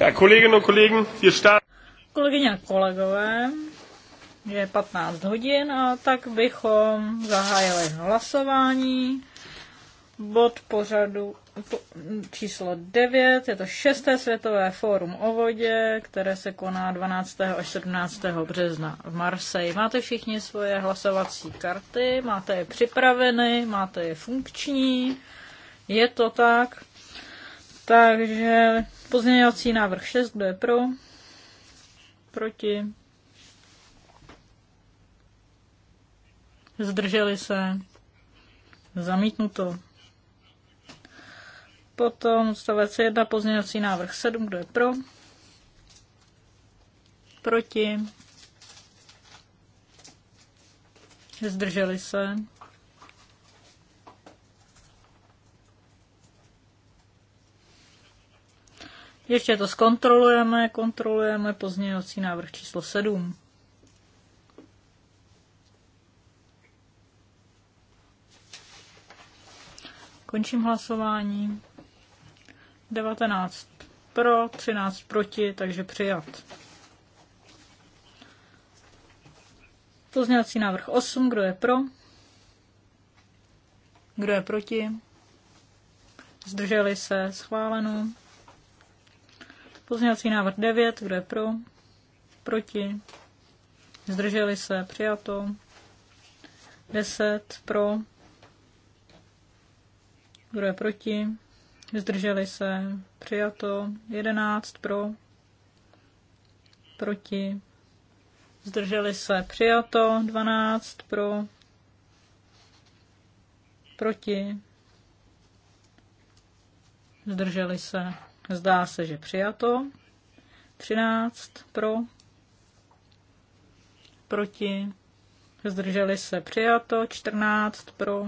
Ja, kolegyně a kolegové, je 15 hodin a tak bychom zahájili hlasování. Bod pořadu po, číslo 9, je to šesté světové fórum o vodě, které se koná 12. až 17. března v Marseji. Máte všichni svoje hlasovací karty, máte je připraveny, máte je funkční, je to tak. Takže Pozměňovací návrh 6, kdo je pro? Proti? Zdrželi se? Zamítnuto. Potom odstavec 1, pozměňovací návrh 7, kdo je pro? Proti? Zdrželi se? Ještě to zkontrolujeme, kontrolujeme pozměňovací návrh číslo 7. Končím hlasování. 19 pro, 13 proti, takže přijat. Pozměňovací návrh 8, kdo je pro? Kdo je proti? Zdrželi se, schváleno. Pozměňovací návrh 9, kdo je pro? Proti? Zdrželi se? Přijato. 10 pro. Kdo je proti? Zdrželi se? Přijato. 11 pro. Proti? Zdrželi se? Přijato. 12 pro. Proti? Zdrželi se? Zdá se, že přijato. 13 pro, proti, zdrželi se přijato. 14 pro,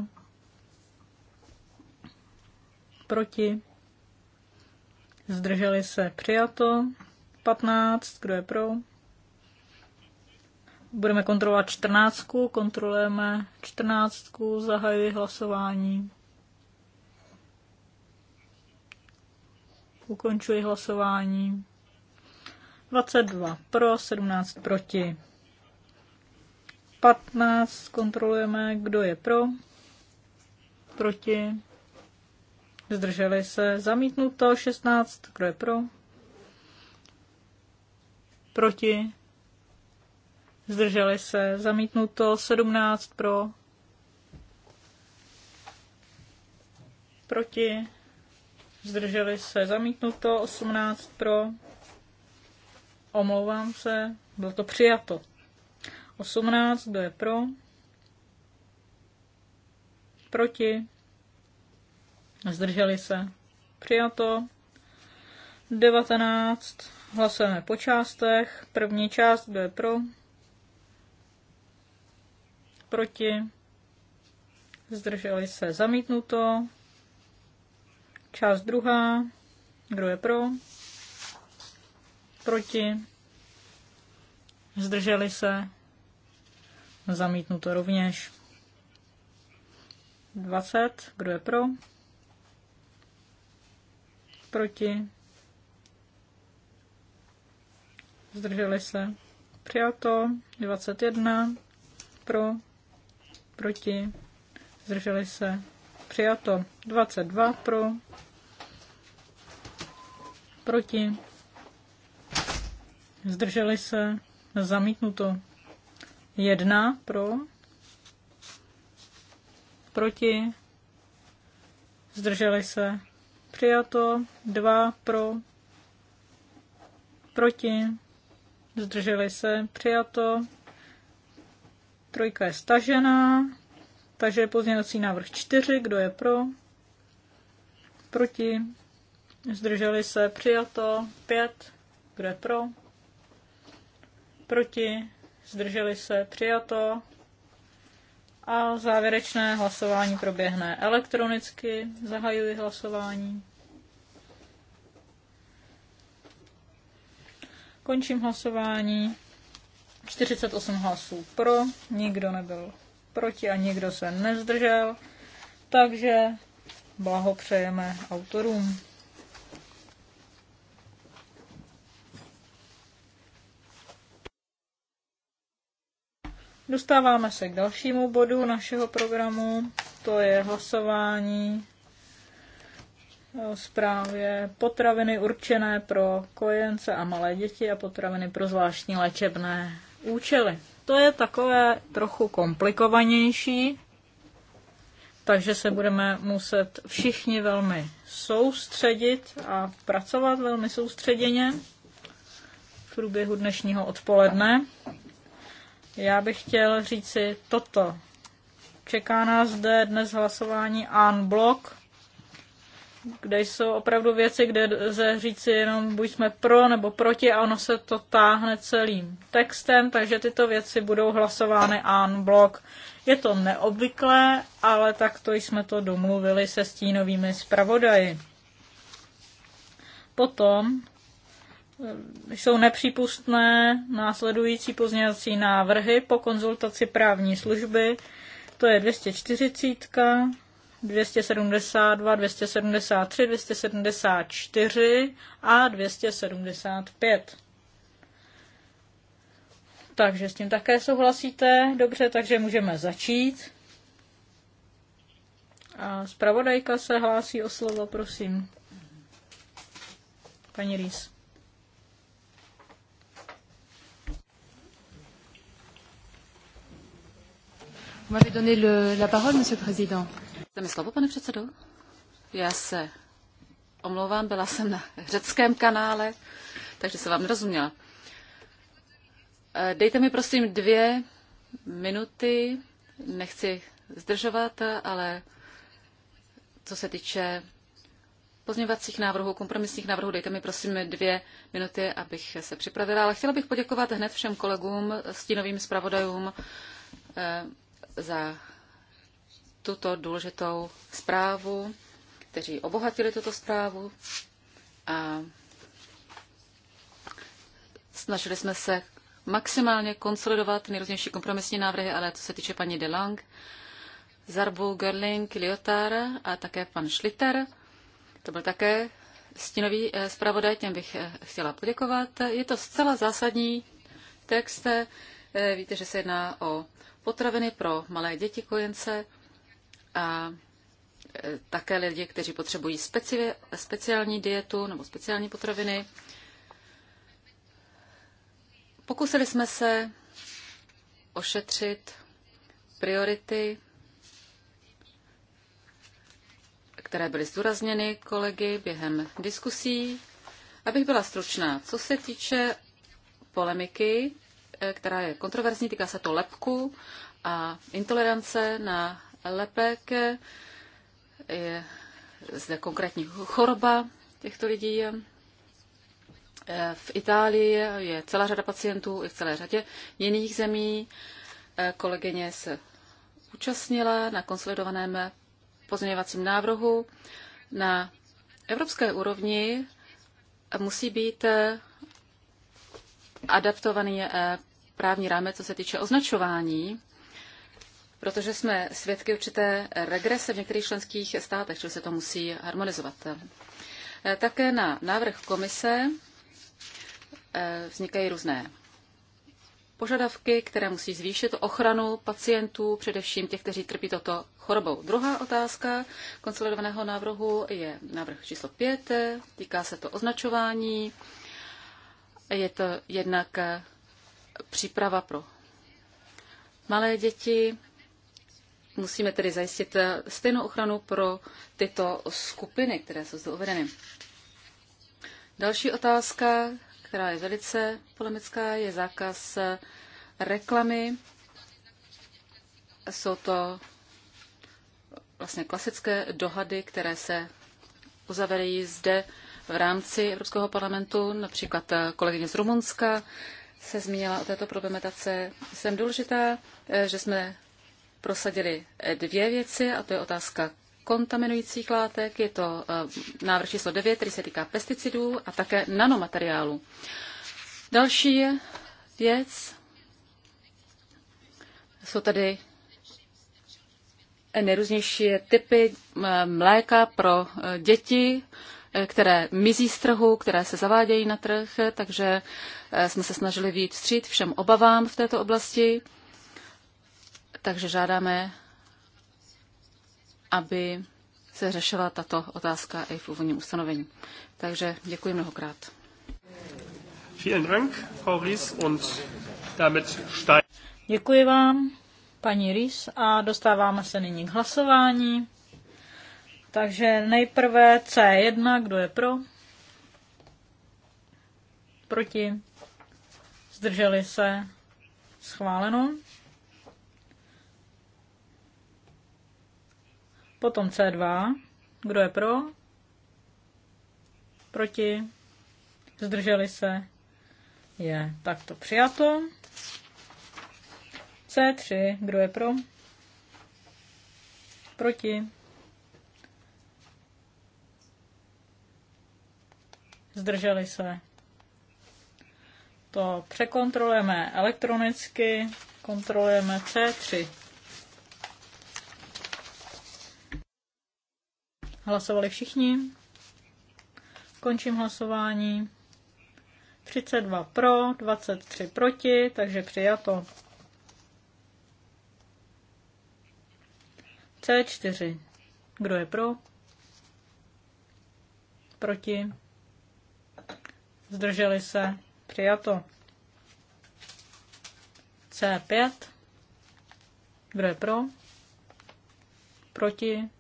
proti, zdrželi se přijato. 15, kdo je pro? Budeme kontrolovat 14, kontrolujeme 14, zahajuji hlasování. Ukončuji hlasování. 22 pro, 17 proti. 15 kontrolujeme, kdo je pro, proti, zdrželi se, zamítnuto 16, kdo je pro, proti, zdrželi se, zamítnuto 17 pro, proti, zdrželi se zamítnuto, 18 pro, omlouvám se, bylo to přijato. 18, kdo je pro, proti, zdrželi se, přijato. 19, hlasujeme po částech, první část, kdo je pro, proti, zdrželi se, zamítnuto. Část druhá. Kdo je pro? Proti? Zdrželi se? Zamítnuto rovněž. 20. Kdo je pro? Proti? Zdrželi se? Přijato. 21. Pro? Proti? Zdrželi se? přijato 22 pro, proti, zdrželi se, zamítnuto 1 pro, proti, zdrželi se, přijato 2 pro, proti, zdrželi se, přijato, trojka je stažená, takže pozměňovací návrh 4, kdo je pro? Proti? Zdrželi se? Přijato. 5, kdo je pro? Proti? Zdrželi se? Přijato. A závěrečné hlasování proběhne elektronicky. Zahajuji hlasování. Končím hlasování. 48 hlasů pro, nikdo nebyl proti a nikdo se nezdržel, takže blahopřejeme autorům. Dostáváme se k dalšímu bodu našeho programu, to je hlasování o zprávě potraviny určené pro kojence a malé děti a potraviny pro zvláštní léčebné účely. To je takové trochu komplikovanější, takže se budeme muset všichni velmi soustředit a pracovat velmi soustředěně v průběhu dnešního odpoledne. Já bych chtěl říci toto. Čeká nás zde dnes hlasování an bloc kde jsou opravdu věci, kde lze říci jenom buď jsme pro nebo proti a ono se to táhne celým textem, takže tyto věci budou hlasovány en blok. Je to neobvyklé, ale takto jsme to domluvili se stínovými zpravodaji. Potom eh, jsou nepřípustné následující pozměňovací návrhy po konzultaci právní služby. To je 240, 272, 273, 274 a 275. Takže s tím také souhlasíte. Dobře, takže můžeme začít. A zpravodajka se hlásí o slovo, prosím. Paní Rýs. Vous m'avez donné le, la parole, Monsieur le Président. Jste mi slovo, pane předsedo? Já se omlouvám, byla jsem na řeckém kanále, takže se vám nerozuměla. Eh, dejte mi prosím dvě minuty, nechci zdržovat, ale co se týče pozměňovacích návrhů, kompromisních návrhů, dejte mi prosím dvě minuty, abych se připravila. Ale chtěla bych poděkovat hned všem kolegům, stínovým zpravodajům eh, za tuto důležitou zprávu, kteří obohatili tuto zprávu a snažili jsme se maximálně konsolidovat nejrůznější kompromisní návrhy, ale co se týče paní DeLong, Zarbu, Gerling, Liotar a také pan Schlitter, to byl také stínový eh, zpravodaj, těm bych eh, chtěla poděkovat. Je to zcela zásadní text. Eh, víte, že se jedná o potraviny pro malé děti kojence a e, také lidi, kteří potřebují speci- speciální dietu nebo speciální potraviny. Pokusili jsme se ošetřit priority, které byly zdůrazněny kolegy během diskusí. Abych byla stručná, co se týče polemiky, e, která je kontroverzní, týká se to lepku a intolerance na lepek. Je zde konkrétní choroba těchto lidí. V Itálii je celá řada pacientů i v celé řadě jiných zemí. Kolegyně se účastnila na konsolidovaném pozměňovacím návrhu. Na evropské úrovni musí být adaptovaný eh, právní rámec, co se týče označování protože jsme svědky určité regrese v některých členských státech, čili se to musí harmonizovat. Eh, také na návrh komise eh, vznikají různé požadavky, které musí zvýšit ochranu pacientů, především těch, kteří trpí toto chorobou. Druhá otázka konsolidovaného návrhu je návrh číslo 5, týká se to označování. Je to jednak příprava pro malé děti, Musíme tedy zajistit eh, stejnou ochranu pro tyto skupiny, které jsou zde uvedeny. Další otázka, která je velice polemická, je zákaz eh, reklamy. Jsou to vlastně klasické dohady, které se uzavedejí zde v rámci Evropského parlamentu. Například eh, kolegyně z Rumunska se zmínila o této problematice. Jsem důležitá, že jsme prosadili eh, dvě věci, a to je otázka kontaminujících látek, je to eh, návrh číslo 9, který se týká pesticidů a také nanomateriálů. Další věc jsou tady nejrůznější typy eh, mléka pro děti, které mizí z trhu, které se zavádějí na trh, takže jsme se snažili víc vstříc všem obavám v této oblasti takže žádáme, aby se řešila tato otázka i v úvodním ustanovení. Takže děkuji mnohokrát. Vielen Dank, Frau Ries, und damit steigt. Děkuji vám, paní Ries, a dostáváme se nyní k hlasování. Takže nejprve C1, kdo je pro? Proti? Zdrželi se? Schváleno. Potom C2. Kdo je pro? Proti? Zdrželi se? Je takto přijato. C3. Kdo je pro? Proti? Zdrželi se? To překontrolujeme elektronicky. Kontrolujeme C3. Hlasovali všichni. Končím hlasování. 32 pro, 23 proti, takže přijato. C4. Kdo je pro? Proti? Zdrželi se? Přijato. C5. Kdo je pro? Proti?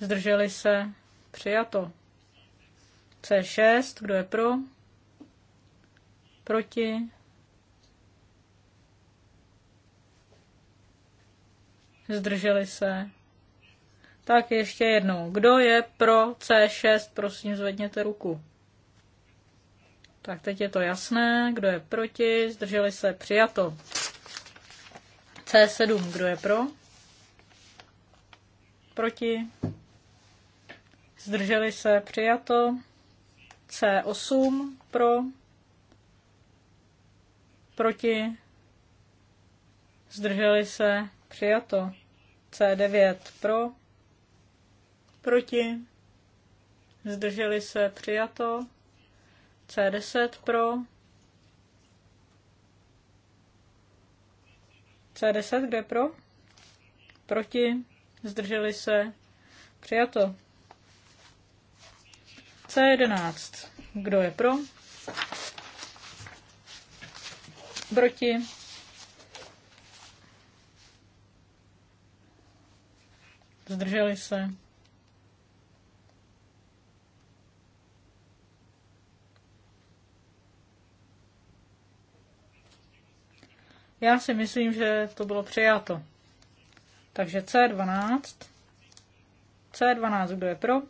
Zdrželi se? Přijato. C6, kdo je pro? Proti? Zdrželi se? Tak ještě jednou. Kdo je pro C6, prosím zvedněte ruku. Tak teď je to jasné. Kdo je proti? Zdrželi se? Přijato. C7, kdo je pro? Proti? zdrželi se, přijato. C8 pro, proti, zdrželi se, přijato. C9 pro, proti, zdrželi se, přijato. C10 pro, C10 kde pro, proti, zdrželi se, přijato. C11. Kdo je pro? Proti? Zdrželi se? Já si myslím, že to bylo přijato. Takže C12. C12, kdo je pro?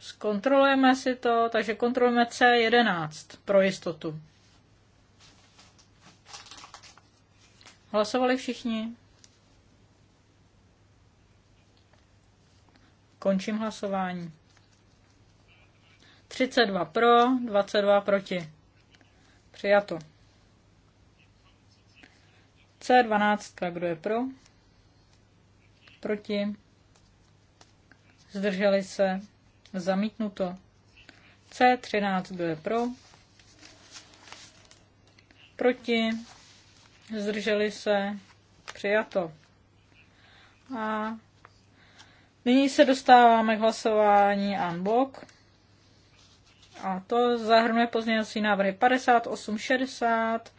Zkontrolujeme si to, takže kontrolujeme C11 pro jistotu. Hlasovali všichni? Končím hlasování. 32 pro, 22 proti. Přijato. C12, kdo je pro? Proti. Zdrželi se. Zamítnuto. C13, kdo je pro? Proti? Zdrželi se? Přijato. A nyní se dostáváme k hlasování unblock. A to zahrnuje pozměňovací návrhy 58, 60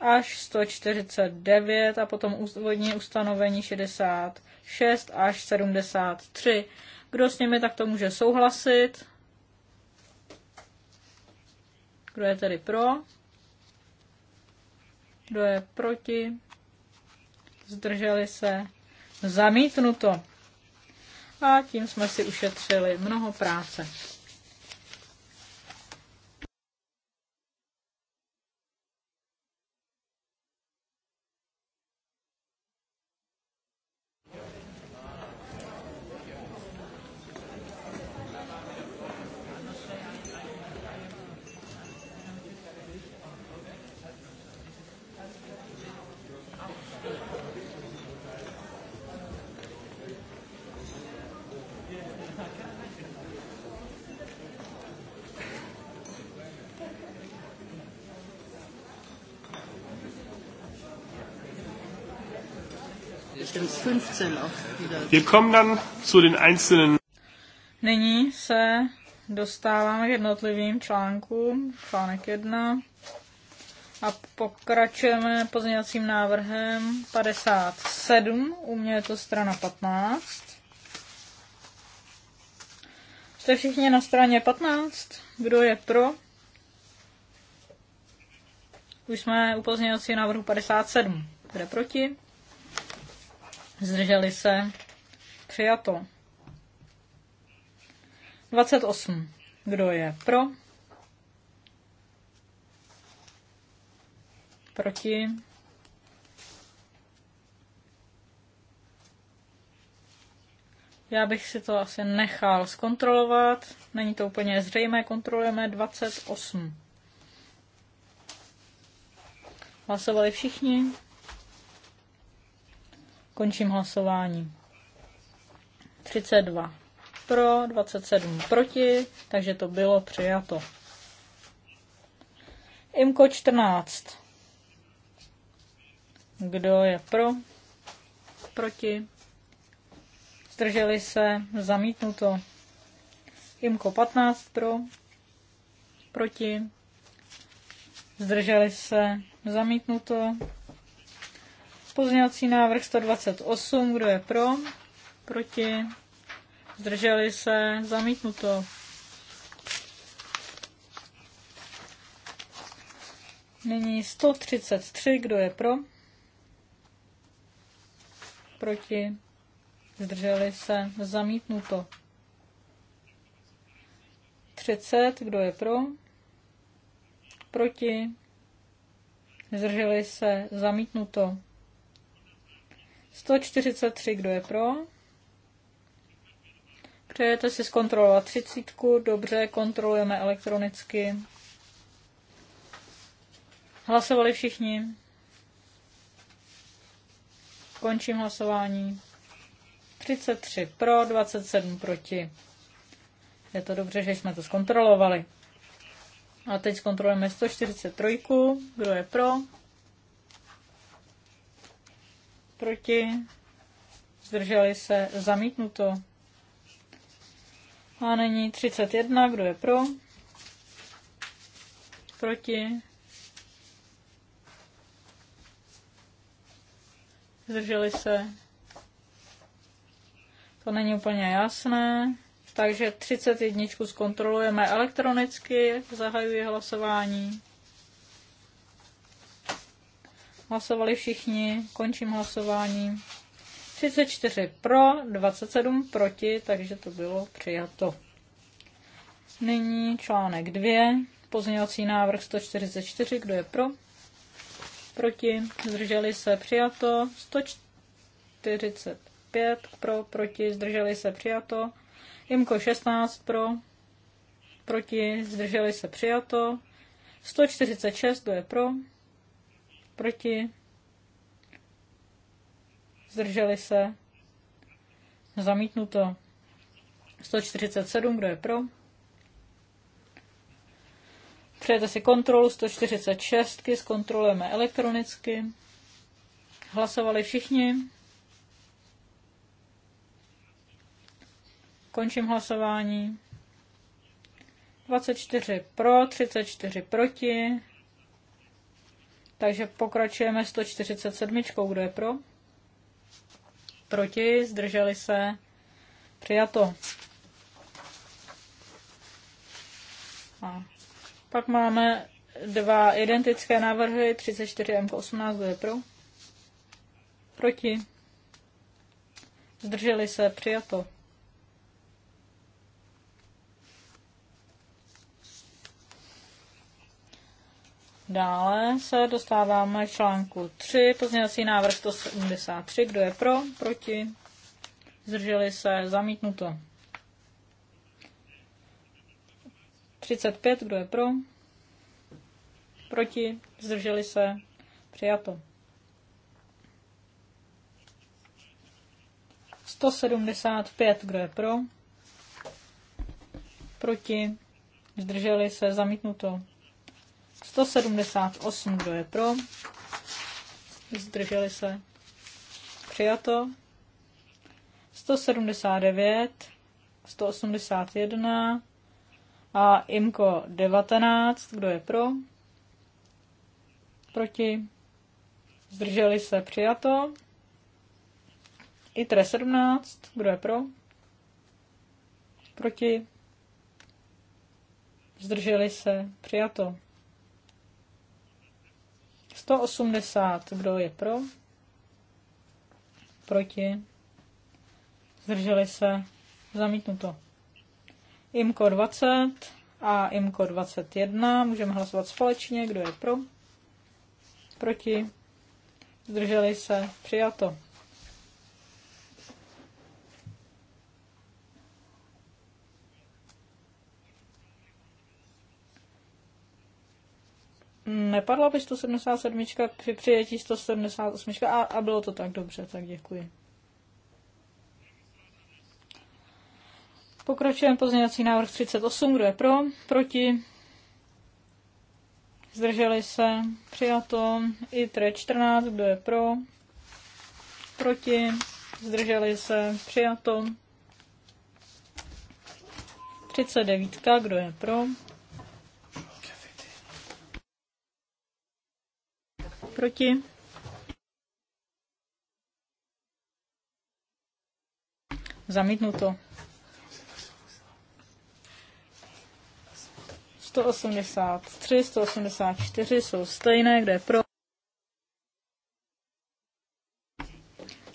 až 149 a potom úvodní ustanovení 66 až 73. Kdo s nimi takto může souhlasit? Kdo je tedy pro? Kdo je proti? Zdrželi se? Zamítnuto. A tím jsme si ušetřili mnoho práce. 15 auch wieder. Wir kommen dann zu den einzelnen. Nyní se dostáváme k jednotlivým článkům. Článek 1. A pokračujeme pozměňovacím návrhem 57. U mě je to strana 15. Jste všichni na straně 15? Kdo je pro? Už jsme u pozměňovacího návrhu 57. Kdo je proti? Zdrželi se? Přijato. 28. Kdo je pro? Proti? Já bych si to asi nechal zkontrolovat. Není to úplně zřejmé. Kontrolujeme 28. Hlasovali všichni? Končím hlasování. 32 pro, 27 proti, takže to bylo přijato. IMKO 14. Kdo je pro? Proti? Zdrželi se? Zamítnuto. IMKO 15 pro? Proti? Zdrželi se? Zamítnuto. Pozměňovací návrh 128, kdo je pro? Proti? Zdrželi se? Zamítnuto. Nyní 133, kdo je pro? Proti? Zdrželi se? Zamítnuto. 30, kdo je pro? Proti? Zdrželi se? Zamítnuto. 143, kdo je pro? Přejete si zkontrolovat třicítku, dobře, kontrolujeme elektronicky. Hlasovali všichni? Končím hlasování. 33 pro, 27 proti. Je to dobře, že jsme to zkontrolovali. A teď zkontrolujeme 143. Kdo je pro? proti, zdrželi se, zamítnuto. A nyní 31, kdo je pro, proti, zdrželi se. To není úplně jasné. Takže 31 zkontrolujeme elektronicky, zahajuji hlasování. Hlasovali všichni, končím hlasování. 34 pro, 27 proti, takže to bylo přijato. Nyní článek 2, pozměňovací návrh 144, kdo je pro? Proti, zdrželi se, přijato. 145 pro, proti, zdrželi se, přijato. Imko 16 pro, proti, zdrželi se, přijato. 146, kdo je pro? Proti? Zdrželi se? Zamítnuto. 147, kdo je pro? Přejete si kontrolu 146, zkontrolujeme elektronicky. Hlasovali všichni. Končím hlasování. 24 pro, 34 proti, takže pokračujeme 147. Kdo je pro? Proti? Zdrželi se? Přijato. A pak máme dva identické návrhy, 34 m 18 kdo je pro? Proti? Zdrželi se? Přijato. Dále se dostáváme k článku 3, pozměňovací návrh 173. Kdo je pro? Proti? Zdrželi se? Zamítnuto. 35. Kdo je pro? Proti? Zdrželi se? Přijato. 175. Kdo je pro? Proti? Zdrželi se? Zamítnuto. 178, kdo je pro? Zdrželi se. Přijato. 179, 181 a IMKO 19, kdo je pro? Proti? Zdrželi se. Přijato. ITRE 17, kdo je pro? Proti? Zdrželi se. Přijato. 180. Kdo je pro? Proti? Zdrželi se? Zamítnuto. IMKO 20 a IMKO 21. Můžeme hlasovat společně. Kdo je pro? Proti? Zdrželi se? Přijato. Nepadla by 177 při přijetí 178 a, a bylo to tak dobře, tak děkuji. Pokračujeme pozměňovací návrh 38, kdo je pro, proti, zdrželi se, přijato, i 14, kdo je pro, proti, zdrželi se, přijato, 39, kdo je pro, Proti? Zamítnuto. 183, 184 jsou stejné, kde je pro.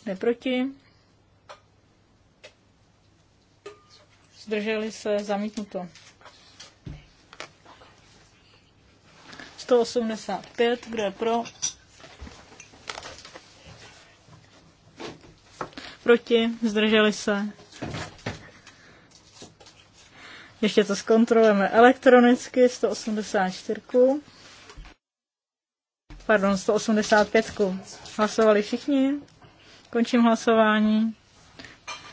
Kde je proti. Zdrželi se, zamítnuto. 185, kde je pro. Proti? Zdrželi se? Ještě to zkontrolujeme elektronicky, 184. Pardon, 185. Hlasovali všichni. Končím hlasování.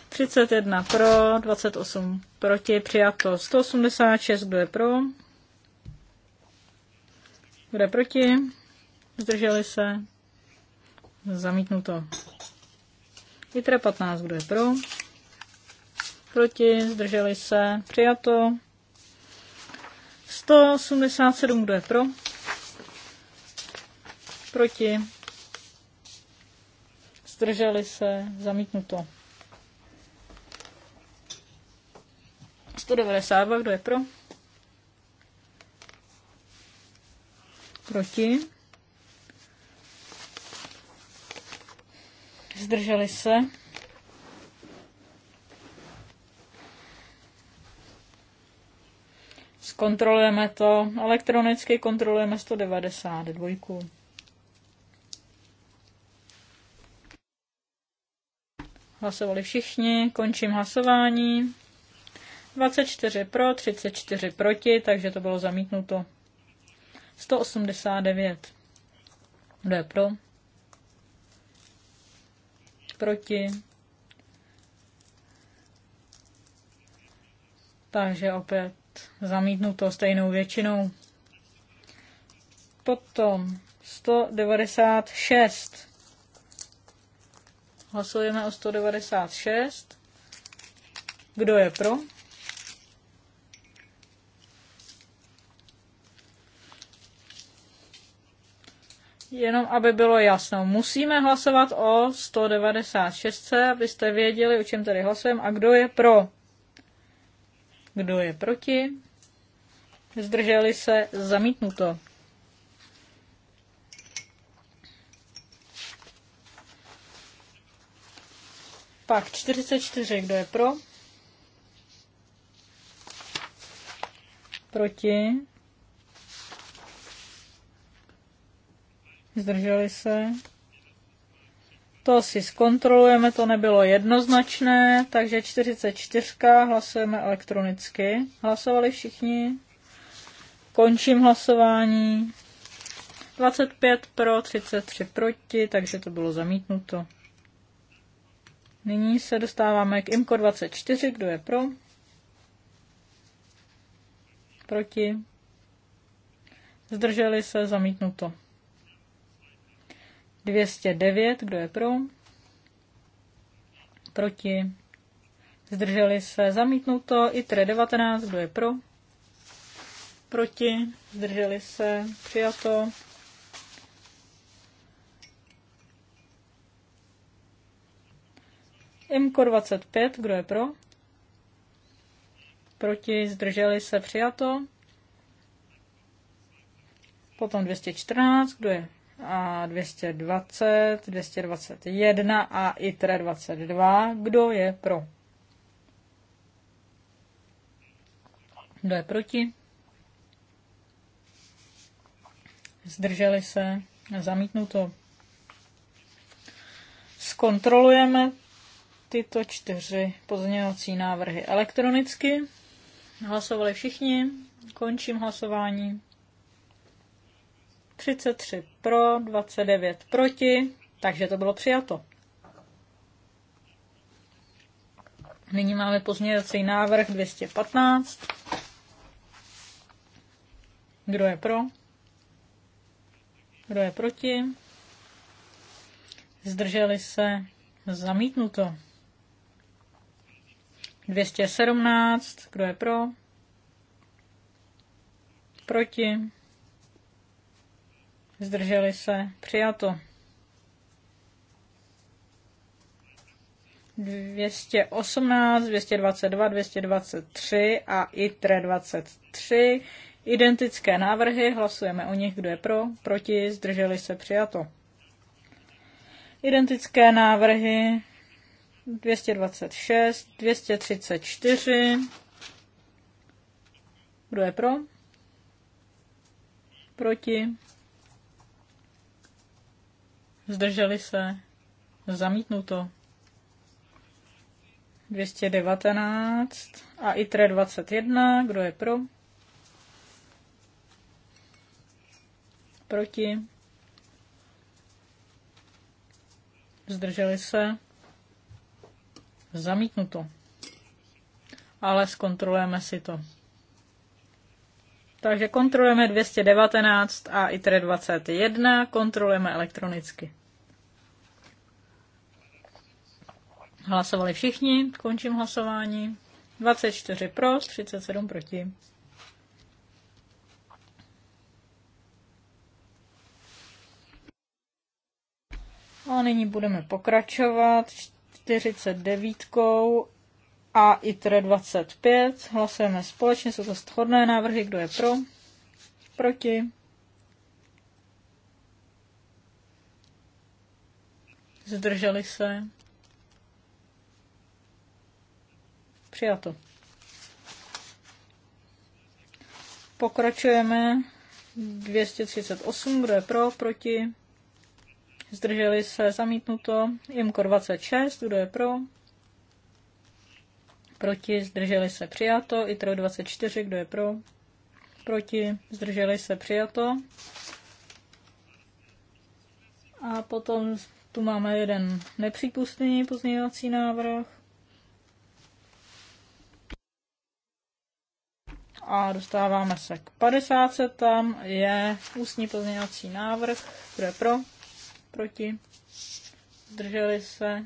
31 pro, 28 proti, přijato 186, kdo je pro, kdo je proti, zdrželi se, zamítnuto Vitra 15, kdo je pro? Proti, zdrželi se, přijato. 187, kdo je pro? Proti, zdrželi se, zamítnuto. 192, kdo je pro? Proti. zdrželi se. Zkontrolujeme to, elektronicky kontrolujeme 192. Hlasovali všichni, končím hlasování. 24 pro, 34 proti, takže to bylo zamítnuto. 189. Kdo je pro? proti. Takže opět zamítnuto stejnou většinou. Potom 196. Hlasujeme o 196. Kdo je pro? jenom aby bylo jasno, musíme hlasovat o 196, abyste věděli, o čem tady hlasujeme a kdo je pro. Kdo je proti? Zdrželi se zamítnuto. Pak 44, kdo je pro? Proti? zdrželi se. To si zkontrolujeme, to nebylo jednoznačné, takže 44 hlasujeme elektronicky. Hlasovali všichni. Končím hlasování. 25 pro, 33 proti, takže to bylo zamítnuto. Nyní se dostáváme k IMKO 24, kdo je pro? Proti? Zdrželi se, zamítnuto. 209, kdo je pro? Proti? Zdrželi se zamítnuto. ITRE 19, kdo je pro? Proti? Zdrželi se přijato. IMKO 25, kdo je pro? Proti? Zdrželi se přijato. Potom 214, kdo je a 220, 221 a ITRE 22. Kdo je pro? Kdo je proti? Zdrželi se? Zamítnuto. Zkontrolujeme tyto čtyři pozměňovací návrhy elektronicky. Hlasovali všichni. Končím hlasování. 33 pro, 29 proti, takže to bylo přijato. Nyní máme pozměňovací návrh 215. Kdo je pro? Kdo je proti? Zdrželi se? Zamítnuto. 217. Kdo je pro? Proti? zdrželi se, přijato. 218, 222, 223 a ITRE 23. Identické návrhy, hlasujeme o nich, kdo je pro, proti, zdrželi se, přijato. Identické návrhy 226, 234. Kdo je pro? Proti? Zdrželi se? Zamítnu to. 219 a ITRE 21. Kdo je pro? Proti? Zdrželi se? Zamítnuto. Ale zkontrolujeme si to. Takže kontrolujeme 219 a ITR 21, kontrolujeme elektronicky. Hlasovali všichni, končím hlasování. 24 pro, 37 proti. A nyní budeme pokračovat 49 a ITR 25. Hlasujeme společně, jsou to shodné návrhy, kdo je pro, proti. Zdrželi se. Přijato. Pokračujeme. 238, kdo je pro, proti. Zdrželi se, zamítnuto. IMKO 26, kdo je pro, proti, zdrželi se přijato. ITRO 24, kdo je pro, proti, zdrželi se přijato. A potom tu máme jeden nepřípustný pozměňovací návrh. A dostáváme se k 50. Tam je ústní pozměňovací návrh. Kdo je pro? Proti? Zdrželi se?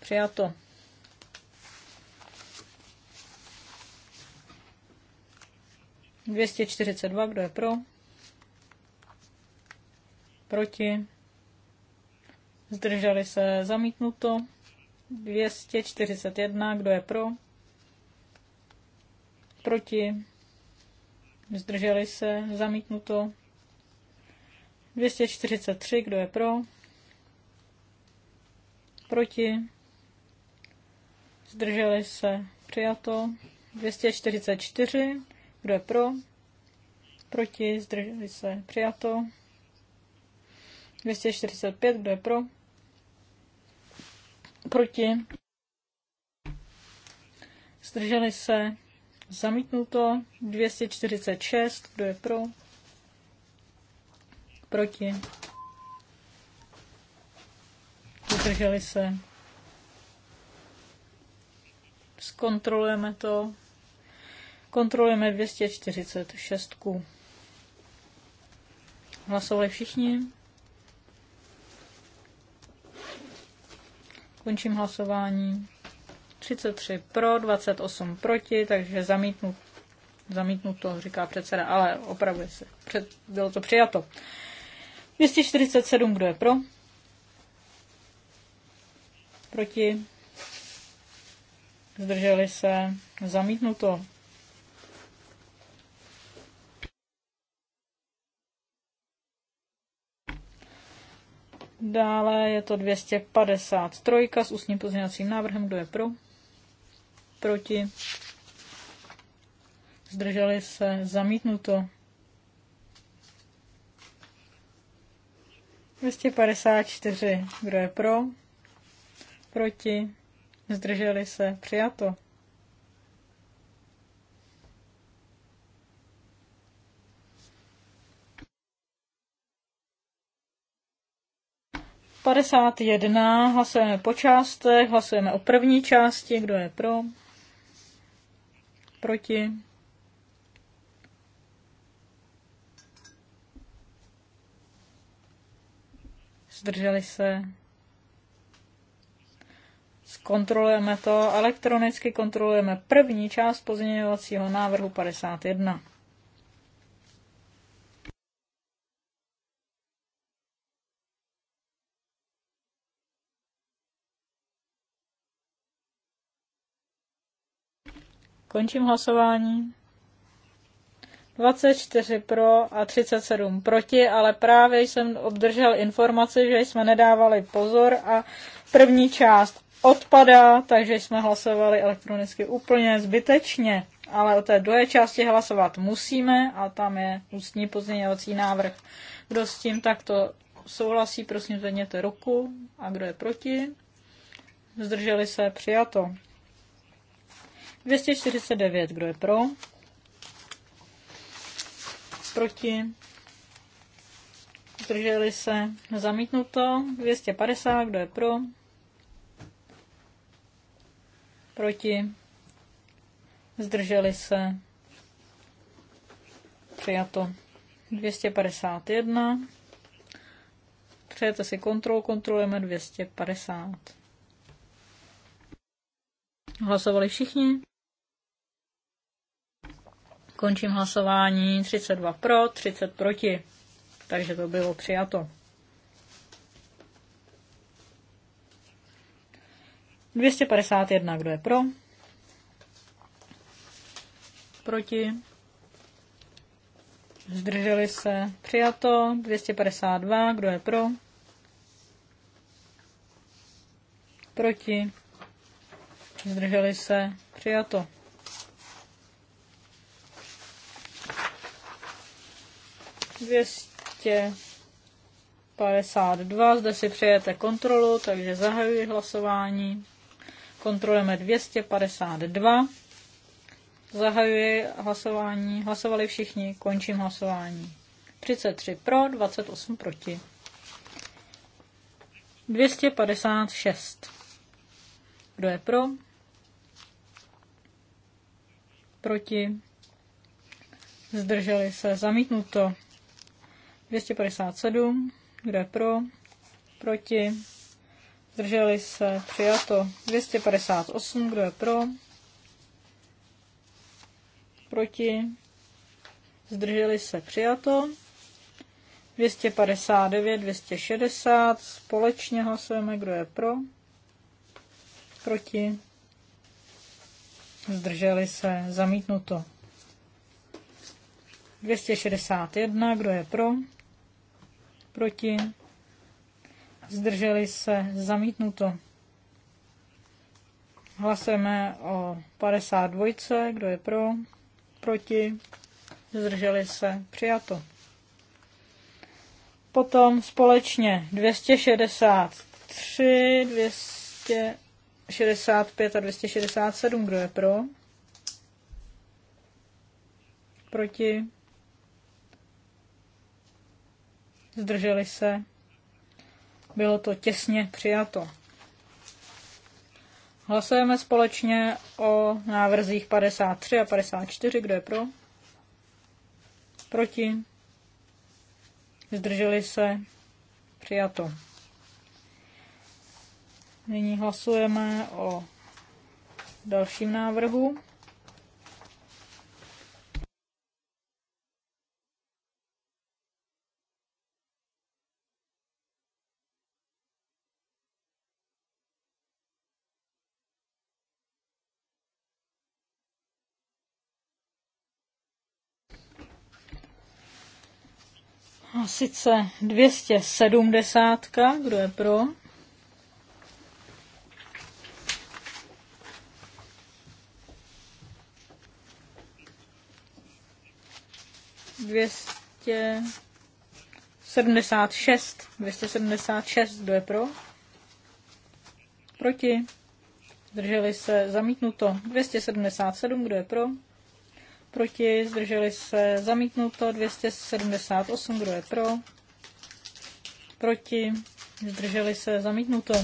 Přijato. 242, kdo je pro? Proti? Zdrželi se zamítnuto. 241, kdo je pro? Proti? Zdrželi se zamítnuto. 243, kdo je pro? Proti? Zdrželi se přijato. 244, kdo je pro? Proti? Zdrželi se? Přijato. 245. Kdo je pro? Proti? Zdrželi se? Zamítnuto. 246. Kdo je pro? Proti? Zdrželi se? Zkontrolujeme to. Kontrolujeme 246. Hlasovali všichni? Končím hlasování. 33 pro, 28 proti, takže zamítnu, zamítnu to. říká předseda, ale opravuje se. Před, bylo to přijato. 247, kdo je pro? Proti? Zdrželi se. Zamítnu to. Dále je to 253 s ústním pozměňovacím návrhem. Kdo je pro? Proti? Zdrželi se? Zamítnuto. 254. Kdo je pro? Proti? Zdrželi se? Přijato. 51, hlasujeme po částech, hlasujeme o první části, kdo je pro, proti. Zdrželi se. Zkontrolujeme to, elektronicky kontrolujeme první část pozměňovacího návrhu 51. Končím hlasování. 24 pro a 37 proti, ale právě jsem obdržel informaci, že jsme nedávali pozor a první část odpadá, takže jsme hlasovali elektronicky úplně zbytečně. Ale o té druhé části hlasovat musíme a tam je ústní pozměňovací návrh. Kdo s tím takto souhlasí, prosím zvedněte ruku a kdo je proti. Zdrželi se, přijato. 249, kdo je pro? Proti? Zdrželi se? Zamítnuto. 250, kdo je pro? Proti? Zdrželi se? Přijato. 251. Přejete si kontrol, kontrolujeme 250. Hlasovali všichni? Končím hlasování 32 pro, 30 proti. Takže to bylo přijato. 251, kdo je pro? Proti? Zdrželi se. Přijato. 252, kdo je pro? Proti? Zdrželi se. Přijato. 252, zde si přejete kontrolu, takže zahajuji hlasování. Kontrolujeme 252. Zahajuji hlasování. Hlasovali všichni, končím hlasování. 33 pro, 28 proti. 256. Kdo je pro? Proti? Zdrželi se. Zamítnuto. 257, kdo je pro, proti, zdrželi se, přijato. 258, kdo je pro, proti, zdrželi se, přijato. 259, 260, společně hlasujeme, kdo je pro, proti, zdrželi se, zamítnuto. 261, kdo je pro, proti, zdrželi se, zamítnuto. Hlasujeme o 52, kdo je pro, proti, zdrželi se, přijato. Potom společně 263, 265 a 267, kdo je pro, proti, zdrželi se, bylo to těsně přijato. Hlasujeme společně o návrzích 53 a 54. Kdo je pro? Proti? Zdrželi se? Přijato. Nyní hlasujeme o dalším návrhu. sice 270, kdo je pro? Dvěstě sedmdesát šest, dvěstě sedmdesát šest, kdo je pro? Proti? Drželi se zamítnuto. 277, kdo je pro? proti, zdrželi se, zamítnuto 278, kdo je pro, proti, zdrželi se, zamítnuto.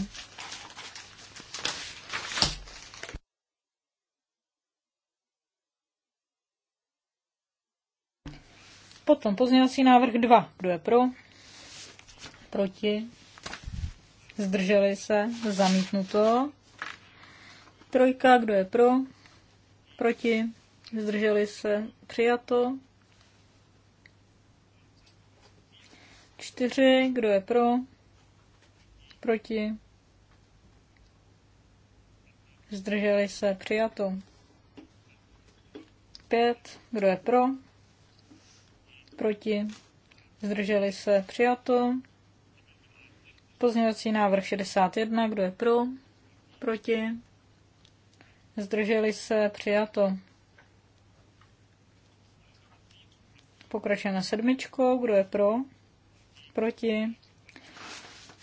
Potom pozměňovací návrh 2, kdo je pro, proti, zdrželi se, zamítnuto. Trojka, kdo je pro, proti, zdrželi se, přijato. Čtyři, kdo je pro, proti, zdrželi se, přijato. Pět, kdo je pro, proti, zdrželi se, přijato. Pozměňovací návrh 61, kdo je pro, proti, zdrželi se, přijato. Pokračujeme sedmičkou. Kdo je pro? Proti?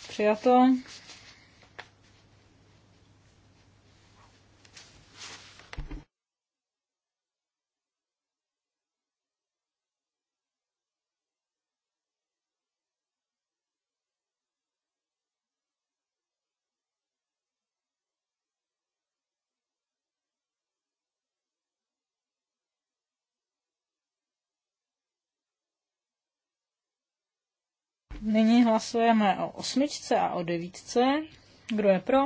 Přijato. Nyní hlasujeme o osmičce a o devítce. Kdo je pro?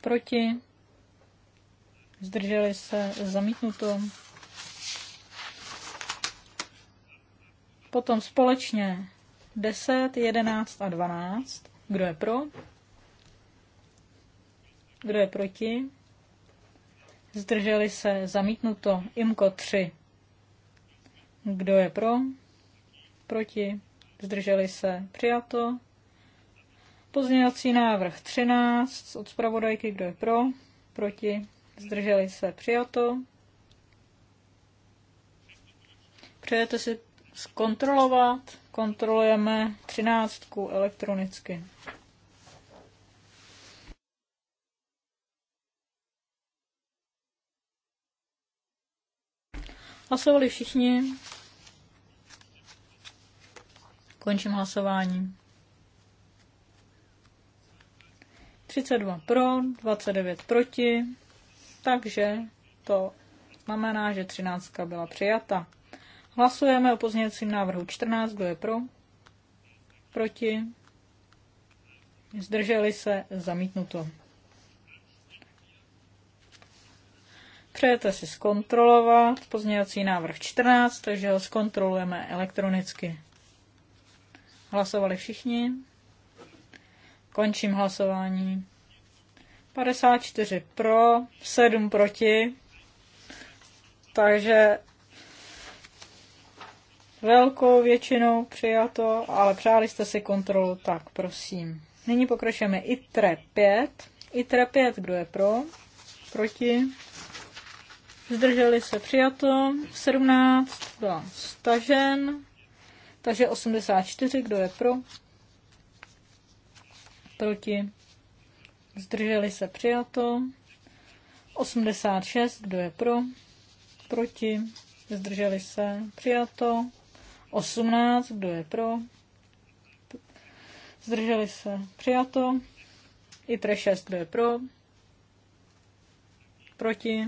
Proti? Zdrželi se? Zamítnuto? Potom společně 10, 11 a 12. Kdo je pro? Kdo je proti? Zdrželi se? Zamítnuto? Imko 3. Kdo je pro? proti, zdrželi se, přijato. Pozměňovací návrh 13 od zpravodajky, kdo je pro, proti, zdrželi se, přijato. Přejete si zkontrolovat, kontrolujeme 13 elektronicky. Hlasovali všichni. Končím hlasování. 32 pro, 29 proti, takže to znamená, že 13 byla přijata. Hlasujeme o pozměňovacím návrhu 14, kdo je pro, proti, zdrželi se, zamítnuto. Přejete si zkontrolovat pozměňovací návrh 14, takže ho zkontrolujeme elektronicky. Hlasovali všichni. Končím hlasování. 54 pro, 7 proti. Takže velkou většinou přijato, ale přáli jste si kontrolu, tak prosím. Nyní pokračujeme ITRE 5. ITRE 5, kdo je pro? Proti? Zdrželi se přijato. 17 byla stažen. Takže 84, kdo je pro? Proti? Zdrželi se přijato. 86, kdo je pro? Proti? Zdrželi se přijato. 18, kdo je pro? Zdrželi se přijato. I 36, kdo je pro? Proti?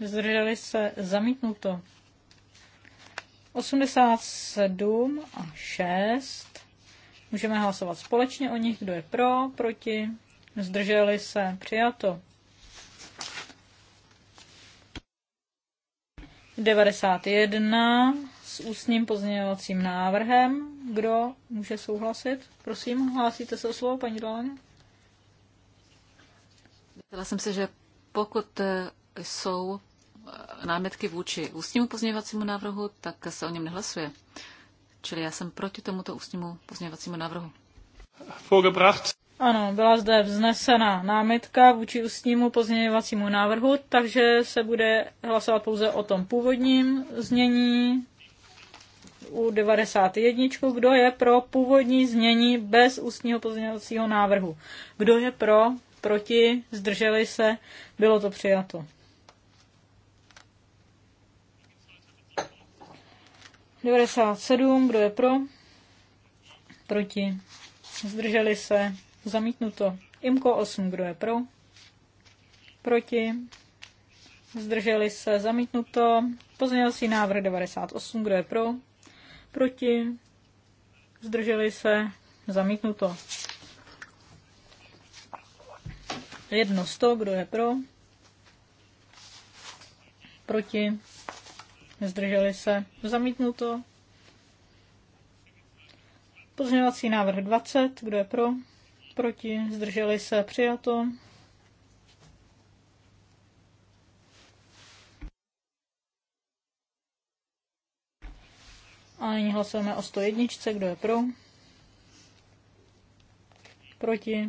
Zdrželi se zamítnuto. 87 a 6. Můžeme hlasovat společně o nich, kdo je pro, proti, zdrželi se, přijato. 91 s ústním pozměňovacím návrhem. Kdo může souhlasit? Prosím, hlásíte se o slovo, paní Daláně? Zdala jsem se, že pokud eh, jsou námitky vůči ústnímu pozměňovacímu návrhu, tak se o něm nehlasuje. Čili já jsem proti tomuto ústnímu pozměňovacímu návrhu. Vorgebracht. Ano, byla zde vznesena námitka vůči ústnímu pozměňovacímu návrhu, takže se bude hlasovat pouze o tom původním znění u 91. Kdo je pro původní znění bez ústního pozměňovacího návrhu? Kdo je pro, proti, zdrželi se, bylo to přijato. 97, kdo je pro? Proti. Zdrželi se. Zamítnuto. Imko 8, kdo je pro? Proti. Zdrželi se. Zamítnuto. Pozměnil návrh 98, kdo je pro? Proti. Zdrželi se. Zamítnuto. Jedno 100, kdo je pro? Proti Zdrželi se. to. Pozměňovací návrh 20. Kdo je pro? Proti. Zdrželi se. Přijato. A nyní hlasujeme o 101. Kdo je pro? Proti.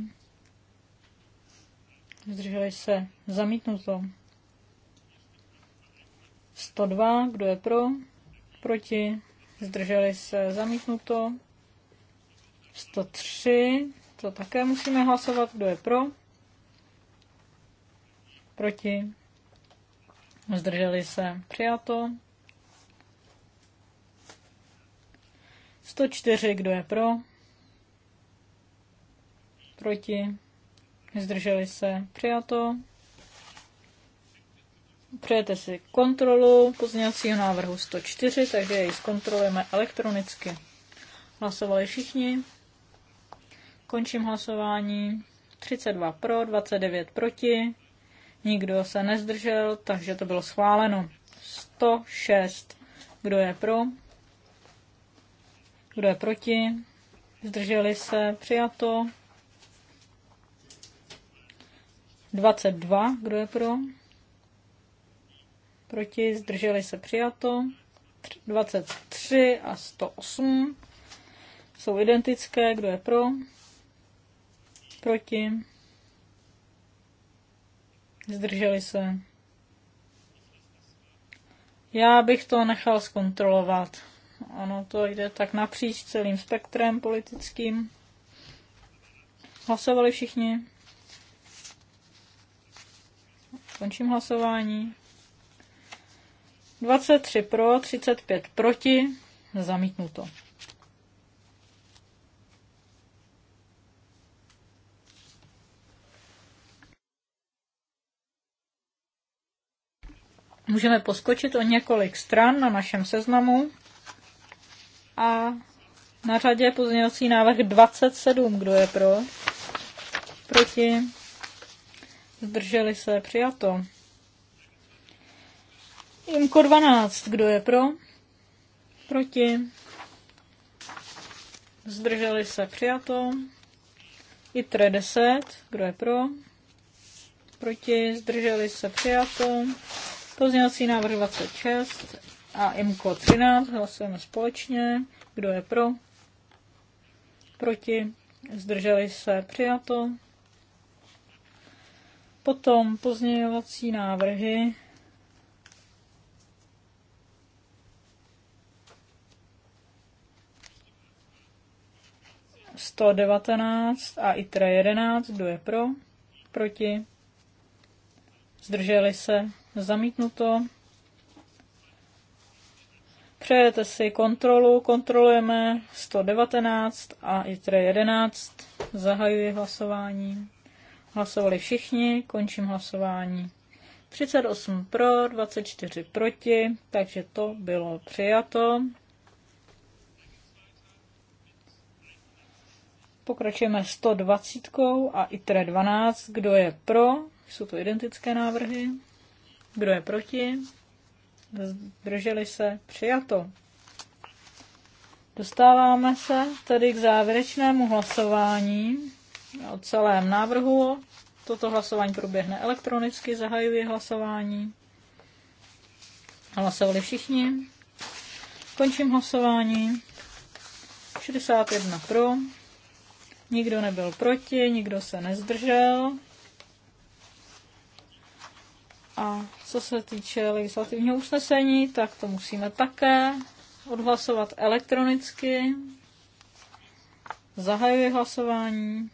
Zdrželi se. Zamítnuto. 102, kdo je pro, proti, zdrželi se, zamítnuto. 103, to také musíme hlasovat, kdo je pro, proti, zdrželi se, přijato. 104, kdo je pro, proti, zdrželi se, přijato. Přejete si kontrolu pozměňovacího návrhu 104, takže ji zkontrolujeme elektronicky. Hlasovali všichni. Končím hlasování. 32 pro, 29 proti. Nikdo se nezdržel, takže to bylo schváleno. 106. Kdo je pro? Kdo je proti? Zdrželi se? Přijato. 22. Kdo je pro? proti, zdrželi se přijato. 23 a 108 jsou identické, kdo je pro, proti, zdrželi se. Já bych to nechal zkontrolovat. Ano, to jde tak napříč celým spektrem politickým. Hlasovali všichni. Končím hlasování. 23 pro, 35 proti, zamítnuto. Můžeme poskočit o několik stran na našem seznamu a na řadě je pozměňovací návrh 27. Kdo je pro? Proti? Zdrželi se? Přijato. Imko 12. Kdo je pro? Proti? Zdrželi se přijato. ITRE 10. Kdo je pro? Proti? Zdrželi se přijato. Pozněvací návrh 26 a IMKO 13. Hlasujeme společně. Kdo je pro? Proti? Zdrželi se přijato. Potom pozměňovací návrhy 119 a ITRA 11, kdo je pro, proti, zdrželi se, zamítnuto. Přejete si kontrolu, kontrolujeme 119 a ITRA 11, zahajuji hlasování. Hlasovali všichni, končím hlasování. 38 pro, 24 proti, takže to bylo přijato. Pokračujeme 120 a ITRE 12. Kdo je pro? Jsou to identické návrhy. Kdo je proti? Zdrželi se? Přijato. Dostáváme se tedy k závěrečnému hlasování o celém návrhu. Toto hlasování proběhne elektronicky, zahajuji hlasování. Hlasovali všichni. Končím hlasování. 61 pro, Nikdo nebyl proti, nikdo se nezdržel. A co se týče legislativního usnesení, tak to musíme také odhlasovat elektronicky. Zahajuji hlasování.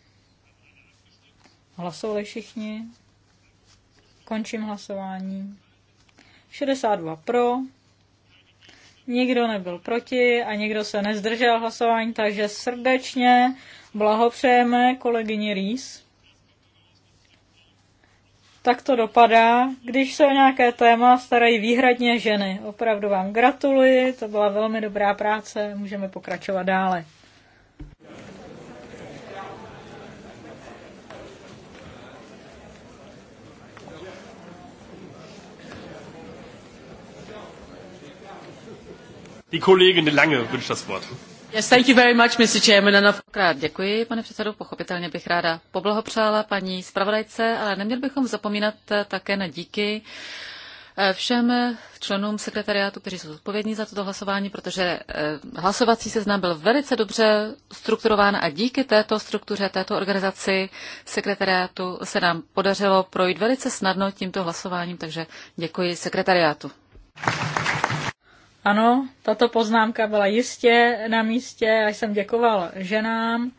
Hlasovali všichni. Končím hlasování. 62 pro. Nikdo nebyl proti a nikdo se nezdržel hlasování, takže srdečně Blahopřejeme kolegyni Rýs. Tak to dopadá, když se o nějaké téma starají výhradně ženy. Opravdu vám gratuluji, to byla velmi dobrá práce, můžeme pokračovat dále. Die Kollegin Lange wünscht das Wort děkuji, pane předsedo. Pochopitelně bych ráda poblahopřála paní zpravodajce, ale neměl bychom zapomínat eh, také na díky eh, všem členům sekretariátu, kteří jsou odpovědní za toto hlasování, protože eh, hlasovací seznam byl velice dobře strukturován a díky této struktuře, této organizaci sekretariátu se nám podařilo projít velice snadno tímto hlasováním, takže děkuji sekretariátu. Ano, tato poznámka byla jistě na místě a jsem děkoval ženám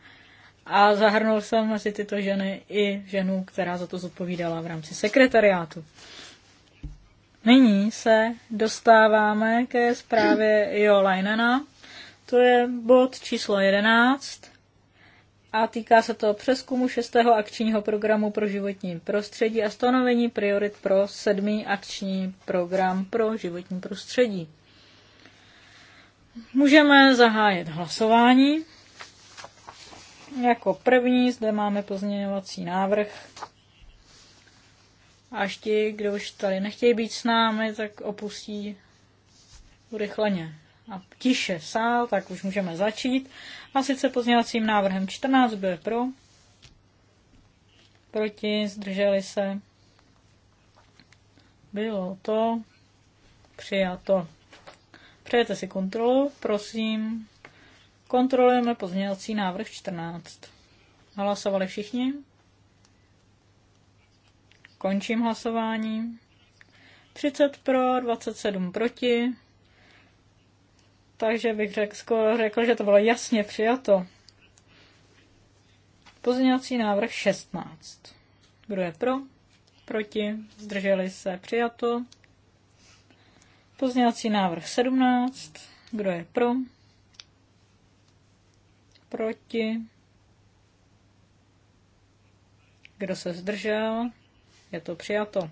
a zahrnul jsem mezi tyto ženy i ženu, která za to zodpovídala v rámci sekretariátu. Nyní se dostáváme ke zprávě Jo Leinena. To je bod číslo 11 a týká se to přeskumu 6. akčního programu pro životní prostředí a stanovení priorit pro 7. akční program pro životní prostředí. Můžeme zahájit hlasování. Jako první zde máme pozměňovací návrh. Až ti, kdo už tady nechtějí být s námi, tak opustí urychleně a tiše sál, tak už můžeme začít. A sice pozměňovacím návrhem 14 byl pro, proti, zdrželi se. Bylo to přijato. Přejete si kontrolu? Prosím. Kontrolujeme pozměňovací návrh 14. Hlasovali všichni? Končím hlasování. 30 pro, 27 proti. Takže bych řekl, řekl, že to bylo jasně přijato. Pozměňovací návrh 16. Kdo je pro? Proti? Zdrželi se? Přijato. Pozněvací návrh 17. Kdo je pro? Proti? Kdo se zdržel? Je to přijato.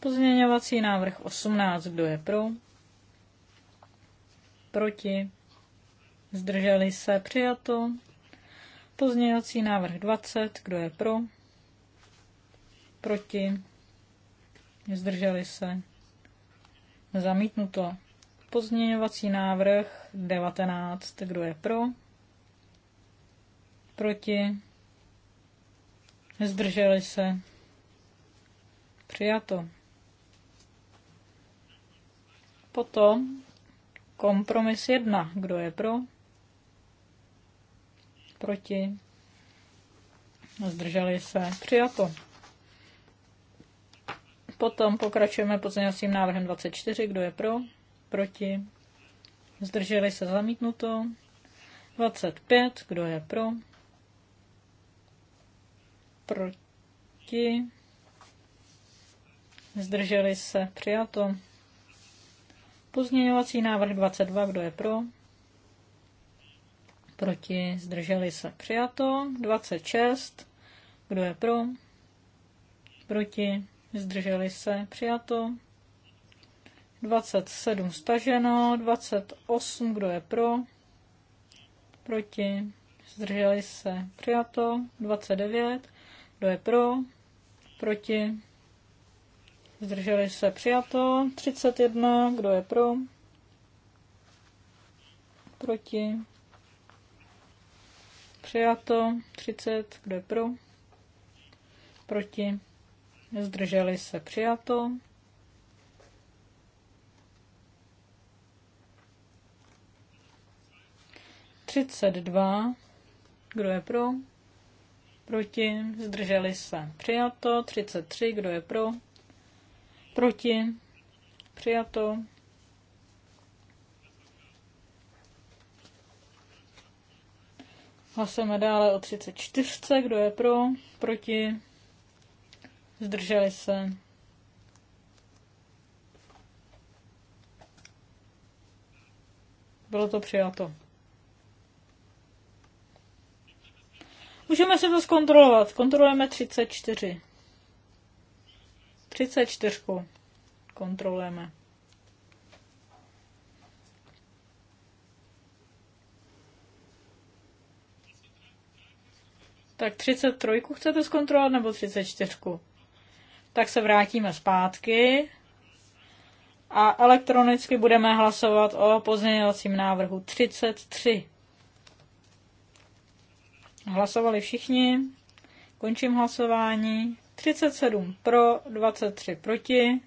Pozměňovací návrh 18. Kdo je pro? Proti? Zdrželi se? Přijato. Pozměňovací návrh 20. Kdo je pro? Proti? Zdrželi se? Zamítnuto. Pozměňovací návrh 19. Kdo je pro? Proti? Zdrželi se? Přijato. Potom kompromis 1. Kdo je pro? Proti? Zdrželi se? Přijato. Potom pokračujeme pozměňovacím návrhem 24. Kdo je pro? Proti? Zdrželi se zamítnuto. 25. Kdo je pro? Proti? Zdrželi se přijato. Pozměňovací návrh 22. Kdo je pro? Proti? Zdrželi se přijato. 26. Kdo je pro? Proti? zdrželi se, přijato. 27 staženo, 28, kdo je pro, proti, zdrželi se, přijato. 29, kdo je pro, proti, zdrželi se, přijato. 31, kdo je pro, proti, přijato. 30, kdo je pro, proti zdrželi se přijato. Třicet dva, kdo je pro? Proti, zdrželi se přijato. Třicet tři, kdo je pro? Proti, přijato. Hlasujeme dále o 34, kdo je pro, proti, zdrželi se. Bylo to přijato. Můžeme se to zkontrolovat. Kontrolujeme 34. 34. Kontrolujeme. Tak 33 chcete zkontrolovat nebo 34? tak se vrátíme zpátky a elektronicky budeme hlasovat o pozměňovacím návrhu 33. Hlasovali všichni. Končím hlasování. 37 pro, 23 proti.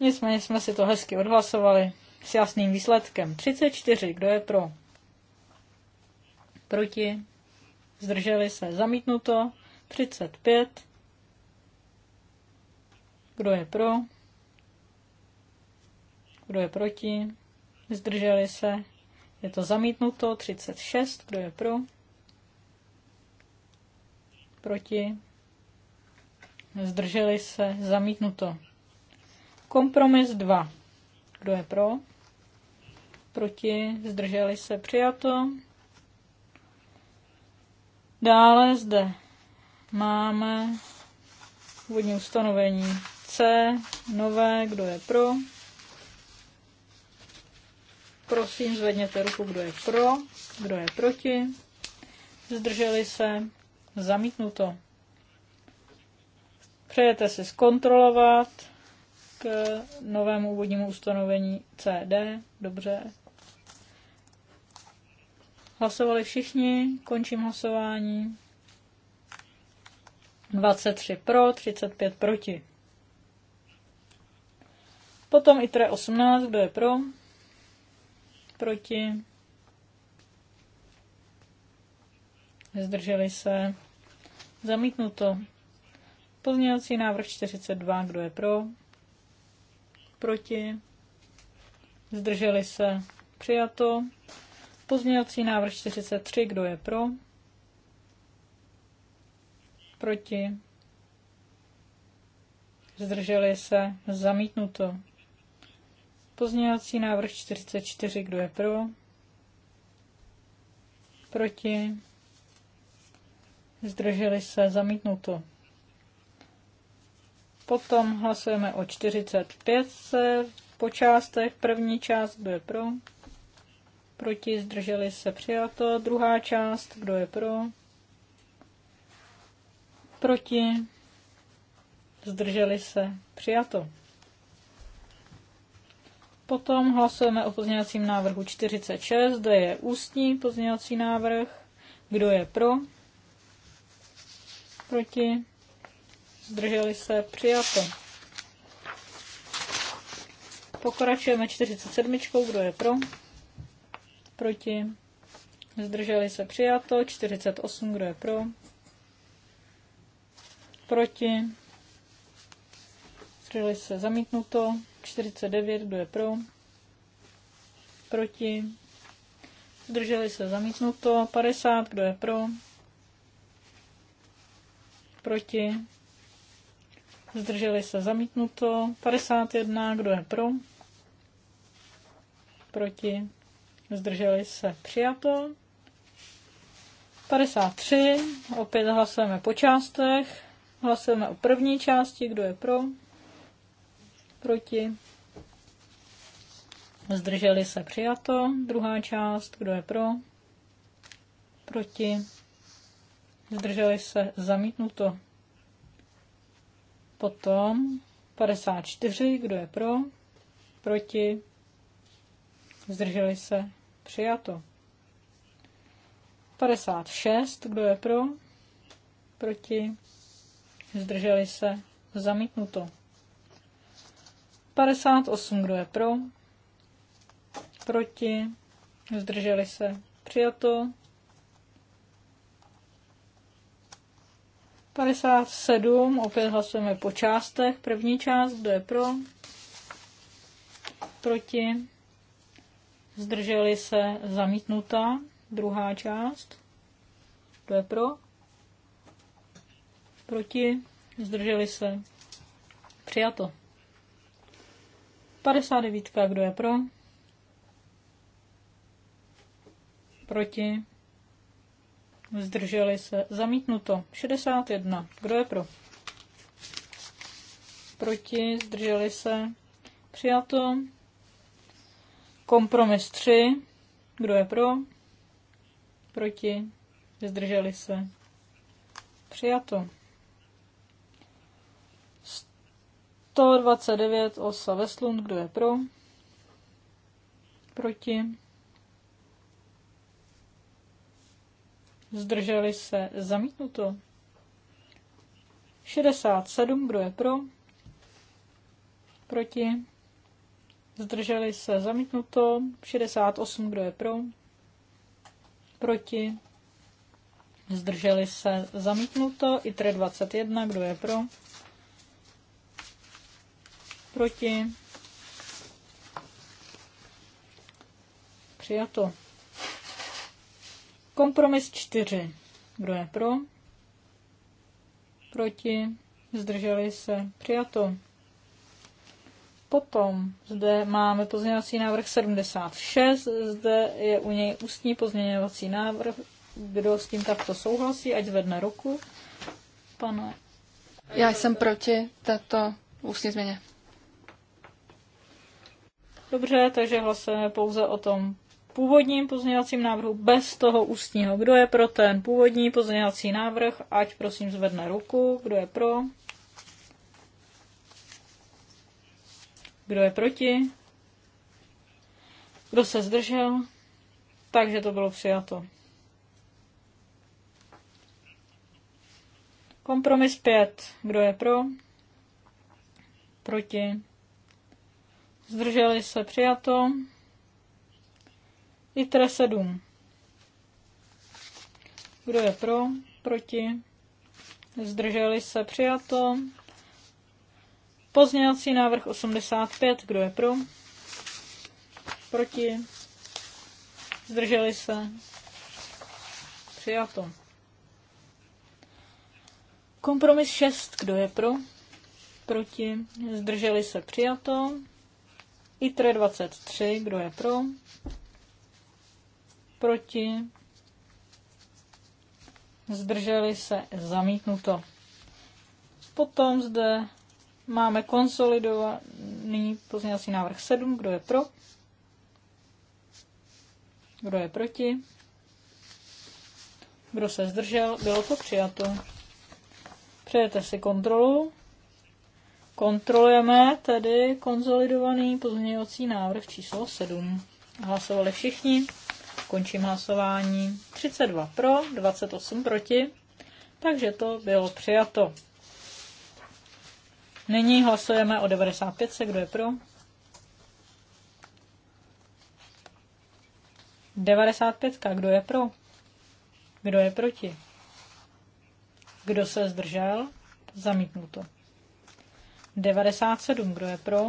Nicméně jsme si to hezky odhlasovali s jasným výsledkem. 34, kdo je pro? Proti? Zdrželi se. Zamítnuto. 35. Kdo je pro? Kdo je proti? Zdrželi se? Je to zamítnuto. 36. Kdo je pro? Proti? Zdrželi se? Zamítnuto. Kompromis 2. Kdo je pro? Proti? Zdrželi se? Přijato. Dále zde máme původní ustanovení C, nové, kdo je pro. Prosím, zvedněte ruku, kdo je pro, kdo je proti. Zdrželi se, zamítnuto. Přejete si zkontrolovat k novému úvodnímu ustanovení CD, dobře. Hlasovali všichni, končím hlasování. 23 pro, 35 proti. Potom i 18, kdo je pro, proti. Zdrželi se. Zamítnuto. Pozměňovací návrh 42, kdo je pro? Proti? Zdrželi se. Přijato. Pozměňovací návrh 43, kdo je pro? Proti? Zdrželi se? Zamítnuto. Pozměňovací návrh 44. Kdo je pro? Proti? Zdrželi se? Zamítnuto. Potom hlasujeme o 45 po částech. První část, kdo je pro? Proti? Zdrželi se? Přijato. Druhá část, kdo je pro? Proti? Zdrželi se? Přijato. Potom hlasujeme o pozměňovacím návrhu 46, zde je ústní pozměňovací návrh. Kdo je pro? Proti? Zdrželi se? Přijato. Pokračujeme 47. Kdo je pro? Proti? Zdrželi se? Přijato. 48. Kdo je pro? proti, zdrželi se zamítnuto, 49, kdo je pro, proti, zdrželi se zamítnuto, 50, kdo je pro, proti, zdrželi se zamítnuto, 51, kdo je pro, proti, zdrželi se přijato, 53, opět hlasujeme po částech, Hlasujeme o první části, kdo je pro, proti, zdrželi se přijato. Druhá část, kdo je pro, proti, zdrželi se zamítnuto. Potom 54, kdo je pro, proti, zdrželi se přijato. 56, kdo je pro, proti, zdrželi se, zamítnuto. 58, kdo je pro, proti, zdrželi se, přijato. 57, opět hlasujeme po částech. První část, kdo je pro, proti, zdrželi se, zamítnuta, Druhá část, kdo je pro, Proti? Zdrželi se? Přijato. 59. Kdo je pro? Proti? Zdrželi se? Zamítnuto. 61. Kdo je pro? Proti? Zdrželi se? Přijato. Kompromis 3. Kdo je pro? Proti? Zdrželi se? Přijato. 129 Osa Veslund, kdo je pro? Proti? Zdrželi se zamítnuto. 67, kdo je pro? Proti? Zdrželi se zamítnuto. 68, kdo je pro? Proti? Zdrželi se zamítnuto. ITRE 21, kdo je pro? proti, přijato. Kompromis 4. Kdo je pro? Proti? Zdrželi se? Přijato. Potom zde máme pozměňovací návrh 76, zde je u něj ústní pozměňovací návrh. Kdo s tím takto souhlasí, ať zvedne ruku. Pane. Já jsem proti této ústní změně. Dobře, takže hlasujeme pouze o tom původním pozměňovacím návrhu bez toho ústního. Kdo je pro ten původní pozměňovací návrh, ať prosím zvedne ruku. Kdo je pro? Kdo je proti? Kdo se zdržel? Takže to bylo přijato. Kompromis 5. Kdo je pro? Proti? zdrželi se přijato. ITRE 7. Kdo je pro? Proti? Zdrželi se přijato. Pozněvací návrh 85. Kdo je pro? Proti? Zdrželi se? Přijato. Kompromis 6. Kdo je pro? Proti? Zdrželi se? Přijato. ITRE 23, kdo je pro? Proti? Zdrželi se zamítnuto. Potom zde máme konsolidovaný pozměňovací návrh 7, kdo je pro? Kdo je proti? Kdo se zdržel? Bylo to přijato. Přejete si kontrolu. Kontrolujeme tedy konzolidovaný pozměňovací návrh číslo 7. Hlasovali všichni. Končím hlasování. 32 pro, 28 proti. Takže to bylo přijato. Nyní hlasujeme o 95. Kdo je pro? 95. Kdo je pro? Kdo je proti? Kdo se zdržel? Zamítnuto. 97. Kdo je pro?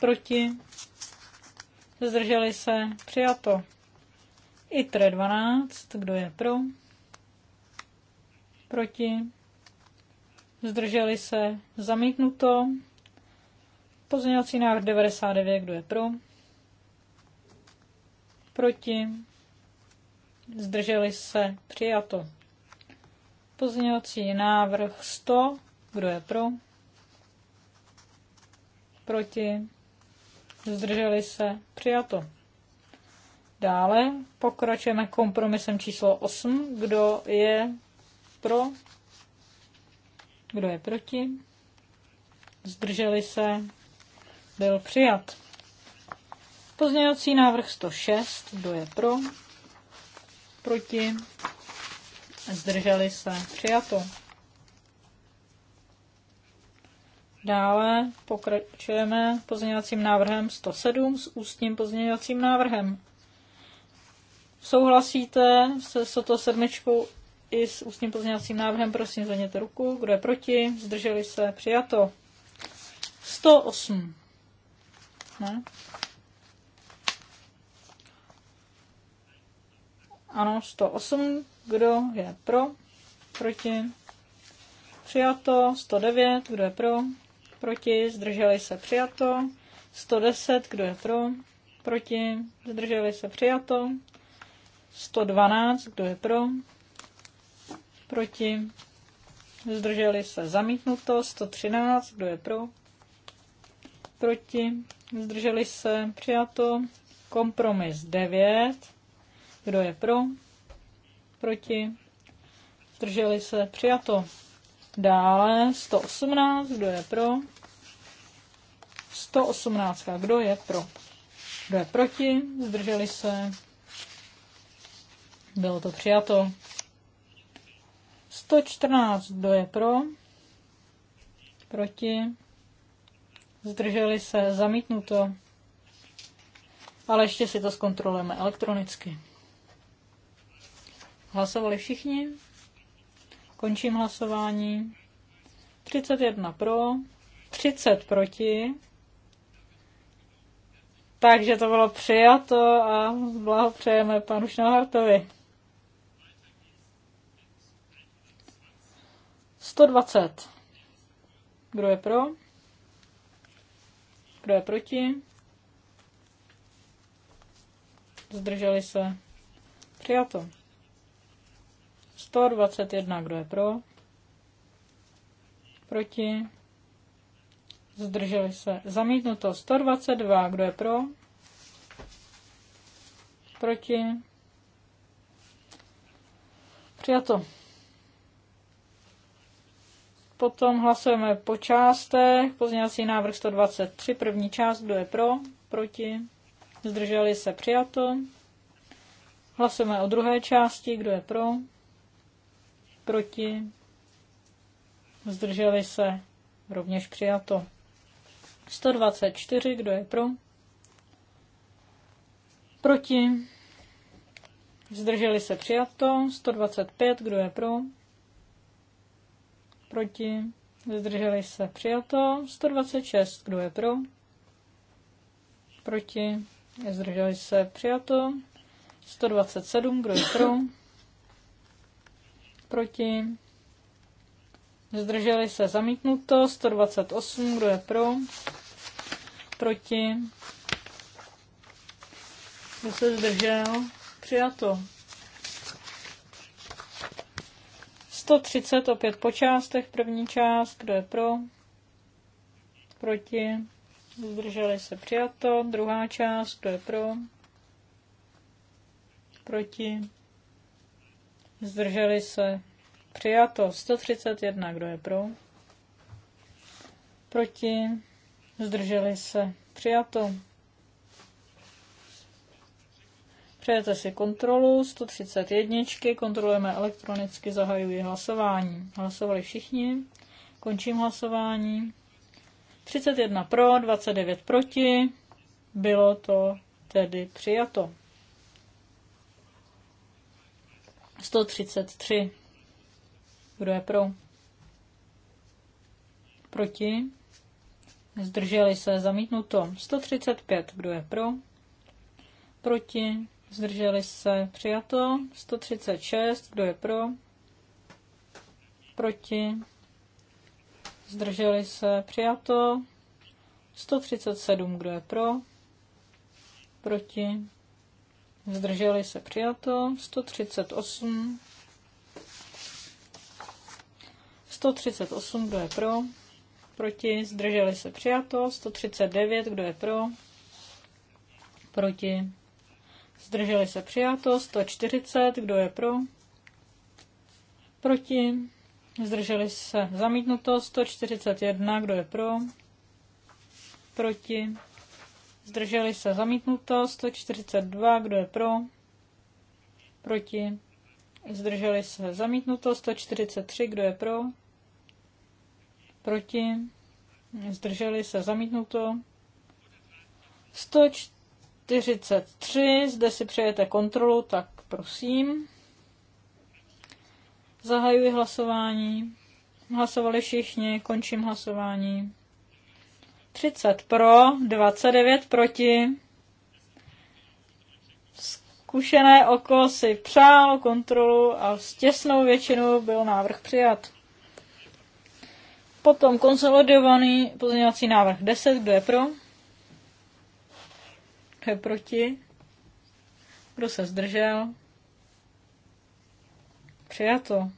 Proti? Zdrželi se? Přijato. ITRE 12. Kdo je pro? Proti? Zdrželi se? Zamítnuto. Pozměňovací návrh 99. Kdo je pro? Proti? Zdrželi se? Přijato. Pozměňovací návrh 100. Kdo je pro? proti, zdrželi se, přijato. Dále pokračujeme kompromisem číslo 8. Kdo je pro? Kdo je proti? Zdrželi se? Byl přijat. Pozměňovací návrh 106. Kdo je pro? Proti? Zdrželi se? Přijato. Dále pokračujeme pozměňovacím návrhem 107 s ústním pozměňovacím návrhem. Souhlasíte se 107 i s ústním pozměňovacím návrhem? Prosím, zvedněte ruku. Kdo je proti? Zdrželi se? Přijato. 108. Ne? Ano, 108. Kdo je pro? Proti? Přijato. 109. Kdo je pro? proti, zdrželi se přijato. 110, kdo je pro, proti, zdrželi se přijato. 112, kdo je pro, proti, zdrželi se zamítnuto. 113, kdo je pro, proti, zdrželi se přijato. Kompromis 9, kdo je pro, proti, zdrželi se přijato. Dále 118, kdo je pro, 118. Kdo je pro? Kdo je proti? Zdrželi se? Bylo to přijato. 114. Kdo je pro? Proti? Zdrželi se? Zamítnuto. Ale ještě si to zkontrolujeme elektronicky. Hlasovali všichni? Končím hlasování. 31 pro, 30 proti, takže to bylo přijato a blahopřejeme panu Šnohartovi. 120. Kdo je pro? Kdo je proti? Zdrželi se. Přijato. 121. Kdo je pro? Proti? zdrželi se. Zamítnuto 122, kdo je pro? Proti? Přijato. Potom hlasujeme po částech. Pozněvací návrh 123, první část, kdo je pro? Proti? Zdrželi se přijato. Hlasujeme o druhé části, kdo je pro? Proti? Zdrželi se rovněž přijato. 124, kdo je pro? Proti? Zdrželi se přijato. 125, kdo je pro? Proti? Zdrželi se přijato. 126, kdo je pro? Proti? Zdrželi se přijato. 127, kdo je pro? Proti? Zdrželi se zamítnuto. 128, kdo je pro? Proti? Kdo se zdržel? Přijato. 130 opět po částech. První část, kdo je pro? Proti? Zdrželi se přijato. Druhá část, kdo je pro? Proti? Zdrželi se Přijato 131, kdo je pro? Proti? Zdrželi se. Přijato. Přejete si kontrolu 131, kontrolujeme elektronicky, zahajuji hlasování. Hlasovali všichni, končím hlasování. 31 pro, 29 proti, bylo to tedy přijato. 133 kdo je pro? Proti? Zdrželi se zamítnuto. 135. Kdo je pro? Proti? Zdrželi se přijato. 136. Kdo je pro? Proti? Zdrželi se přijato. 137. Kdo je pro? Proti? Zdrželi se přijato. 138. 138, kdo je pro, proti, zdrželi se přijato, 139, kdo je pro, proti, zdrželi se přijato, 140, kdo je pro, proti, zdrželi se zamítnuto, 141, kdo je pro, proti, zdrželi se zamítnuto, 142, kdo je pro, proti, zdrželi se zamítnuto, 143, kdo je pro, proti, zdrželi se, zamítnuto. 143, zde si přejete kontrolu, tak prosím. Zahajuji hlasování. Hlasovali všichni, končím hlasování. 30 pro, 29 proti. Zkušené oko si přálo kontrolu a s těsnou většinou byl návrh přijat. Potom konsolidovaný pozměňovací návrh 10, kdo je pro? Kdo je proti? Kdo se zdržel? Přijato.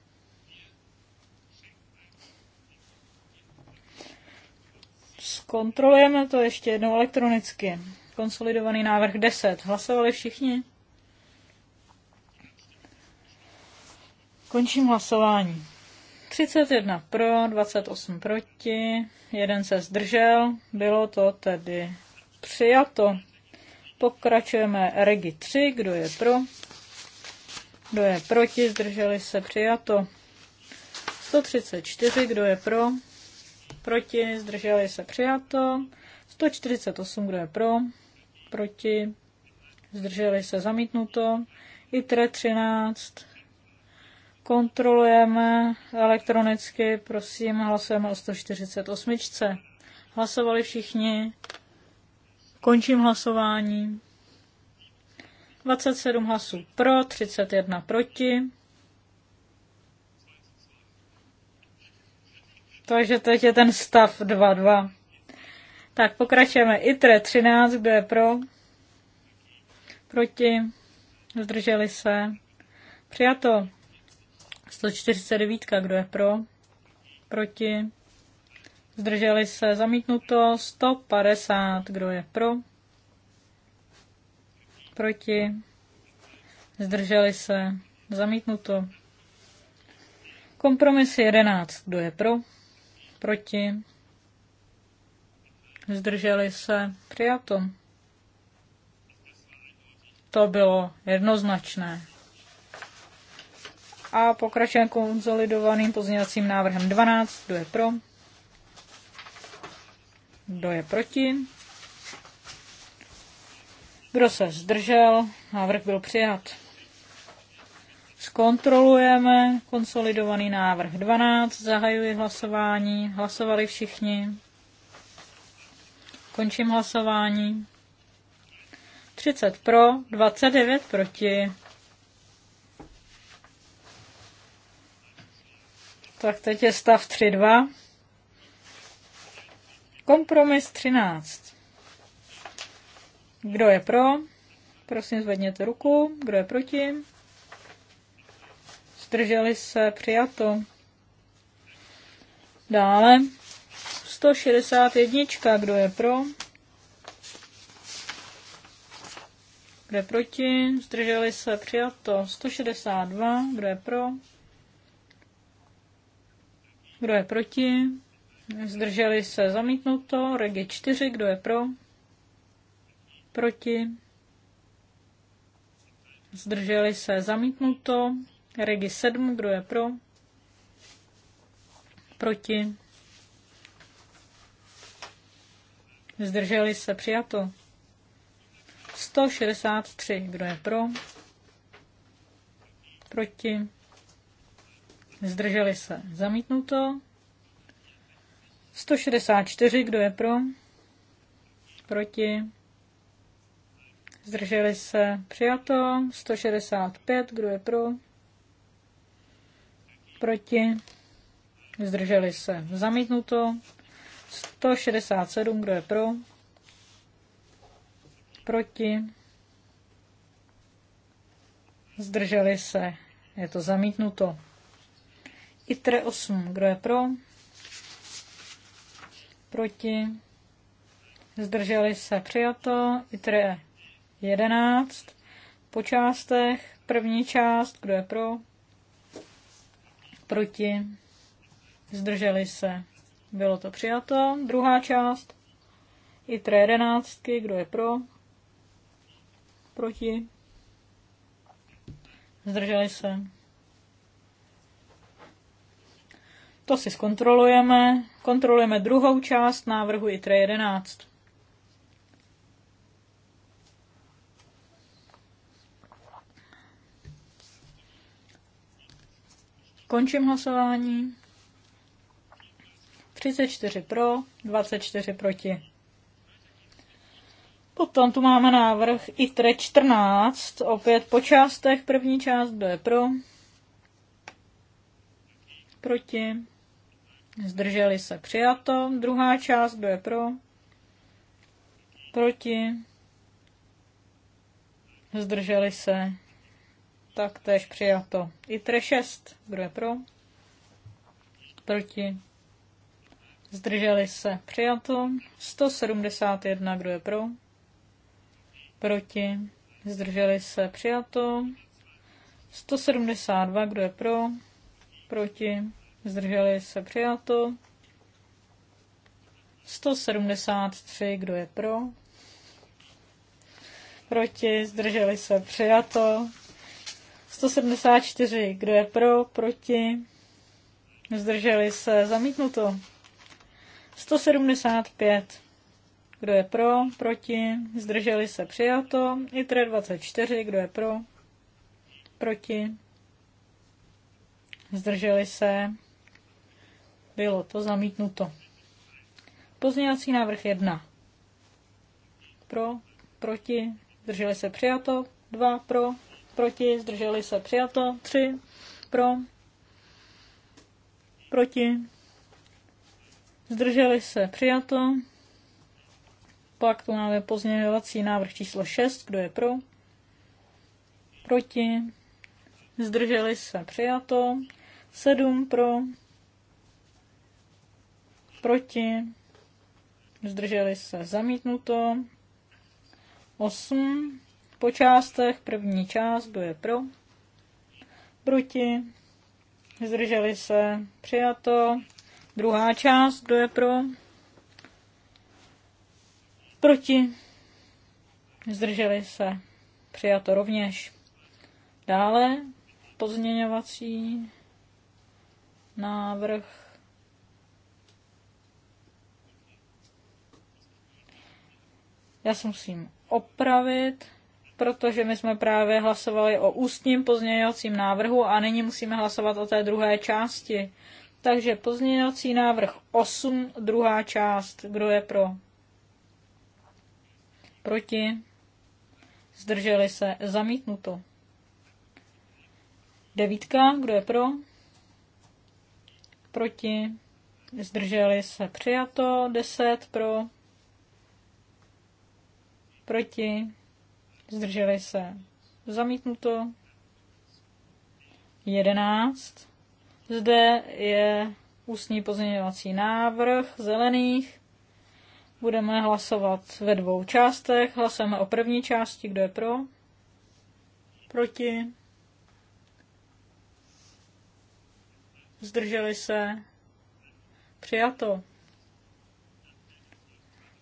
Zkontrolujeme to ještě jednou elektronicky. Konsolidovaný návrh 10. Hlasovali všichni? Končím hlasování. 31 pro, 28 proti, jeden se zdržel, bylo to tedy přijato. Pokračujeme regi 3, kdo je pro, kdo je proti, zdrželi se, přijato. 134, kdo je pro, proti, zdrželi se, přijato. 148, kdo je pro, proti, zdrželi se, zamítnuto. ITRE 13, Kontrolujeme elektronicky, prosím, hlasujeme o 148. Hlasovali všichni. Končím hlasování. 27 hlasů pro, 31 proti. Takže teď je ten stav 2-2. Tak pokračujeme. ITRE 13, kdo je pro? Proti? Zdrželi se? Přijato. 149, kdo je pro? Proti? Zdrželi se zamítnuto 150, kdo je pro? Proti? Zdrželi se zamítnuto. Kompromis 11, kdo je pro? Proti? Zdrželi se přijato. To bylo jednoznačné a pokračujeme konzolidovaným pozměňovacím návrhem 12. Kdo je pro? Kdo je proti? Kdo se zdržel? Návrh byl přijat. Zkontrolujeme konsolidovaný návrh 12. Zahajuji hlasování. Hlasovali všichni. Končím hlasování. 30 pro, 29 proti. tak teď je stav 3-2. Kompromis 13. Kdo je pro? Prosím, zvedněte ruku. Kdo je proti? Zdrželi se, přijato. Dále 161. Kdo je pro? Kdo je proti? Zdrželi se, přijato. 162. Kdo je pro? Kdo je proti? Zdrželi se zamítnuto. Regi 4. Kdo je pro? Proti? Zdrželi se zamítnuto. Regi 7. Kdo je pro? Proti? Zdrželi se přijato. 163. Kdo je pro? Proti? Zdrželi se. Zamítnuto. 164, kdo je pro? Proti. Zdrželi se. Přijato. 165, kdo je pro? Proti. Zdrželi se. Zamítnuto. 167, kdo je pro? Proti. Zdrželi se. Je to zamítnuto. ITRE 8. Kdo je pro? Proti? Zdrželi se přijato. ITRE 11. Po částech. První část. Kdo je pro? Proti? Zdrželi se. Bylo to přijato. Druhá část. ITRE 11. Kdo je pro? Proti? Zdrželi se. To si zkontrolujeme. Kontrolujeme druhou část návrhu ITRE 11. Končím hlasování. 34 pro, 24 proti. Potom tu máme návrh ITRE 14, opět po částech. První část, kdo je pro? Proti Zdrželi se přijato. Druhá část, kdo je pro? Proti? Zdrželi se. Tak tež přijato. I 6, kdo je pro? Proti? Zdrželi se. Přijato. 171, kdo je pro? Proti? Zdrželi se. Přijato. 172, kdo je pro? Proti? Zdrželi se přijato. 173, kdo je pro? Proti, zdrželi se přijato. 174, kdo je pro, proti, zdrželi se, zamítnuto. 175, kdo je pro, proti, zdrželi se, přijato. ITRE 24, kdo je pro, proti, zdrželi se, bylo to zamítnuto. Pozměňovací návrh 1. Pro, proti, zdrželi se přijato. 2 pro, proti, zdrželi se přijato. 3 pro, proti, zdrželi se přijato. Pak tu máme pozměňovací návrh číslo 6, kdo je pro, proti, zdrželi se přijato. 7 pro, proti, zdrželi se zamítnuto. 8 po částech, první část, kdo je pro, proti, zdrželi se přijato. Druhá část, kdo je pro, proti, zdrželi se přijato rovněž. Dále pozměňovací návrh Já se musím opravit, protože my jsme právě hlasovali o ústním pozměňovacím návrhu a nyní musíme hlasovat o té druhé části. Takže pozměňovací návrh 8, druhá část. Kdo je pro? Proti? Zdrželi se. Zamítnuto. Devítka. Kdo je pro? Proti? Zdrželi se. Přijato. Deset pro proti, zdrželi se, zamítnuto, 11. Zde je ústní pozměňovací návrh zelených. Budeme hlasovat ve dvou částech. Hlasujeme o první části, kdo je pro, proti, zdrželi se, přijato.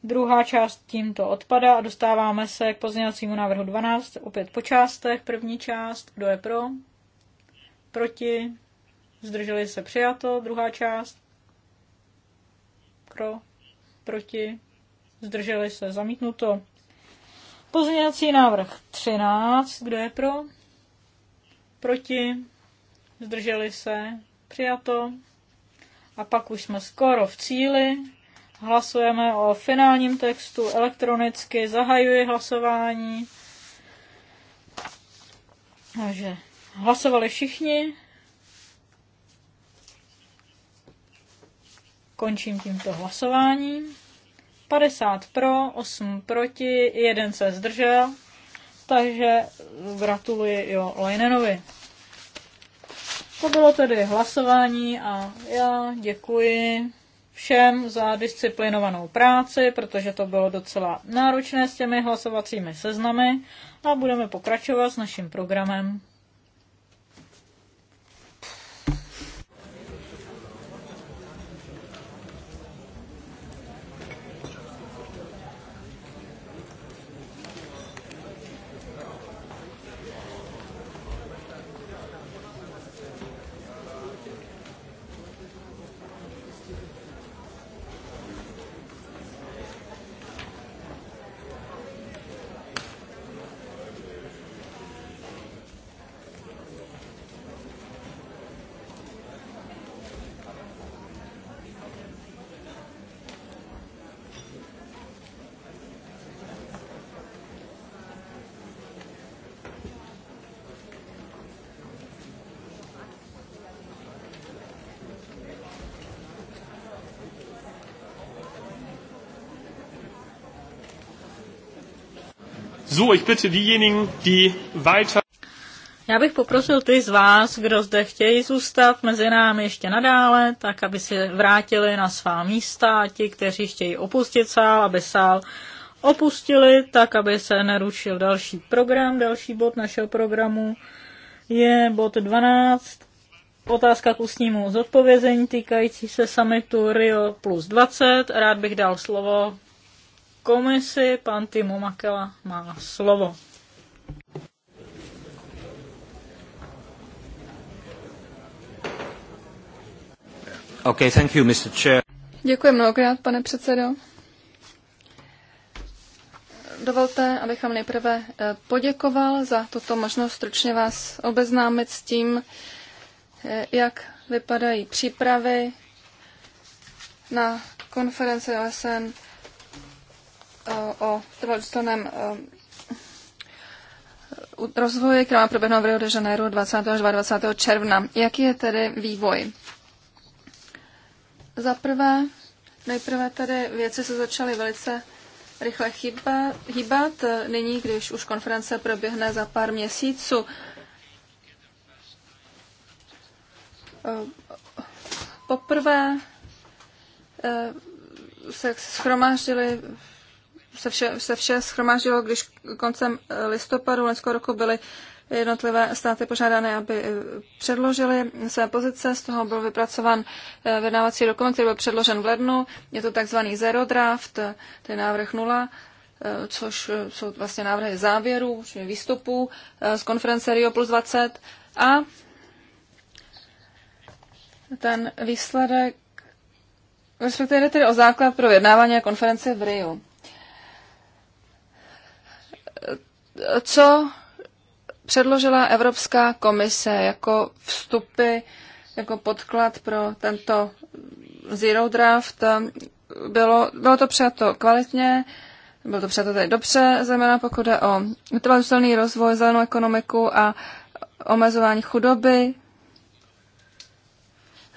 Druhá část tímto odpada a dostáváme se k pozměňovacímu návrhu 12, opět po částech. První část, kdo je pro? Proti? Zdrželi se přijato. Druhá část, pro? Proti? Zdrželi se zamítnuto. Pozměňovací návrh 13, kdo je pro? Proti? Zdrželi se přijato. A pak už jsme skoro v cíli. Hlasujeme o finálním textu elektronicky. Zahajuji hlasování. Takže hlasovali všichni. Končím tímto hlasování. 50 pro, 8 proti, 1 se zdržel. Takže gratuluji jo Leinenovi. To bylo tedy hlasování a já děkuji všem za disciplinovanou práci, protože to bylo docela náročné s těmi hlasovacími seznamy a budeme pokračovat s naším programem. So, ich bitte diejenigen, die weiter... Já bych poprosil ty z vás, kdo zde chtějí zůstat mezi námi ještě nadále, tak aby se vrátili na svá místa a ti, kteří chtějí opustit sál, aby sál opustili, tak aby se narušil další program. Další bod našeho programu je bod 12. Otázka k ústnímu zodpovězení týkající se summitu Rio plus 20. Rád bych dal slovo komisi. Pan Timo Makela má slovo. Okay, thank you, Mr. Chair. Děkuji mnohokrát, pane předsedo. Dovolte, abych vám nejprve eh, poděkoval za tuto možnost stručně vás obeznámit s tím, eh, jak vypadají přípravy na konferenci OSN o trvalém eh, rozvoji, která má proběhnout v Rio de Janeiro 20. až 22. června. Jaký je tedy vývoj? Za prvé, nejprve tady věci se začaly velice rychle hýbat. Nyní, když už konference proběhne za pár měsíců, eh, poprvé eh, se schromáždili se vše, se vše schromáždilo, když koncem listopadu loňského roku byly jednotlivé státy požádány, aby eh, předložili své pozice. Z toho byl vypracovan eh, vyjednávací dokument, který byl předložen v lednu. Je to takzvaný zero draft, to je návrh nula, eh, což jsou vlastně návrhy závěrů, výstupů z konference Rio plus 20. A ten výsledek, respektive jde tedy o základ pro vyjednávání konference v Rio. co předložila Evropská komise jako vstupy, jako podklad pro tento Zero Draft, bylo, bylo to přijato kvalitně, bylo to přijato tady dobře, zejména pokud je o trvalý rozvoj, zelenou ekonomiku a omezování chudoby.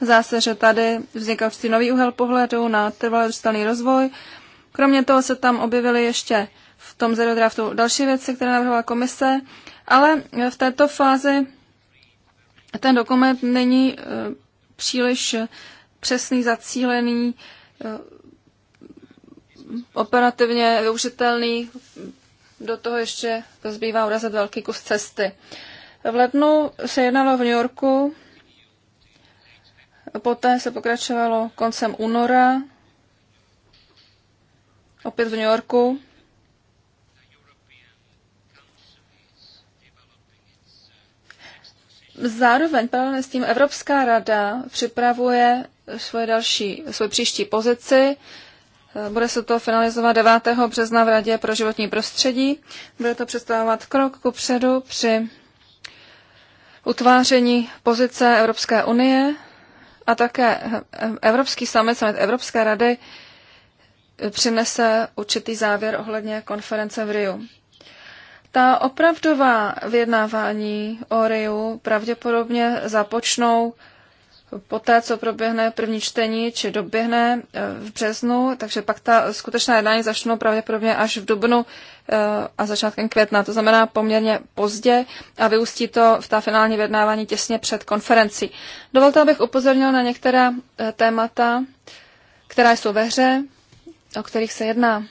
Zase, že tady vznikal nový úhel pohledu na trvalý rozvoj. Kromě toho se tam objevily ještě tom zero draftu další věci, které navrhovala komise, ale v této fázi ten dokument není eh, příliš přesný, zacílený, eh, operativně využitelný. Do toho ještě zbývá urazit velký kus cesty. V lednu se jednalo v New Yorku, poté se pokračovalo koncem února, opět v New Yorku. Zároveň paralelně s tím Evropská rada připravuje svoje další, svoji příští pozici. Eh, bude se to finalizovat 9. března v Radě pro životní prostředí. Bude to představovat krok ku předu při utváření pozice Evropské unie a také Evropský summit, summit Evropské rady eh, přinese určitý závěr ohledně konference v Riu. Ta opravdová vyjednávání o RIU pravděpodobně započnou poté, co proběhne první čtení, či doběhne eh, v březnu, takže pak ta skutečná jednání začnou pravděpodobně až v dubnu eh, a začátkem května. To znamená poměrně pozdě a vyústí to v ta finální vyjednávání těsně před konferencí. Dovolte, abych upozornil na některá eh, témata, která jsou ve hře, o kterých se jedná.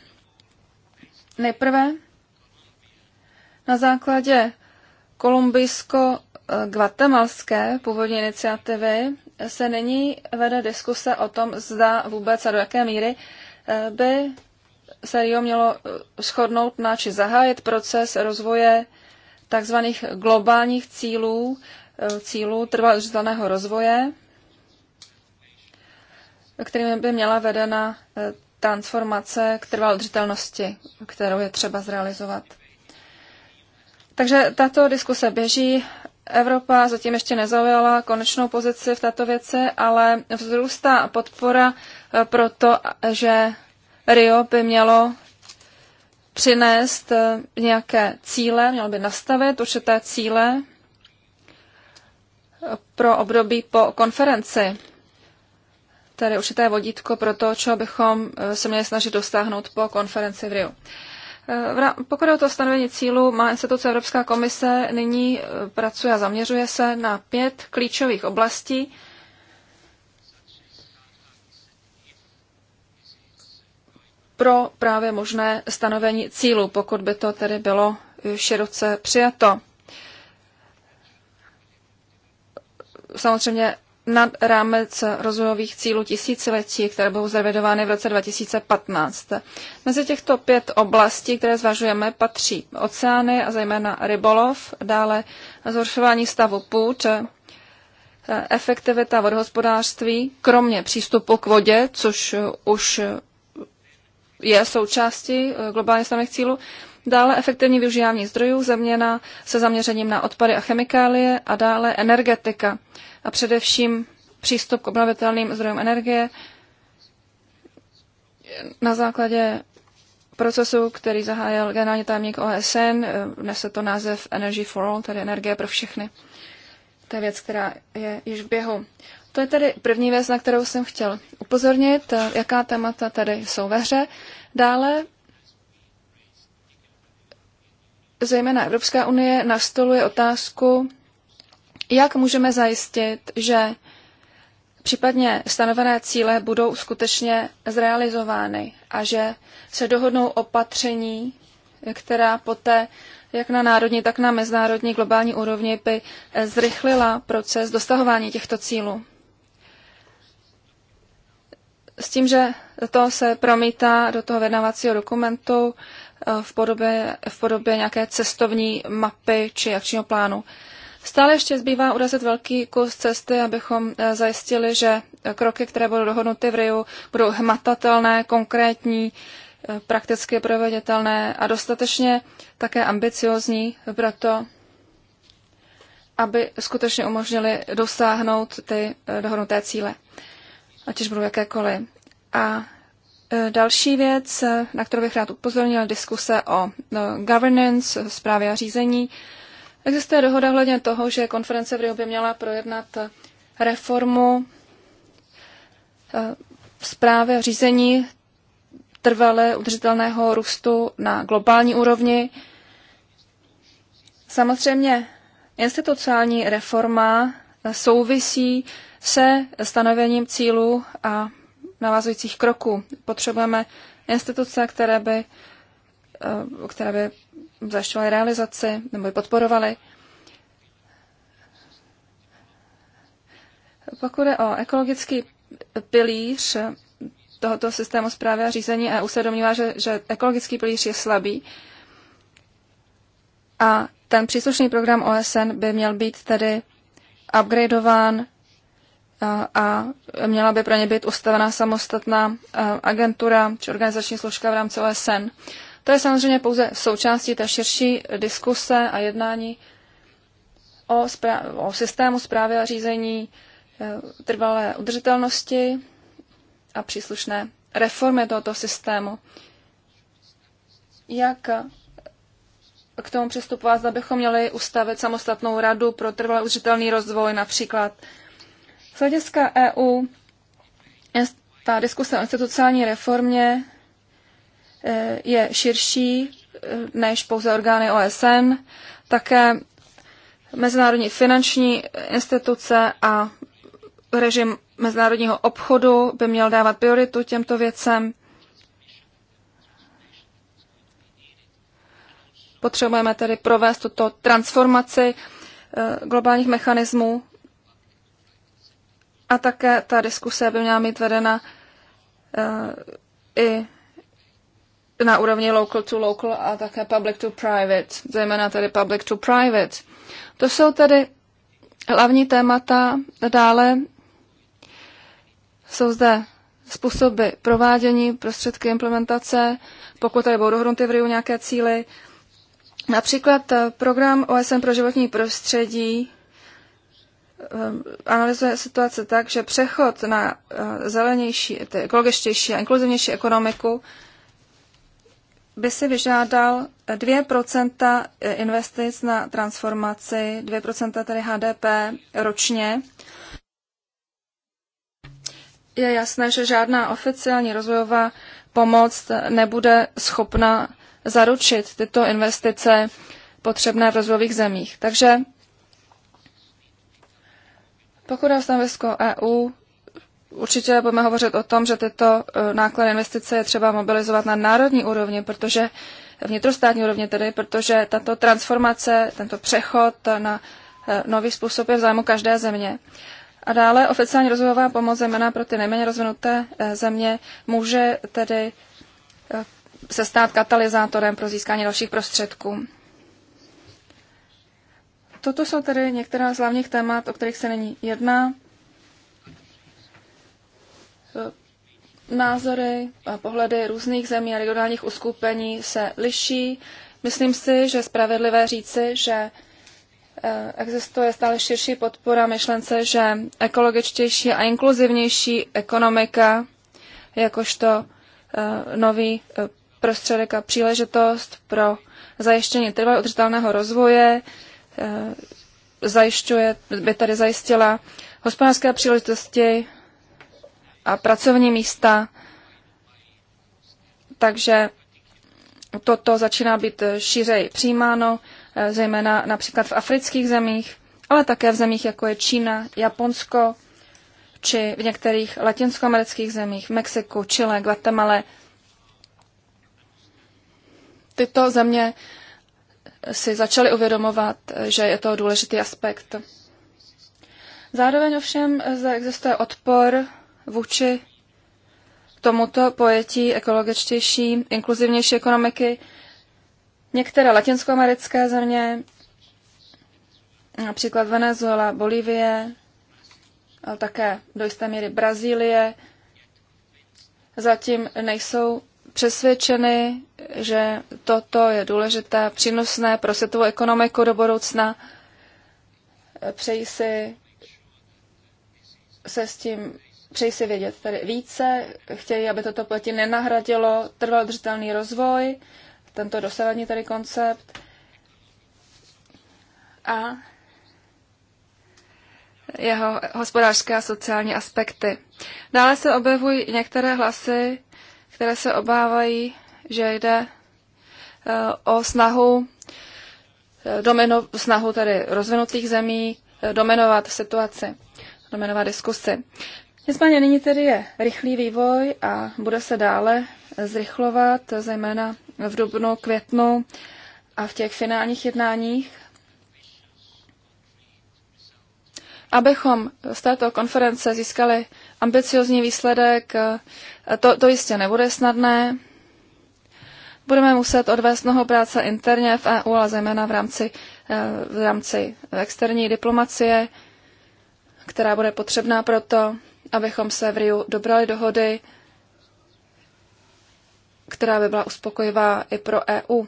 Nejprve na základě kolumbijsko-guatemalské původní iniciativy se nyní vede diskuse o tom, zda vůbec a do jaké míry eh, by se Rio mělo eh, shodnout na či zahájit proces rozvoje takzvaných globálních cílů, eh, cílů trvalého rozvoje, kterými by měla vedena transformace k trvalé kterou je třeba zrealizovat. Takže tato diskuse běží. Evropa zatím ještě nezaujala konečnou pozici v této věci, ale vzrůstá podpora eh, pro to, že Rio by mělo přinést eh, nějaké cíle, mělo by nastavit určité cíle eh, pro období po konferenci. Tedy určité vodítko pro to, čeho bychom se měli snažit dostáhnout po konferenci v Rio. Eh, pokud je o to stanovení cílu, má instituce Evropská komise nyní eh, pracuje a zaměřuje se na pět klíčových oblastí. pro právě možné stanovení cílu, pokud by to tedy bylo eh, široce přijato. Samozřejmě nad rámec rozvojových cílů tisíciletí, které budou zrevidovány v roce 2015. Mezi těchto pět oblastí, které zvažujeme, patří oceány a zejména rybolov, dále zhoršování stavu půd, efektivita vodohospodářství, kromě přístupu k vodě, což už je součástí globálně stavných cílů, Dále efektivní využívání zdrojů, zaměna se zaměřením na odpady a chemikálie a dále energetika a především přístup k obnovitelným zdrojům energie na základě procesu, který zahájil generální tajemník OSN, nese to název Energy for All, tedy energie pro všechny. To je věc, která je již v běhu. To je tedy první věc, na kterou jsem chtěl upozornit, jaká témata tady jsou ve hře. Dále zejména Evropská unie nastoluje otázku, jak můžeme zajistit, že případně stanovené cíle budou skutečně zrealizovány a že se dohodnou opatření, která poté jak na národní, tak na mezinárodní globální úrovni by zrychlila proces dosahování těchto cílů. S tím, že to se promítá do toho vědnavacího dokumentu, Eh, v podobě, v podobě nějaké cestovní mapy či akčního plánu. Stále ještě zbývá urazit velký kus cesty, abychom eh, zajistili, že kroky, které budou dohodnuty v Riu, budou hmatatelné, konkrétní, eh, prakticky proveditelné a dostatečně také ambiciozní pro to, aby skutečně umožnili dosáhnout ty dohodnuté cíle, ať už budou jakékoliv. A E, další věc, e, na kterou bych rád upozornil, diskuse o e, governance, zprávě a řízení. Existuje dohoda hledně toho, že konference v Rio by měla projednat reformu zprávy a řízení trvale udržitelného růstu na globální úrovni. Samozřejmě institucionální reforma souvisí se stanovením cílů a navazujících kroků. Potřebujeme instituce, které by, eh, které by zajišťovaly realizaci nebo by podporovaly. Pokud je o ekologický pilíř tohoto systému zprávy a řízení, EU se domnívá, že, že ekologický pilíř je slabý a ten příslušný program OSN by měl být tedy upgradeován a měla by pro ně být ustavená samostatná agentura či organizační složka v rámci OSN. To je samozřejmě pouze součástí té širší diskuse a jednání o, o systému zprávy a řízení e, trvalé udržitelnosti a příslušné reformy tohoto systému. Jak k tomu přistupovat, abychom měli ustavit samostatnou radu pro trvalé udržitelný rozvoj, například z hlediska EU ta diskuse o institucionální reformě eh, je širší eh, než pouze orgány OSN, také mezinárodní finanční instituce a režim mezinárodního obchodu by měl dávat prioritu těmto věcem. Potřebujeme tedy provést tuto transformaci eh, globálních mechanismů a také ta diskuse by měla mít vedena eh, i na úrovni local to local a také public to private, zejména tedy public to private. To jsou tedy hlavní témata. Dále jsou zde způsoby provádění, prostředky implementace, pokud tady budou dohodnuty v RIU nějaké cíly. Například eh, program OSN pro životní prostředí Eh, analyzuje situace tak, že přechod na eh, zelenější, ekologičtější a inkluzivnější ekonomiku by si vyžádal 2% eh, investic na transformaci, 2% tedy HDP ročně. Je jasné, že žádná oficiální rozvojová pomoc nebude schopna zaručit tyto investice potřebné v rozvojových zemích. Takže pokud je stanovisko EU, určitě budeme hovořit o tom, že tyto e, náklady investice je třeba mobilizovat na národní úrovni, protože e, vnitrostátní úrovni tedy, protože tato transformace, tento přechod na e, nový způsob je v zájmu každé země. A dále oficiální rozvojová pomoc, zejména pro ty nejméně rozvinuté země, může tedy se stát katalyzátorem pro získání dalších prostředků. Toto jsou tedy některá z hlavních témat, o kterých se není jedná. E, názory a pohledy různých zemí a regionálních uskupení se liší. Myslím si, že je spravedlivé říci, že e, existuje stále širší podpora myšlence, že ekologičtější a inkluzivnější ekonomika jakožto e, nový prostředek a příležitost pro zajištění trvalého udržitelného rozvoje Eh, zajišťuje, by tady zajistila hospodářské příležitosti a pracovní místa. Takže toto začíná být šířej přijímáno, eh, zejména například v afrických zemích, ale také v zemích jako je Čína, Japonsko či v některých latinskoamerických zemích, v Mexiku, Chile, Guatemala. Tyto země si začali uvědomovat, že je to důležitý aspekt. Zároveň ovšem zde existuje odpor vůči tomuto pojetí ekologičtější, inkluzivnější ekonomiky. Některé latinskoamerické země, například Venezuela, Bolívie, ale také do jisté míry Brazílie, zatím nejsou přesvědčeny, že toto je důležité, přínosné pro světovou ekonomiku do budoucna. Přeji si se s tím přeji si vědět tady více, chtějí, aby toto platí nenahradilo trval držitelný rozvoj, tento dosavadní tady koncept. A jeho hospodářské a sociální aspekty. Dále se objevují některé hlasy, které se obávají, že jde eh, o snahu, eh, domino, snahu tedy rozvinutých zemí eh, dominovat situaci, dominovat diskusy. Nicméně nyní tedy je rychlý vývoj a bude se dále zrychlovat, zejména v dubnu, květnu a v těch finálních jednáních. Abychom z této konference získali ambiciozní výsledek. Eh, to, to jistě nebude snadné. Budeme muset odvést mnoho práce interně v EU, ale zejména v rámci, eh, v rámci externí diplomacie, která bude potřebná proto, abychom se v Riu dobrali dohody, která by byla uspokojivá i pro EU.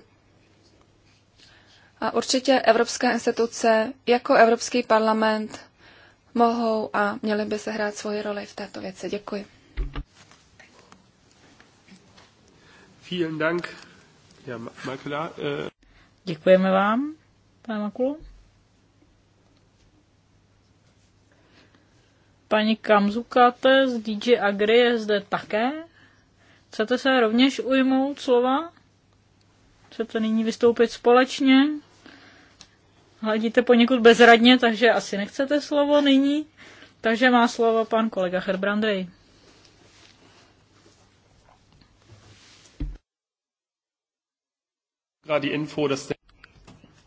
A určitě evropské instituce, jako Evropský parlament, mohou a měli by se hrát svoji roli v této věci. Děkuji. Vielen Dank, ja, Makula. Äh, Děkujeme vám, pane Makulu. Paní Kamzukate z DJ Agri je zde také. Chcete se rovněž ujmout slova? Chcete nyní vystoupit společně? hledíte poněkud bezradně, takže asi nechcete slovo nyní. Takže má slovo pan kolega Herbrandej.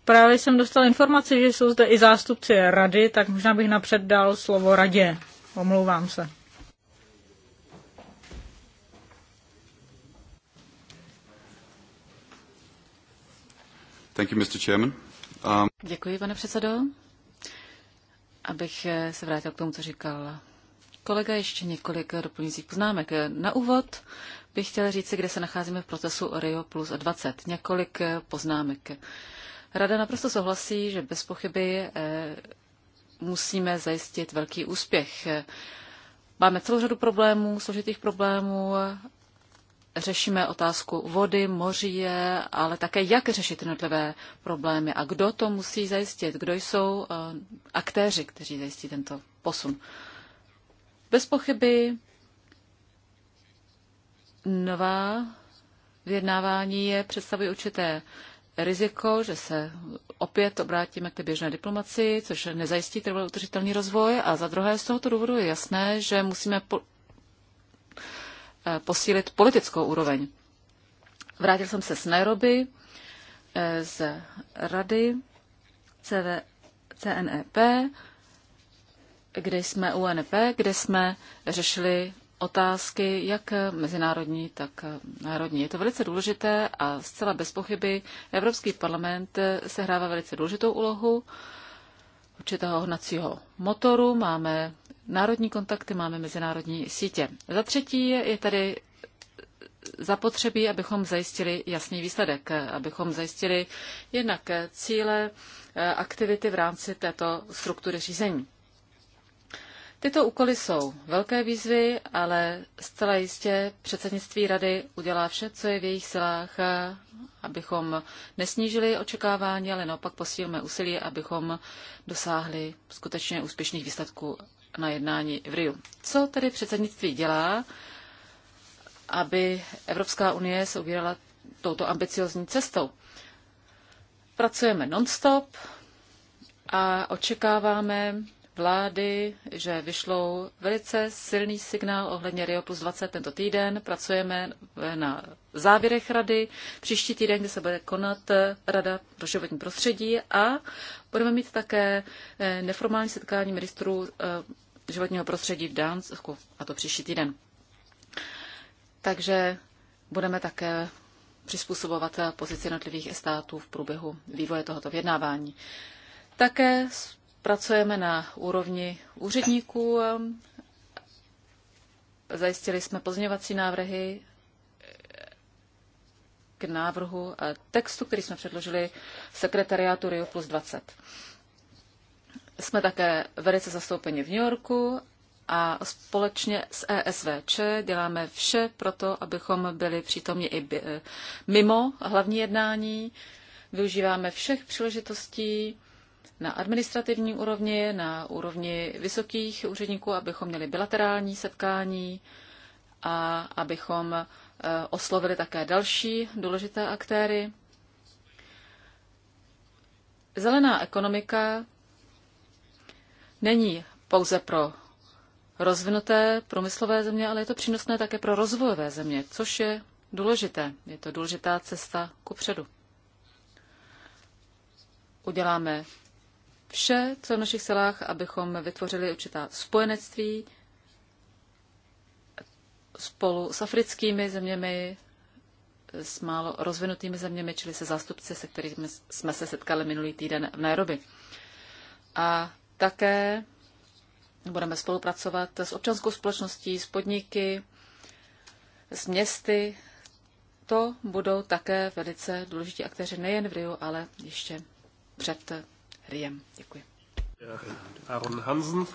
Právě jsem dostal informaci, že jsou zde i zástupci rady, tak možná bych napřed dal slovo radě. Omlouvám se. Thank you, Mr. Chairman. Um, Děkuji, pane předsedo. Abych se vrátil k tomu, co říkal kolega, ještě několik doplňujících poznámek. Na úvod bych chtěl říct, kde se nacházíme v procesu Rio plus 20. Několik poznámek. Rada naprosto souhlasí, že bez pochyby eh, musíme zajistit velký úspěch. Máme celou řadu problémů, složitých problémů, řešíme otázku vody, moří, ale také jak řešit jednotlivé problémy a kdo to musí zajistit, kdo jsou eh, aktéři, kteří zajistí tento posun. Bez pochyby nová vyjednávání je představují určité riziko, že se opět obrátíme k té běžné diplomaci, což nezajistí trvalý udržitelný rozvoj. A za druhé, z tohoto důvodu je jasné, že musíme Eh, posílit politickou úroveň. Vrátil jsem se z Nairobi, eh, z rady CV, CNEP, kde jsme UNP, kde jsme řešili otázky jak mezinárodní, tak národní. Je to velice důležité a zcela bez pochyby Evropský parlament sehrává velice důležitou úlohu určitého hnacího motoru, máme národní kontakty, máme mezinárodní sítě. Za třetí je tady zapotřebí, abychom zajistili jasný výsledek, abychom zajistili jednak cíle, eh, aktivity v rámci této struktury řízení. Tyto úkoly jsou velké výzvy, ale zcela jistě předsednictví rady udělá vše, co je v jejich silách, abychom nesnížili očekávání, ale naopak posílíme úsilí, abychom dosáhli skutečně úspěšných výsledků na jednání v Riu. Co tedy předsednictví dělá, aby Evropská unie se ubírala touto ambiciozní cestou? Pracujeme non-stop a očekáváme vlády, že vyšlou velice silný signál ohledně Rio plus 20 tento týden. Pracujeme na závěrech rady. Příští týden, kde se bude konat eh, Rada pro životní prostředí a budeme mít také eh, neformální setkání ministrů eh, životního prostředí v Dánsku, a to příští týden. Takže budeme také přizpůsobovat pozici jednotlivých států v průběhu vývoje tohoto vyjednávání. Také Pracujeme na úrovni úředníků. Zajistili jsme pozměňovací návrhy k návrhu textu, který jsme předložili sekretariátu Rio plus 20. Jsme také velice zastoupeni v New Yorku a společně s ESVČ děláme vše pro to, abychom byli přítomni i mimo hlavní jednání. Využíváme všech příležitostí, na administrativní úrovni, na úrovni vysokých úředníků, abychom měli bilaterální setkání a abychom eh, oslovili také další důležité aktéry. Zelená ekonomika není pouze pro rozvinuté průmyslové země, ale je to přínosné také pro rozvojové země, což je důležité. Je to důležitá cesta ku předu. Uděláme vše, co v našich silách, abychom vytvořili určitá spojenectví spolu s africkými zeměmi, s málo rozvinutými zeměmi, čili se zástupci, se kterými jsme se setkali minulý týden v Nairobi. A také budeme spolupracovat s občanskou společností, s podniky, s městy. To budou také velice důležití aktéři nejen v Riu, ale ještě před Riem. Děkuji. Aron Hansen.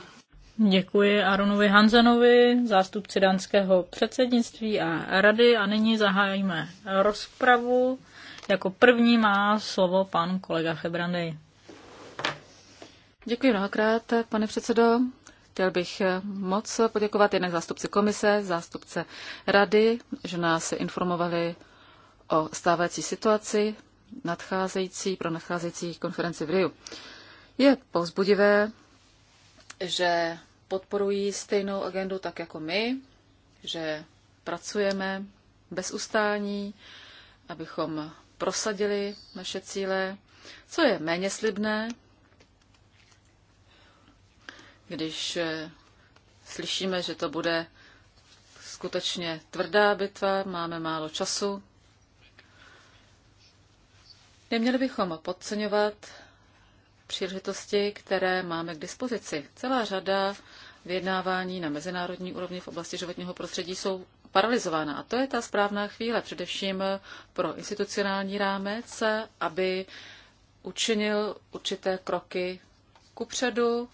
Děkuji Aronovi Hanzenovi, zástupci dánského předsednictví a rady a nyní zahájíme rozpravu. Jako první má slovo pan kolega Hebrandy. Děkuji mnohokrát, pane předsedo. Chtěl bych moc poděkovat jednak zástupci komise, zástupce rady, že nás informovali o stávající situaci nadcházející, pro nadcházející konferenci v Riu. Je povzbudivé, že podporují stejnou agendu tak jako my, že pracujeme bez ustání, abychom prosadili naše cíle, co je méně slibné, když eh, slyšíme, že to bude skutečně tvrdá bitva, máme málo času, Neměli bychom podceňovat příležitosti, které máme k dispozici. Celá řada vyjednávání na mezinárodní úrovni v oblasti životního prostředí jsou paralizována. A to je ta správná chvíle, především pro institucionální rámec, aby učinil určité kroky kupředu,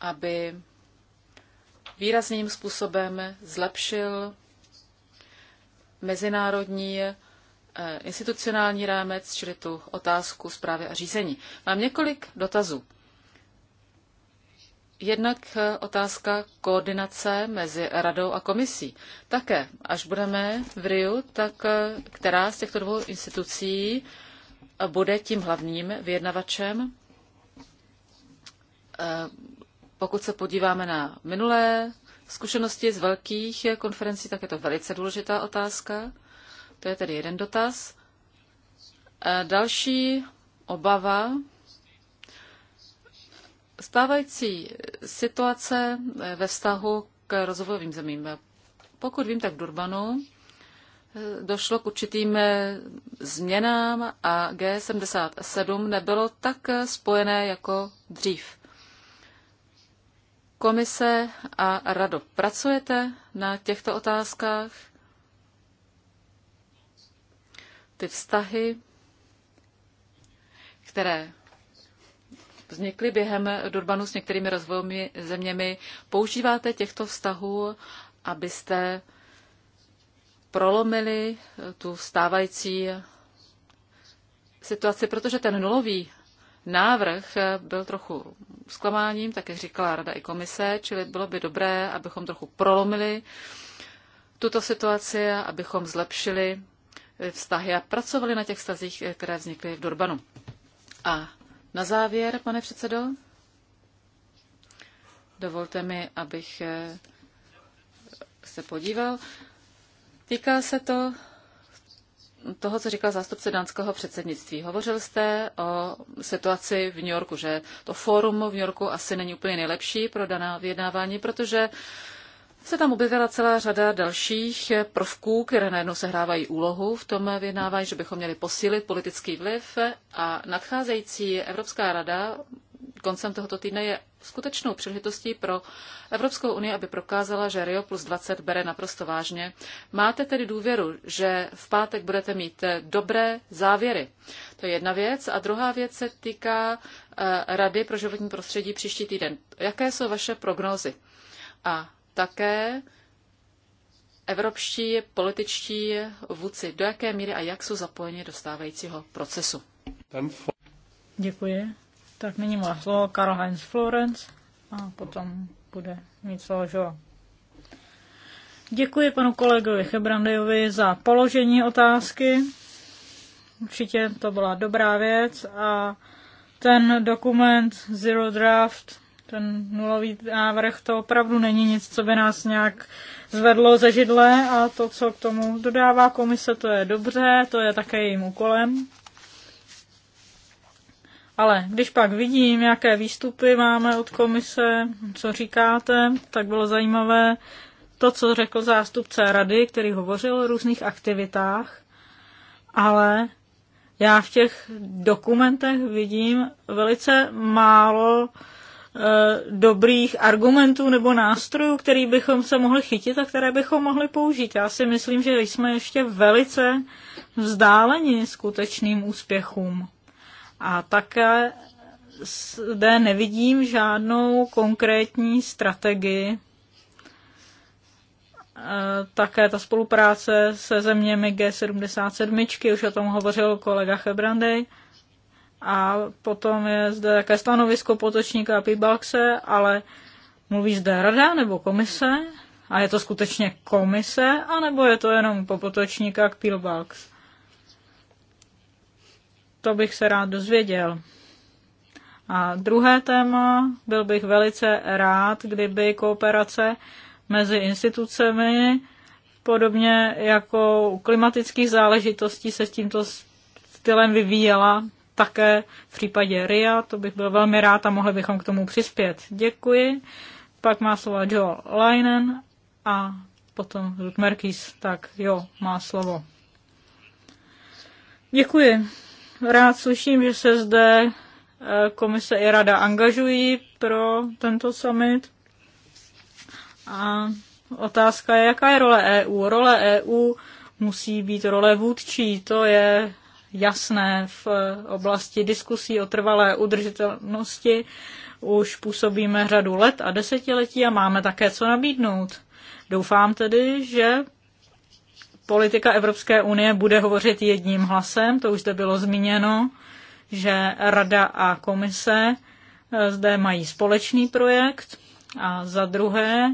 aby výrazným způsobem zlepšil mezinárodní Eh, institucionální rámec, čili tu otázku zprávy a řízení. Mám několik dotazů. Jednak eh, otázka koordinace mezi radou a komisí. Také, až budeme v RIU, tak eh, která z těchto dvou institucí bude tím hlavním vyjednavačem? Pokud se podíváme na minulé zkušenosti z velkých konferencí, tak je to velice důležitá otázka. To je tedy jeden dotaz. Další obava. Stávající situace ve vztahu k rozvojovým zemím. Pokud vím, tak v Durbanu eh, došlo k určitým eh, změnám a G77 nebylo tak eh, spojené jako dřív. Komise a rado, pracujete na těchto otázkách? ty vztahy, které vznikly během Durbanu s některými rozvojovými zeměmi, používáte těchto vztahů, abyste prolomili eh, tu stávající situaci, protože ten nulový návrh eh, byl trochu zklamáním, tak jak říkala Rada i komise, čili bylo by dobré, abychom trochu prolomili tuto situaci, abychom zlepšili vztahy a pracovali na těch vztazích, které vznikly v Durbanu. A na závěr, pane předsedo, dovolte mi, abych eh, se podíval. Týká se to toho, co říkal zástupce dánského předsednictví. Hovořil jste o situaci v New Yorku, že to fórum v New Yorku asi není úplně nejlepší pro daná vyjednávání, protože uh, se tam objevila celá řada dalších prvků, které najednou sehrávají úlohu v tom vyjednávání, že bychom měli posílit politický vliv a nadcházející Evropská rada koncem tohoto týdne je skutečnou příležitostí pro Evropskou unii, aby prokázala, že Rio plus 20 bere naprosto vážně. Máte tedy důvěru, že v pátek budete mít dobré závěry. To je jedna věc. A druhá věc se týká eh, Rady pro životní prostředí příští týden. Jaké jsou vaše prognózy? A také evropští političtí vůdci, do jaké míry a jak jsou zapojeni do stávajícího procesu. Děkuji. Tak nyní má slovo Karl Heinz Florenz a potom bude mít slovo Joa. Děkuji panu kolegovi Hebrandejovi za položení otázky. Určitě to byla dobrá věc a ten dokument Zero Draft ten nulový návrh to opravdu není nic, co by nás nějak zvedlo ze židle a to, co k tomu dodává komise, to je dobře, to je také jejím úkolem. Ale když pak vidím, jaké výstupy máme od komise, co říkáte, tak bylo zajímavé to, co řekl zástupce rady, který hovořil o různých aktivitách, ale já v těch dokumentech vidím velice málo Eh, dobrých argumentů nebo nástrojů, který bychom se mohli chytit a které bychom mohli použít. Já si myslím, že jsme ještě velice vzdáleni skutečným úspěchům. A také zde nevidím žádnou konkrétní strategii. Eh, také ta spolupráce se zeměmi G77, už o tom hovořil kolega Hebrandej, a potom je zde také stanovisko potočníka a ale mluví zde rada nebo komise? A je to skutečně komise, anebo je to jenom po potočníka k To bych se rád dozvěděl. A druhé téma, byl bych velice rád, kdyby kooperace mezi institucemi, podobně jako u klimatických záležitostí, se s tímto stylem vyvíjela také v případě RIA, to bych byl velmi rád a mohli bychom k tomu přispět. Děkuji. Pak má slovo Joel Leinen a potom Ruth Merkis. Tak jo, má slovo. Děkuji. Rád slyším, že se zde eh, komise i rada angažují pro tento summit. A otázka je, jaká je role EU. Role EU musí být role vůdčí. To je jasné v oblasti diskusí o trvalé udržitelnosti. Už působíme řadu let a desetiletí a máme také co nabídnout. Doufám tedy, že politika Evropské unie bude hovořit jedním hlasem, to už zde bylo zmíněno, že Rada a komise eh, zde mají společný projekt a za druhé,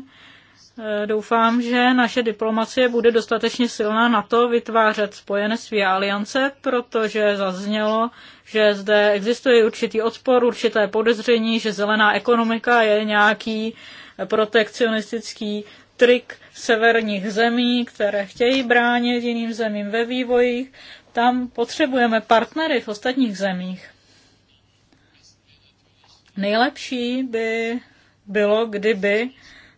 Eh, doufám, že naše diplomacie bude dostatečně silná na to vytvářet spojené a aliance, protože zaznělo, že zde existuje určitý odpor, určité podezření, že zelená ekonomika je nějaký protekcionistický trik severních zemí, které chtějí bránit jiným zemím ve vývoji. Tam potřebujeme partnery v ostatních zemích. Nejlepší by bylo, kdyby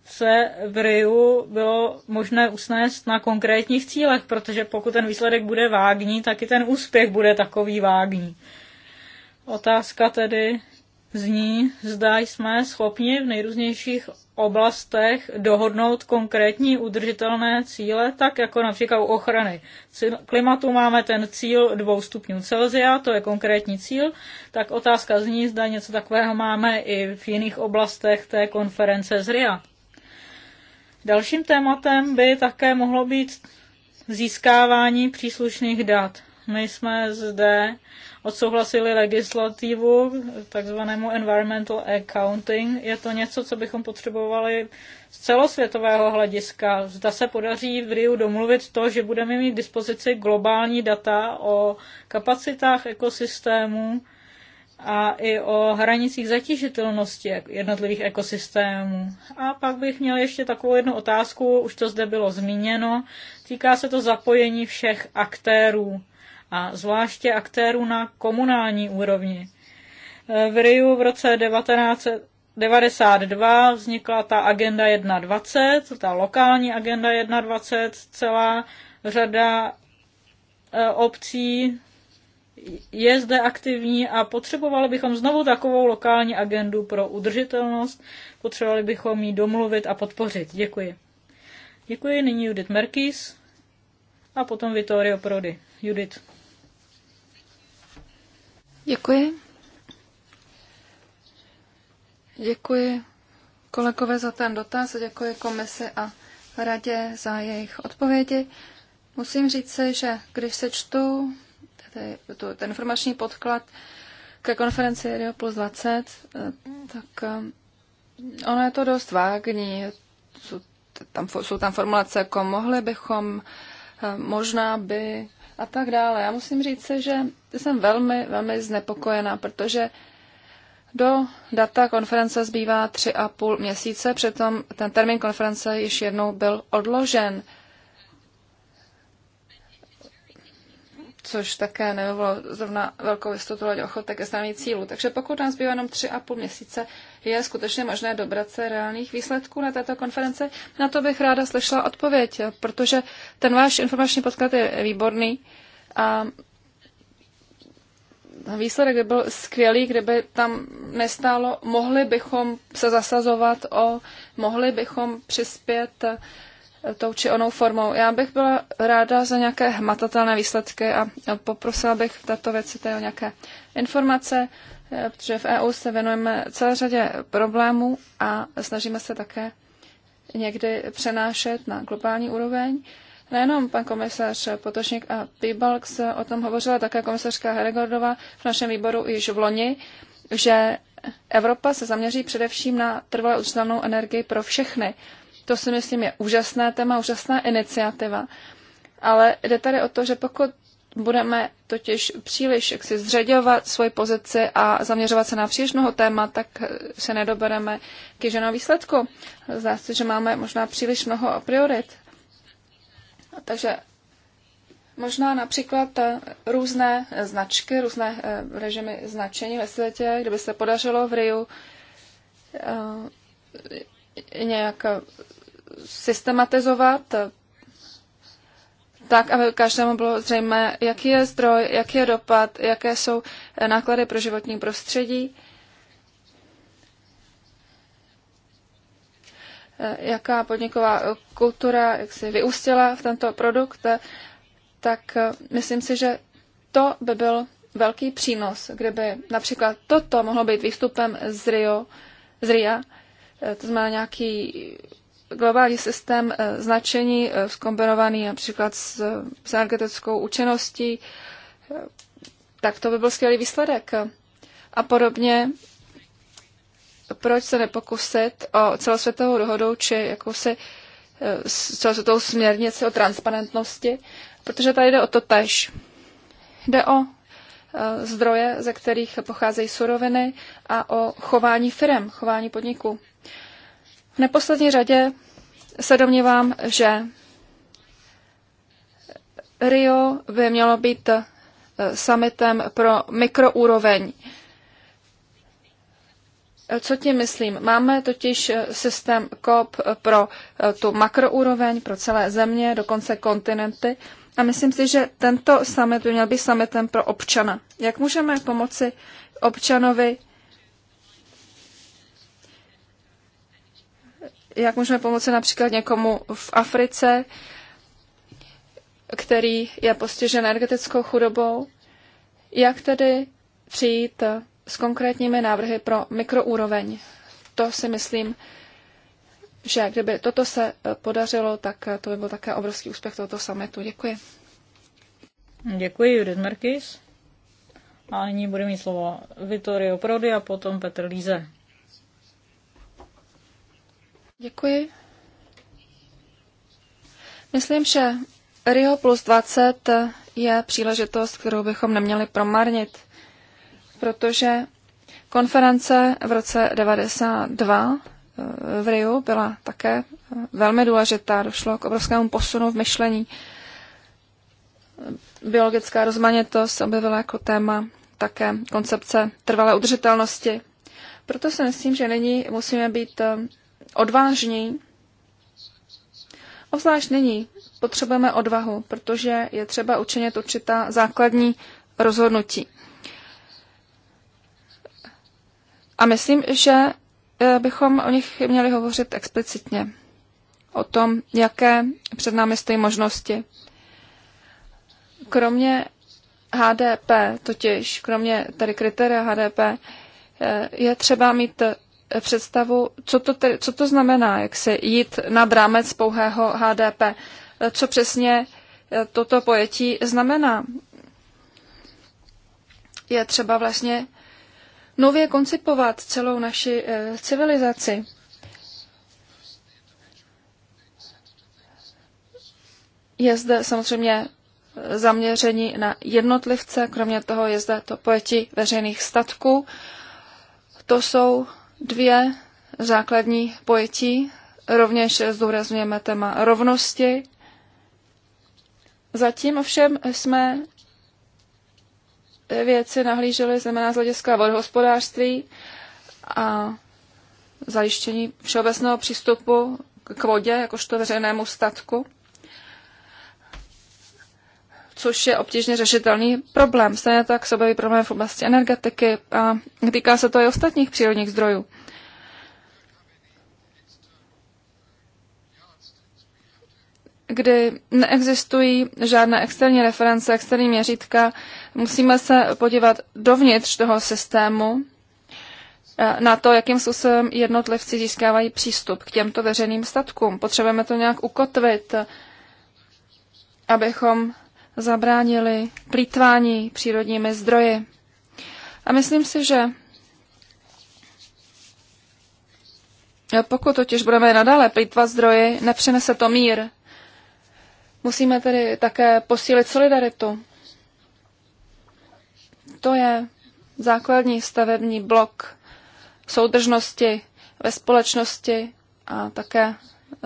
se v Riu bylo možné usnést na konkrétních cílech, protože pokud ten výsledek bude vágní, tak i ten úspěch bude takový vágní. Otázka tedy zní, zda jsme schopni v nejrůznějších oblastech dohodnout konkrétní udržitelné cíle, tak jako například u ochrany klimatu máme ten cíl 2 stupňů Celsia, to je konkrétní cíl, tak otázka zní, zda něco takového máme i v jiných oblastech té konference z RIA. Dalším tématem by také mohlo být získávání příslušných dat. My jsme zde odsouhlasili legislativu takzvanému environmental accounting. Je to něco, co bychom potřebovali z celosvětového hlediska. Zda se podaří v Riu domluvit to, že budeme mít k dispozici globální data o kapacitách ekosystému a i o hranicích zatížitelnosti jednotlivých ekosystémů. A pak bych měl ještě takovou jednu otázku, už to zde bylo zmíněno. Týká se to zapojení všech aktérů a zvláště aktérů na komunální úrovni. V Riu v roce 1992 vznikla ta agenda 1.20, ta lokální agenda 1.20, celá řada e, obcí je zde aktivní a potřebovali bychom znovu takovou lokální agendu pro udržitelnost, potřebovali bychom ji domluvit a podpořit. Děkuji. Děkuji, nyní Judith Merkis a potom Vittorio Prodi. Judith. Děkuji. Děkuji kolegové za ten dotaz, děkuji komisi a radě za jejich odpovědi. Musím říct si, že když se čtu ty, tu, ten informační podklad ke konferenci Rio plus 20, eh, tak eh, ono je to dost vágní. Jsou tam, jsou tam formulace jako mohli bychom, eh, možná by a tak dále. Já musím říct se, že jsem velmi, velmi znepokojená, protože do data konference zbývá tři a půl měsíce, přitom ten termín konference již jednou byl odložen. což také nebylo zrovna velkou jistotu a ochotek ke stanovení cílu. Takže pokud nás bývá jenom půl měsíce, je skutečně možné dobrat se reálných výsledků na této konferenci? Na to bych ráda slyšela odpověď, protože ten váš informační podklad je výborný a výsledek by byl skvělý, kdyby tam nestálo, mohli bychom se zasazovat o, mohli bychom přispět tou či onou formou. Já bych byla ráda za nějaké hmatatelné výsledky a poprosila bych v této věci o nějaké informace, eh, protože v EU se věnujeme celé řadě problémů a snažíme se také někdy přenášet na globální úroveň. Nejenom pan komisař Potočník a Pibalks o tom hovořila také komisařka Heregordova v našem výboru již v loni, že Evropa se zaměří především na trvalou udržitelnou energii pro všechny. To si myslím je úžasné téma, úžasná iniciativa. Ale jde tady o to, že pokud budeme totiž příliš jak si zředěvat svoji pozici a zaměřovat se na příliš mnoho téma, tak se nedobereme k ženou výsledku. Zdá se, že máme možná příliš mnoho priorit. Takže možná například eh, různé značky, různé eh, režimy značení ve světě, kdyby se podařilo v Riu eh, nějak systematizovat tak, aby každému bylo zřejmé, jaký je zdroj, jaký je dopad, jaké jsou náklady pro životní prostředí, jaká podniková kultura jak si vyústila v tento produkt, tak myslím si, že to by byl velký přínos, kdyby například toto mohlo být výstupem z Rio, z RIA, to znamená nějaký globální systém eh, značení zkombinovaný eh, například s, s energetickou účinností, eh, tak to by byl skvělý výsledek. A podobně, proč se nepokusit o celosvětovou dohodu či jakousi celosvětovou směrnici o transparentnosti, protože tady jde o to tež. Jde o zdroje, ze kterých pocházejí suroviny a o chování firm, chování podniků. V neposlední řadě se domnívám, že Rio by mělo být eh, summitem pro mikroúroveň. Eh, co tím myslím? Máme totiž eh, systém COP pro tu makroúroveň, pro celé země, dokonce kontinenty. A myslím si, že tento summit by měl být summitem pro občana. Jak můžeme pomoci občanovi jak můžeme pomoci například někomu v Africe, který je postižen energetickou chudobou, jak tedy přijít s konkrétními návrhy pro mikroúroveň. To si myslím, že kdyby toto se podařilo, tak to by byl také obrovský úspěch tohoto summitu. Děkuji. Děkuji, Judith Merkis. A nyní bude mít slovo Vittorio Prodi a potom Petr Líze. Děkuji. Myslím, že Rio plus 20 je příležitost, kterou bychom neměli promarnit, protože konference v roce 92 eh, v Riu byla také eh, velmi důležitá. Došlo k obrovskému posunu v myšlení. Biologická rozmanitost se objevila jako téma také koncepce trvalé udržitelnosti. Proto si myslím, že nyní musíme být eh, odvážní. Obzvlášť nyní potřebujeme odvahu, protože je třeba učinit určitá základní rozhodnutí. A myslím, že e, bychom o nich měli hovořit explicitně. O tom, jaké před námi stojí možnosti. Kromě HDP, totiž kromě tady kritéria HDP, e, je třeba mít představu, co to, te, co to znamená, jak se jít nad rámec pouhého HDP. Co přesně eh, toto pojetí znamená? Je třeba vlastně nově koncipovat celou naši eh, civilizaci. Je zde samozřejmě eh, zaměření na jednotlivce, kromě toho je zde to pojetí veřejných statků. To jsou dvě základní pojetí. Rovněž zdůrazňujeme téma rovnosti. Zatím ovšem jsme věci nahlíželi znamená z hlediska vodhospodářství a zajištění všeobecného přístupu k vodě, jakožto veřejnému statku což je obtížně řešitelný problém. Stejně tak se objeví problém v oblasti energetiky a týká se to i ostatních přírodních zdrojů. kdy neexistují žádné externí reference, externí měřítka, musíme se podívat dovnitř toho systému eh, na to, jakým způsobem jednotlivci získávají přístup k těmto veřejným statkům. Potřebujeme to nějak ukotvit, abychom zabránili plítvání přírodními zdroji. A myslím si, že pokud totiž budeme nadále plítvat zdroji, nepřinese to mír. Musíme tedy také posílit solidaritu. To je základní stavební blok soudržnosti ve společnosti a také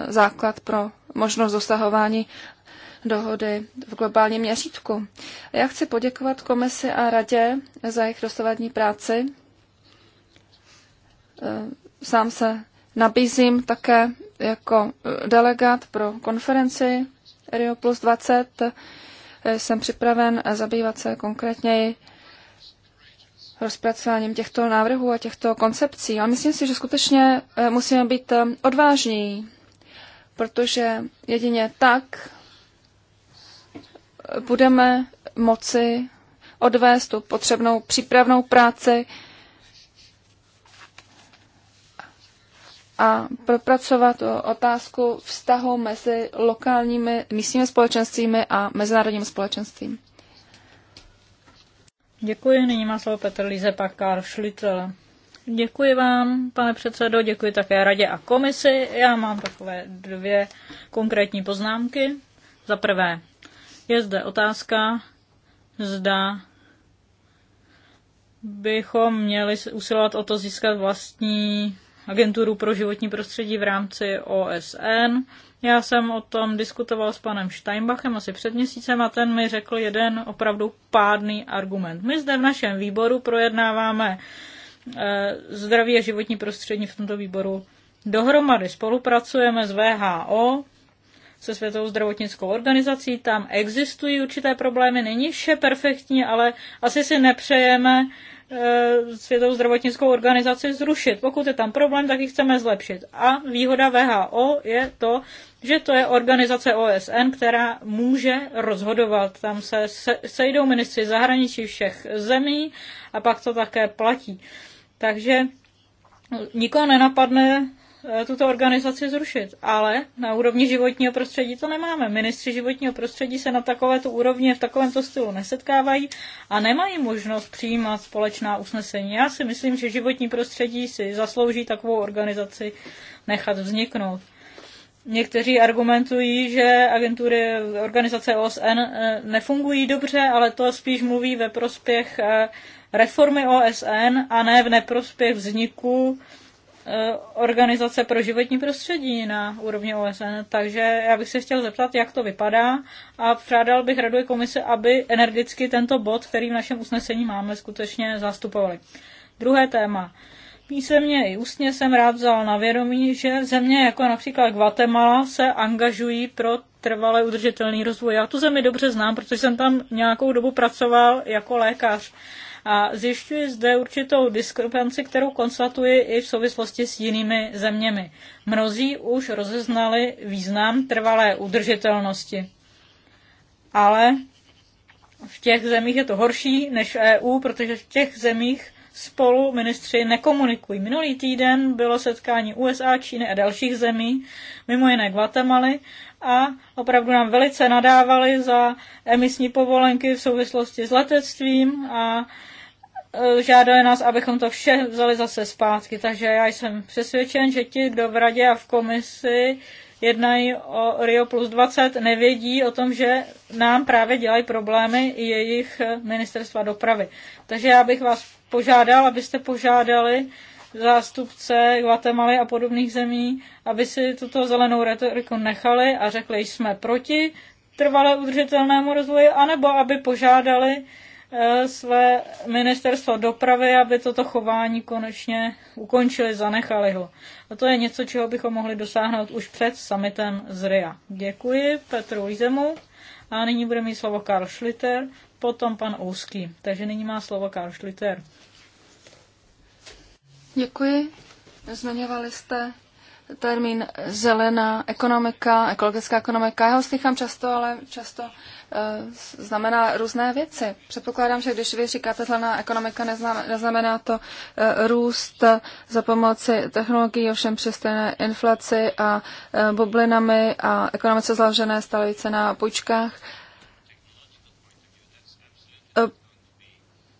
základ pro možnost dosahování dohody v globálním měřítku. Já chci poděkovat komisi a radě za jejich dosavadní práci. Eh, sám se nabízím také jako eh, delegát pro konferenci Rio Plus 20. Eh, jsem připraven zabývat se konkrétněji rozpracováním těchto návrhů a těchto koncepcí. A myslím si, že skutečně musíme být odvážní, protože jedině tak budeme moci odvést tu potřebnou přípravnou práci a propracovat otázku vztahu mezi lokálními místními společenstvími a mezinárodním společenstvím. Děkuji, nyní má slovo Petr Líze, pak Šlitel. Děkuji vám, pane předsedo, děkuji také radě a komisi. Já mám takové dvě konkrétní poznámky. Za prvé, je zde otázka, zda bychom měli usilovat o to získat vlastní agenturu pro životní prostředí v rámci OSN. Já jsem o tom diskutoval s panem Steinbachem asi před měsícem a ten mi řekl jeden opravdu pádný argument. My zde v našem výboru projednáváme eh, zdraví a životní prostředí v tomto výboru dohromady. Spolupracujeme s VHO, se Světovou zdravotnickou organizací. Tam existují určité problémy, není vše perfektní, ale asi si nepřejeme eh, Světovou zdravotnickou organizaci zrušit. Pokud je tam problém, tak ji chceme zlepšit. A výhoda VHO je to, že to je organizace OSN, která může rozhodovat. Tam se sejdou ministři zahraničí všech zemí a pak to také platí. Takže nikoho nenapadne Eh, tuto organizaci zrušit, ale na úrovni životního prostředí to nemáme. Ministři životního prostředí se na takovéto úrovni v takovémto stylu nesetkávají a nemají možnost přijímat společná usnesení. Já si myslím, že životní prostředí si zaslouží takovou organizaci nechat vzniknout. Někteří argumentují, že agentury organizace OSN eh, nefungují dobře, ale to spíš mluví ve prospěch eh, reformy OSN a ne v neprospěch vzniku Eh, organizace pro životní prostředí na úrovni OSN, takže já bych se chtěl zeptat, jak to vypadá a přádal bych Radu komise, aby energicky tento bod, který v našem usnesení máme, skutečně zastupovali. Druhé téma. Písemně i ústně jsem rád vzal na vědomí, že země jako například Guatemala se angažují pro trvalé udržitelný rozvoj. Já tu zemi dobře znám, protože jsem tam nějakou dobu pracoval jako lékař. A zjišťuji zde určitou diskrepanci, kterou konstatuji i v souvislosti s jinými zeměmi. Mnozí už rozeznali význam trvalé udržitelnosti. Ale v těch zemích je to horší než EU, protože v těch zemích spolu ministři nekomunikují. Minulý týden bylo setkání USA, Číny a dalších zemí, mimo jiné Guatemaly, a opravdu nám velice nadávali za emisní povolenky v souvislosti s letectvím a Eh, žádají nás, abychom to vše vzali zase zpátky. Takže já jsem přesvědčen, že ti, kdo v radě a v komisi jednají o Rio plus 20, nevědí o tom, že nám právě dělají problémy jejich eh, ministerstva dopravy. Takže já bych vás požádal, abyste požádali zástupce Guatemaly a podobných zemí, aby si tuto zelenou retoriku nechali a řekli, jsme proti trvale udržitelnému rozvoji, anebo aby požádali E, své ministerstvo dopravy, aby toto chování konečně ukončili, zanechali ho. A to je něco, čeho bychom mohli dosáhnout už před summitem z RIA. Děkuji Petru Lízemu a nyní bude mít slovo Karl Schlitter, potom pan Ouský. Takže nyní má slovo Karl Schlitter. Děkuji. Zmiňovali jste termín zelená ekonomika, ekologická ekonomika. Já ho slychám často, ale často uh, znamená různé věci. Předpokládám, že když vy říkáte zelená ekonomika, neznamená, neznamená to uh, růst za pomoci technologií, ovšem při stejné inflaci a uh, bublinami a ekonomice založené stále více na půjčkách. Uh,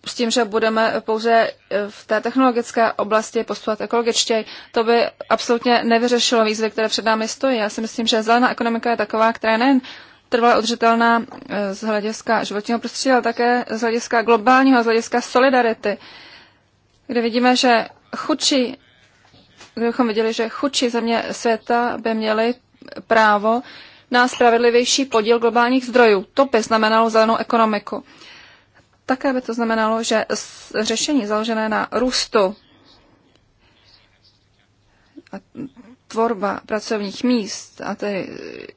s tím, že budeme pouze eh, v té technologické oblasti postupovat ekologičtěji, to by absolutně nevyřešilo výzvy, které před námi stojí. Já si myslím, že zelená ekonomika je taková, která je nejen trvale odřitelná eh, z hlediska životního prostředí, ale také z hlediska globálního, z hlediska solidarity, kde vidíme, že chudší, kdybychom viděli, že chudší země světa by měly právo na spravedlivější podíl globálních zdrojů. To by znamenalo zelenou ekonomiku. Také by to znamenalo, že řešení založené na růstu a tvorba pracovních míst a tedy e,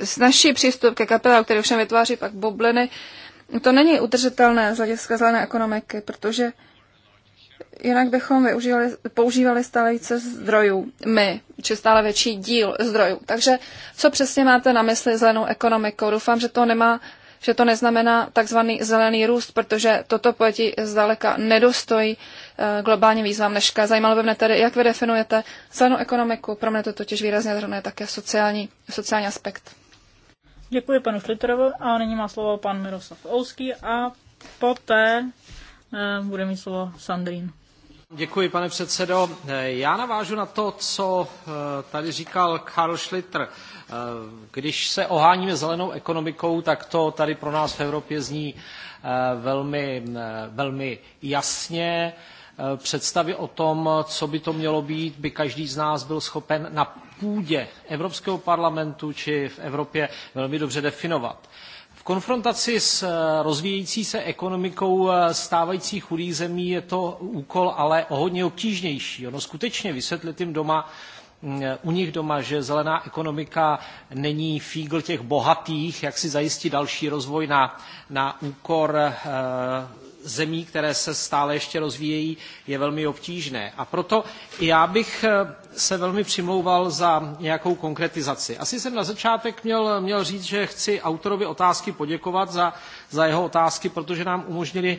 e, snažší přístup ke kapitálu, který všem vytváří pak bubliny, to není udržitelné z hlediska zelené ekonomiky, protože jinak bychom využívali, používali stále více zdrojů, my, či stále větší díl zdrojů. Takže co přesně máte na mysli zelenou ekonomikou? Doufám, že to nemá že to neznamená takzvaný zelený růst, protože toto pojetí zdaleka nedostojí eh, globálně výzvám dneška. Zajímalo by mě tedy, jak vy definujete zelenou ekonomiku. Pro mě to totiž výrazně zhrnuje také sociální, sociální aspekt. Děkuji panu Šliterovi a nyní má slovo pan Miroslav Ouský a poté eh, bude mít slovo Sandrín. Děkuji, pane předsedo. Já navážu na to, co eh, tady říkal Karl Schlitter. Eh, když se oháníme zelenou ekonomikou, tak to tady pro nás v Evropě zní eh, velmi, velmi jasně. Představy o tom, co by to mělo být, by každý z nás byl schopen na půdě Evropského parlamentu či v Evropě velmi dobře definovat konfrontaci s eh, rozvíjející se ekonomikou eh, stávajících chudých zemí je to úkol ale o hodně obtížnější. Ono skutečně vysvětlit jim doma, Eh, u nich doma, že zelená ekonomika není fígl těch bohatých, jak si zajistit další rozvoj na, na úkor eh, zemí, které se stále ještě rozvíjejí, je velmi obtížné. A proto já bych eh, se velmi přimlouval za nějakou konkretizaci. Asi jsem na začátek měl, měl říct, že chci autorovi otázky poděkovat za, za jeho otázky, protože nám umožnili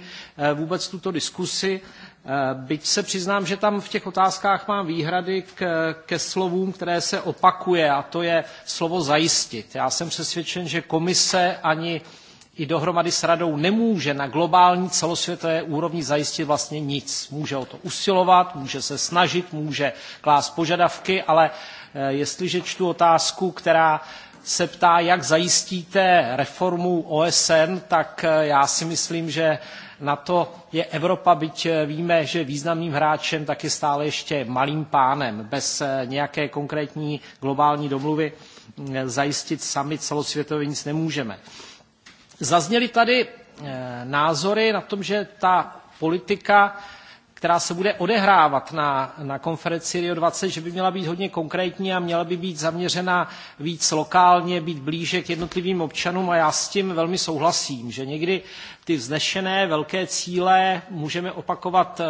vůbec tuto diskusi. Eh, byť se přiznám, že tam v těch otázkách mám výhrady k, ke slovům, které se opakuje, a to je slovo zajistit. Já jsem přesvědčen, že komise ani i dohromady s radou nemůže na globální celosvětové úrovni zajistit vlastně nic. Může o to usilovat, může se snažit, může klást požadavky, ale eh, jestliže čtu otázku, která se ptá, jak zajistíte reformu OSN, tak eh, já si myslím, že na to je Evropa, byť eh, víme, že významným hráčem, tak je stále ještě malým pánem, bez eh, nějaké konkrétní globální domluvy eh, zajistit sami celosvětově nic nemůžeme. Zazněly tady názory na tom, že ta politika která se bude odehrávat na, na konferenci Rio 20, že by měla být hodně konkrétní a měla by být zaměřena víc lokálně, být blíže k jednotlivým občanům a já s tím velmi souhlasím, že někdy ty vznešené velké cíle můžeme opakovat eh,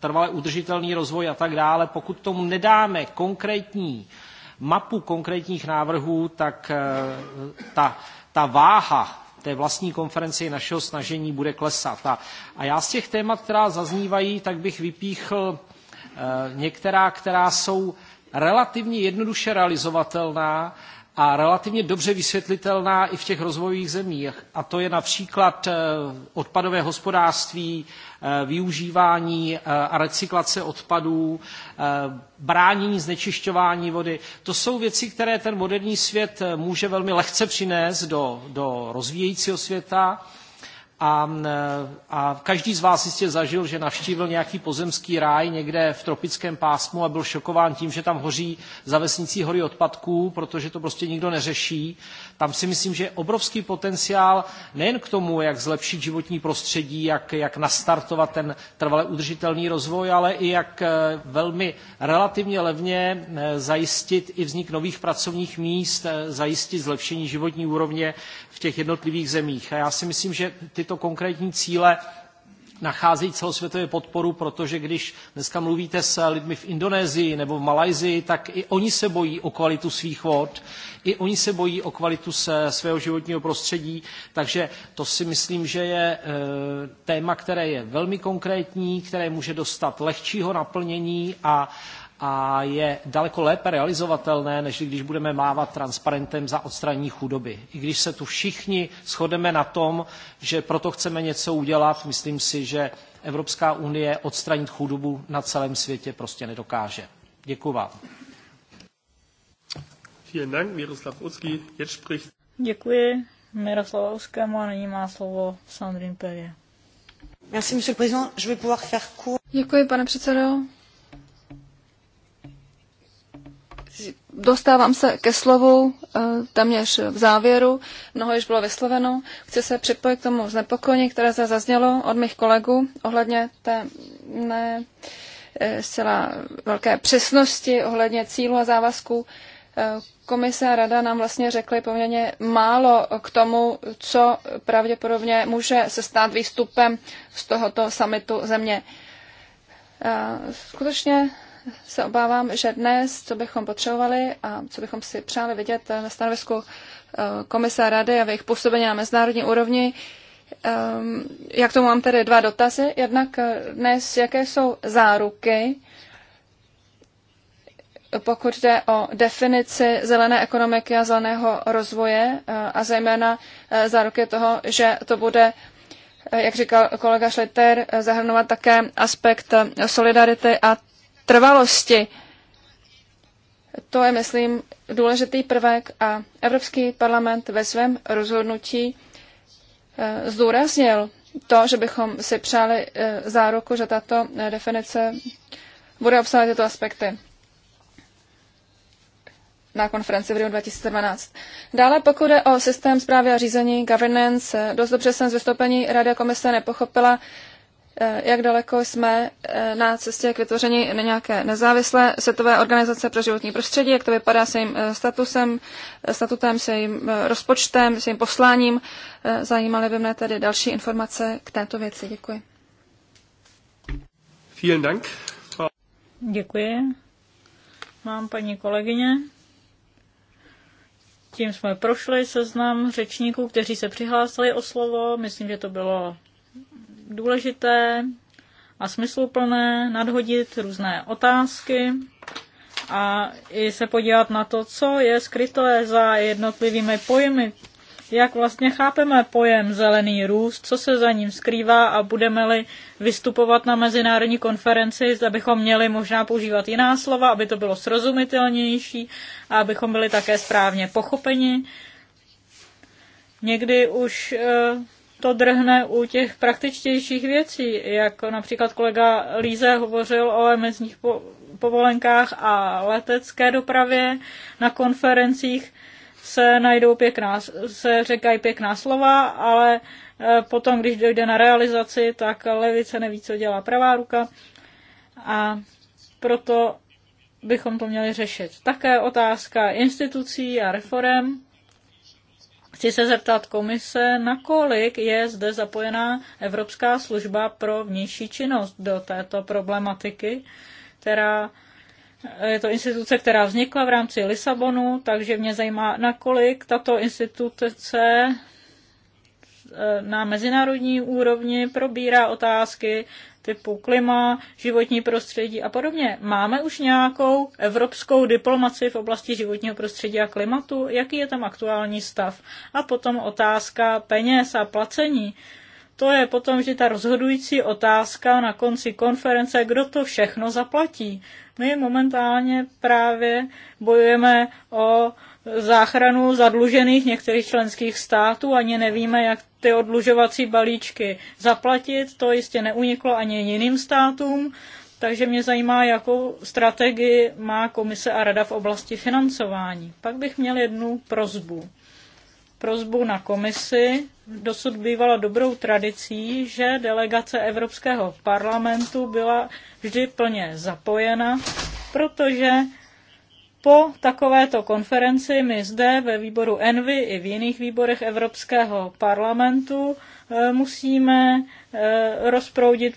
trvale udržitelný rozvoj a tak dále. Pokud tomu nedáme konkrétní mapu konkrétních návrhů, tak eh, ta, ta váha té vlastní konferenci našeho snažení bude klesat. A, a já z těch témat, která zaznívají, tak bych vypíchl eh, některá, která jsou relativně jednoduše realizovatelná a relativně dobře vysvětlitelná i v těch rozvojových zemích. A to je například eh, odpadové hospodářství, Eh, využívání eh, a recyklace odpadů, eh, bránění znečišťování vody. To jsou věci, které ten moderní svět může velmi lehce přinést do, do rozvíjejícího světa. A, a, každý z vás jistě zažil, že navštívil nějaký pozemský ráj někde v tropickém pásmu a byl šokován tím, že tam hoří za vesnicí hory odpadků, protože to prostě nikdo neřeší. Tam si myslím, že je obrovský potenciál nejen k tomu, jak zlepšit životní prostředí, jak, jak nastartovat ten trvale udržitelný rozvoj, ale i jak eh, velmi relativně levně eh, zajistit i vznik nových pracovních míst, eh, zajistit zlepšení životní úrovně v těch jednotlivých zemích. A já si myslím, že tyto konkrétní cíle nacházejí celosvětově podporu, protože když dneska mluvíte s lidmi v Indonésii nebo v Malajzii, tak i oni se bojí o kvalitu svých vod, i oni se bojí o kvalitu svého životního prostředí, takže to si myslím, že je e, téma, které je velmi konkrétní, které může dostat lehčího naplnění a a je daleko lépe realizovatelné, než když budeme mávat transparentem za odstranění chudoby. I když se tu všichni shodeme na tom, že proto chceme něco udělat, myslím si, že Evropská unie odstranit chudobu na celém světě prostě nedokáže. Děkuji vám. Děkuji. Miroslava Uskému no a nyní má slovo Sandrine Perrier. Děkuji, pane předsedo. Dostávám se ke slovu eh, téměř v závěru, mnoho již bylo vysloveno. Chci se připojit k tomu znepokojení, které se zaznělo od mých kolegů ohledně té ne, eh, zcela velké přesnosti ohledně cílu a závazků. Eh, komise a rada nám vlastně řekly poměrně málo k tomu, co pravděpodobně může se stát výstupem z tohoto samitu země. Skutečně se obávám, že dnes, co bychom potřebovali a co bychom si přáli vidět na eh, stanovisku eh, komise a rady a v jejich působení na mezinárodní úrovni, ehm, jak tomu mám tedy dva dotazy. Jednak eh, dnes, jaké jsou záruky, pokud jde o definici zelené ekonomiky a zeleného rozvoje a zejména záruky toho, že to bude jak říkal kolega Schlitter, zahrnovat také aspekt solidarity a trvalosti. To je, myslím, důležitý prvek a Evropský parlament ve svém rozhodnutí eh, zdůraznil to, že bychom si přáli eh, záruku, že tato eh, definice bude obsahovat tyto aspekty na konferenci v Rio 2012. Dále pokud je o systém zprávy a řízení, governance, dost dobře jsem z vystoupení Rady komise nepochopila, Eh, jak daleko jsme eh, na cestě k vytvoření nějaké nezávislé světové organizace pro životní prostředí, jak to vypadá s jejím eh, statusem, statutem, s jejím rozpočtem, s jejím posláním. Zajímaly by mě tedy další informace k této věci. Děkuji. Vielen Dank. Děkuji. Mám paní kolegyně. Tím jsme prošli seznam řečníků, kteří se přihlásili o slovo. Myslím, že to bylo důležité a smysluplné nadhodit různé otázky a i se podívat na to, co je skryté za jednotlivými pojmy, jak vlastně chápeme pojem zelený růst, co se za ním skrývá a budeme-li vystupovat na mezinárodní konferenci, zda bychom měli možná používat jiná slova, aby to bylo srozumitelnější a abychom byli také správně pochopeni. Někdy už eh, to drhne u těch praktičtějších věcí, jako například kolega Líze hovořil o emisních povolenkách a letecké dopravě na konferencích se najdou pěkná, se řekají pěkná slova, ale e, potom, když dojde na realizaci, tak levice neví, co dělá pravá ruka. A proto bychom to měli řešit. Také otázka institucí a reform. Chci se zeptat komise, nakolik je zde zapojená Evropská služba pro vnější činnost do této problematiky, která eh, je to instituce, která vznikla v rámci Lisabonu, takže mě zajímá, nakolik tato instituce eh, na mezinárodní úrovni probírá otázky typu klima, životní prostředí a podobně. Máme už nějakou evropskou diplomaci v oblasti životního prostředí a klimatu? Jaký je tam aktuální stav? A potom otázka peněz a placení. To je potom že ta rozhodující otázka na konci konference, kdo to všechno zaplatí. My momentálně právě bojujeme o záchranu zadlužených některých členských států, ani nevíme, jak ty odlužovací balíčky zaplatit, to jistě neuniklo ani jiným státům, takže mě zajímá, jakou strategii má komise a rada v oblasti financování. Pak bych měl jednu prozbu. Prozbu na komisi. Dosud bývala dobrou tradicí, že delegace Evropského parlamentu byla vždy plně zapojena, protože po takovéto konferenci my zde ve výboru Envy i v jiných výborech Evropského parlamentu e, musíme e, rozproudit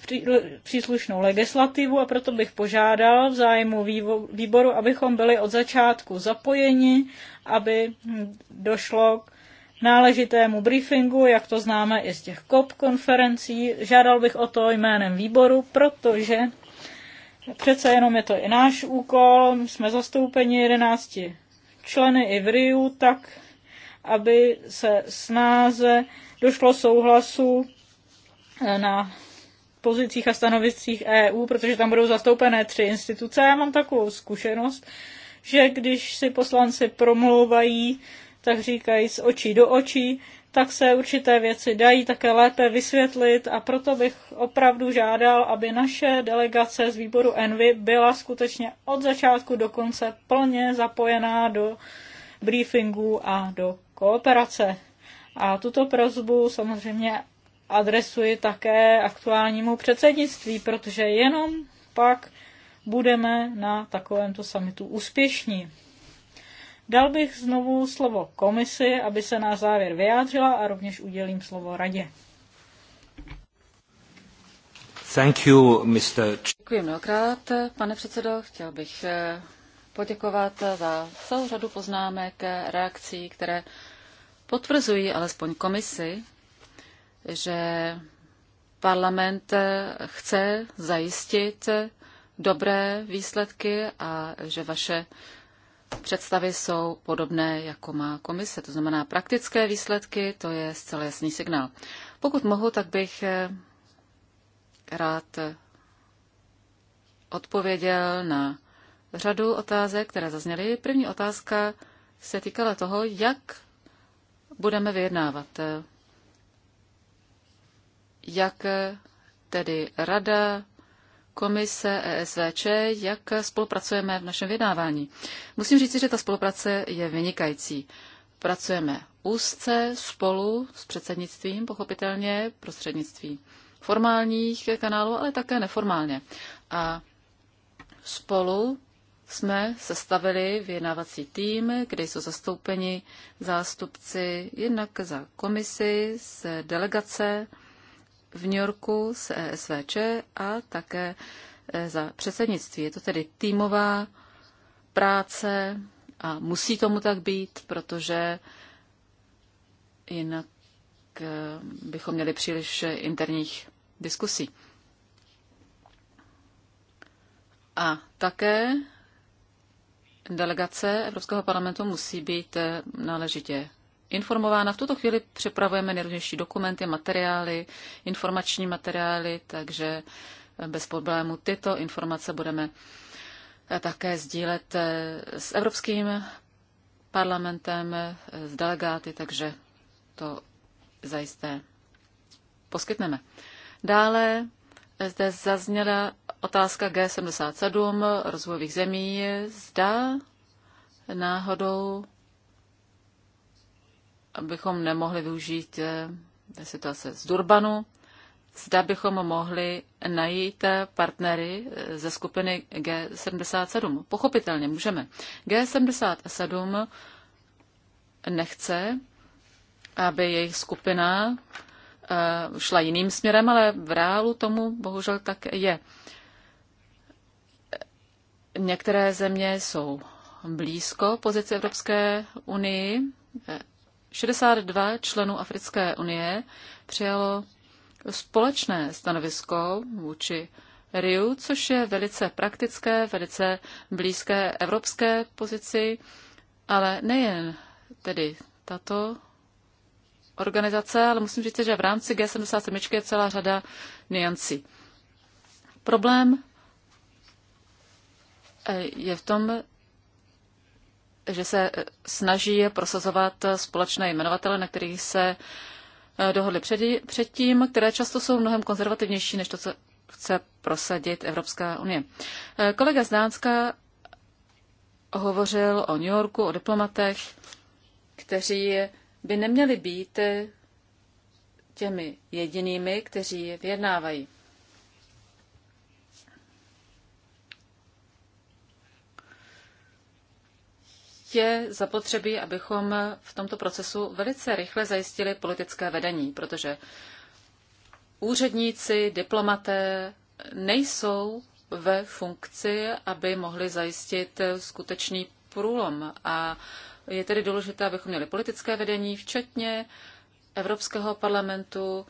příslušnou legislativu a proto bych požádal v zájmu výboru, abychom byli od začátku zapojeni, aby došlo k náležitému briefingu, jak to známe i z těch COP konferencí. Žádal bych o to jménem výboru, protože Přece jenom je to i náš úkol, jsme zastoupeni 11 členy i v RIU, tak aby se snáze došlo souhlasu eh, na pozicích a stanovicích EU, protože tam budou zastoupené tři instituce. Já mám takovou zkušenost, že když si poslanci promlouvají, tak říkají z očí do očí, tak se určité věci dají také lépe vysvětlit a proto bych opravdu žádal, aby naše delegace z výboru Envy byla skutečně od začátku do konce plně zapojená do briefingu a do kooperace. A tuto prozbu samozřejmě adresuji také aktuálnímu předsednictví, protože jenom pak budeme na takovémto samitu úspěšní. Dal bych znovu slovo komisi, aby se na závěr vyjádřila a rovněž udělím slovo radě. Thank you, Mr. Děkuji mnohokrát, pane předsedo. Chtěl bych eh, poděkovat za celou řadu poznámek, reakcí, které potvrzují alespoň komisi, že parlament eh, chce zajistit eh, dobré výsledky a že vaše představy jsou podobné, jako má komise. To znamená praktické výsledky, to je zcela jasný signál. Pokud mohu, tak bych eh, rád odpověděl na řadu otázek, které zazněly. První otázka se týkala toho, jak budeme vyjednávat. Eh, jak tedy rada komise ESVČ, jak spolupracujeme v našem vydávání. Musím říct, že ta spolupráce je vynikající. Pracujeme úzce spolu s předsednictvím, pochopitelně prostřednictvím formálních kanálů, ale také neformálně. A spolu jsme sestavili vyjednávací tým, kde jsou zastoupeni zástupci jednak za komisi, z delegace v New Yorku s ESVČ a také e, za předsednictví. Je to tedy týmová práce a musí tomu tak být, protože jinak e, bychom měli příliš interních diskusí. A také delegace Evropského parlamentu musí být e, náležitě informována. V tuto chvíli připravujeme nejrůznější dokumenty, materiály, informační materiály, takže eh, bez problému tyto informace budeme eh, také sdílet eh, s Evropským parlamentem, s delegáty, takže to zajisté poskytneme. Dále zde zazněla otázka G77 rozvojových zemí. Zda náhodou bychom nemohli využít eh, situace z Durbanu, zda bychom mohli najít eh, partnery eh, ze skupiny G77. Pochopitelně můžeme. G77 nechce, aby jejich skupina šla jiným směrem, ale v reálu tomu bohužel tak je. Některé země jsou blízko pozici Evropské unii, 62 členů Africké unie přijalo společné stanovisko vůči RIU, což je velice praktické, velice blízké evropské pozici, ale nejen tedy tato organizace, ale musím říct, že v rámci G77 je celá řada niancí. Problém eh, je v tom, že se eh, snaží prosazovat eh, společné jmenovatele, na kterých se eh, dohodli předtím, které často jsou mnohem konzervativnější než to, co chce prosadit Evropská unie. Kolega z Dánska hovořil o New Yorku, o diplomatech, kteří by neměli být těmi jedinými, kteří vyjednávají. je zapotřebí, abychom v tomto procesu velice rychle zajistili politické vedení, protože úředníci, diplomaté nejsou ve funkci, aby mohli zajistit skutečný průlom. A je tedy důležité, abychom měli politické vedení, včetně Evropského parlamentu,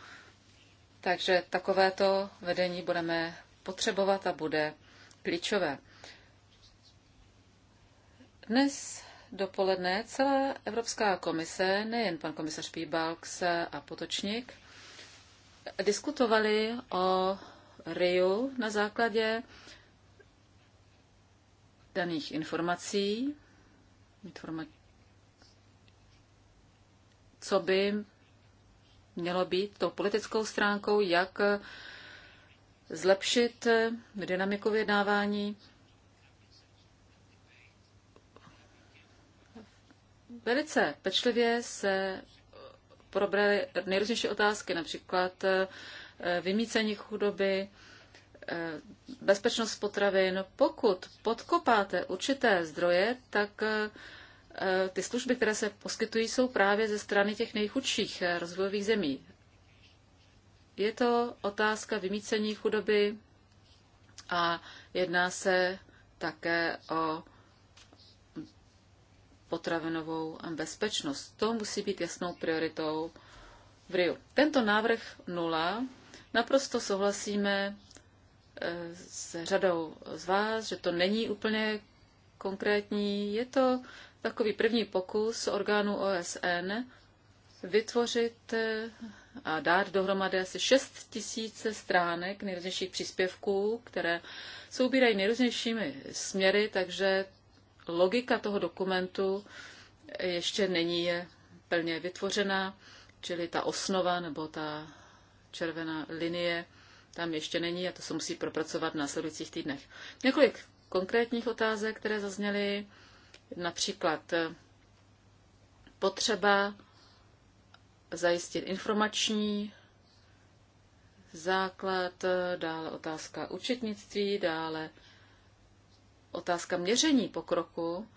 takže takovéto vedení budeme potřebovat a bude klíčové. Dnes dopoledne celá Evropská komise, nejen pan komisař Píbalks a Potočník, diskutovali o RIU na základě daných informací, co by mělo být tou politickou stránkou, jak zlepšit dynamiku vyjednávání Velice pečlivě se probrali nejrůznější otázky, například eh, vymícení chudoby, eh, bezpečnost potravin. Pokud podkopáte určité zdroje, tak eh, ty služby, které se poskytují, jsou právě ze strany těch nejchudších rozvojových zemí. Je to otázka vymícení chudoby a jedná se také o potravinovou bezpečnost. To musí být jasnou prioritou v Riu. Tento návrh nula naprosto souhlasíme eh, s řadou z vás, že to není úplně konkrétní. Je to takový první pokus orgánu OSN vytvořit eh, a dát dohromady asi 6 tisíc stránek nejrůznějších příspěvků, které soubírají nejrůznějšími směry, takže logika toho dokumentu ještě není plně vytvořená, čili ta osnova nebo ta červená linie tam ještě není a to se musí propracovat v následujících týdnech. Několik konkrétních otázek, které zazněly, například eh, potřeba zajistit informační základ, eh, dále otázka účetnictví, dále otázka měření pokroku.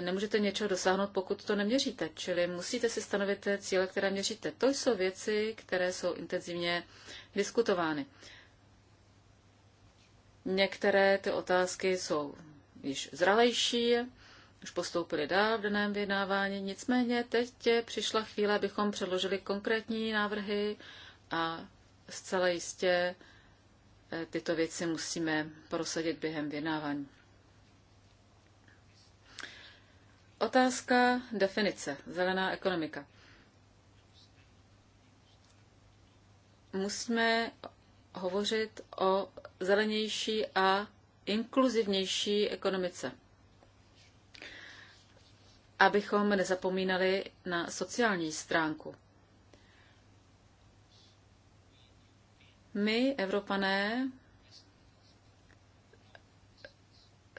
Nemůžete něčeho dosáhnout, pokud to neměříte, čili musíte si stanovit cíle, které měříte. To jsou věci, které jsou intenzivně diskutovány. Některé ty otázky jsou již zralejší, už postoupili dál v daném vyjednávání. Nicméně teď přišla chvíle, abychom předložili konkrétní návrhy a zcela jistě eh, tyto věci musíme prosadit během vyjednávání. Otázka definice. Zelená ekonomika. Musíme hovořit o zelenější a inkluzivnější ekonomice, abychom nezapomínali na sociální stránku. My, Evropané,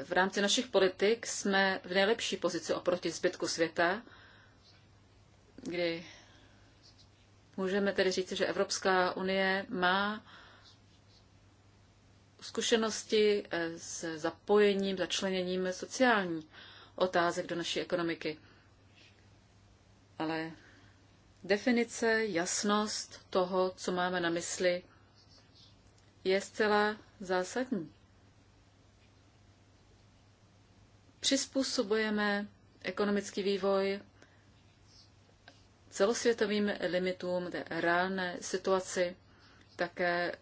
v rámci našich politik jsme v nejlepší pozici oproti zbytku světa, kdy můžeme tedy říct, že Evropská unie má zkušenosti eh, s zapojením, začleněním sociální otázek do naší ekonomiky. Ale definice, jasnost toho, co máme na mysli, je zcela zásadní. přizpůsobujeme ekonomický vývoj celosvětovým limitům, té reálné situaci, také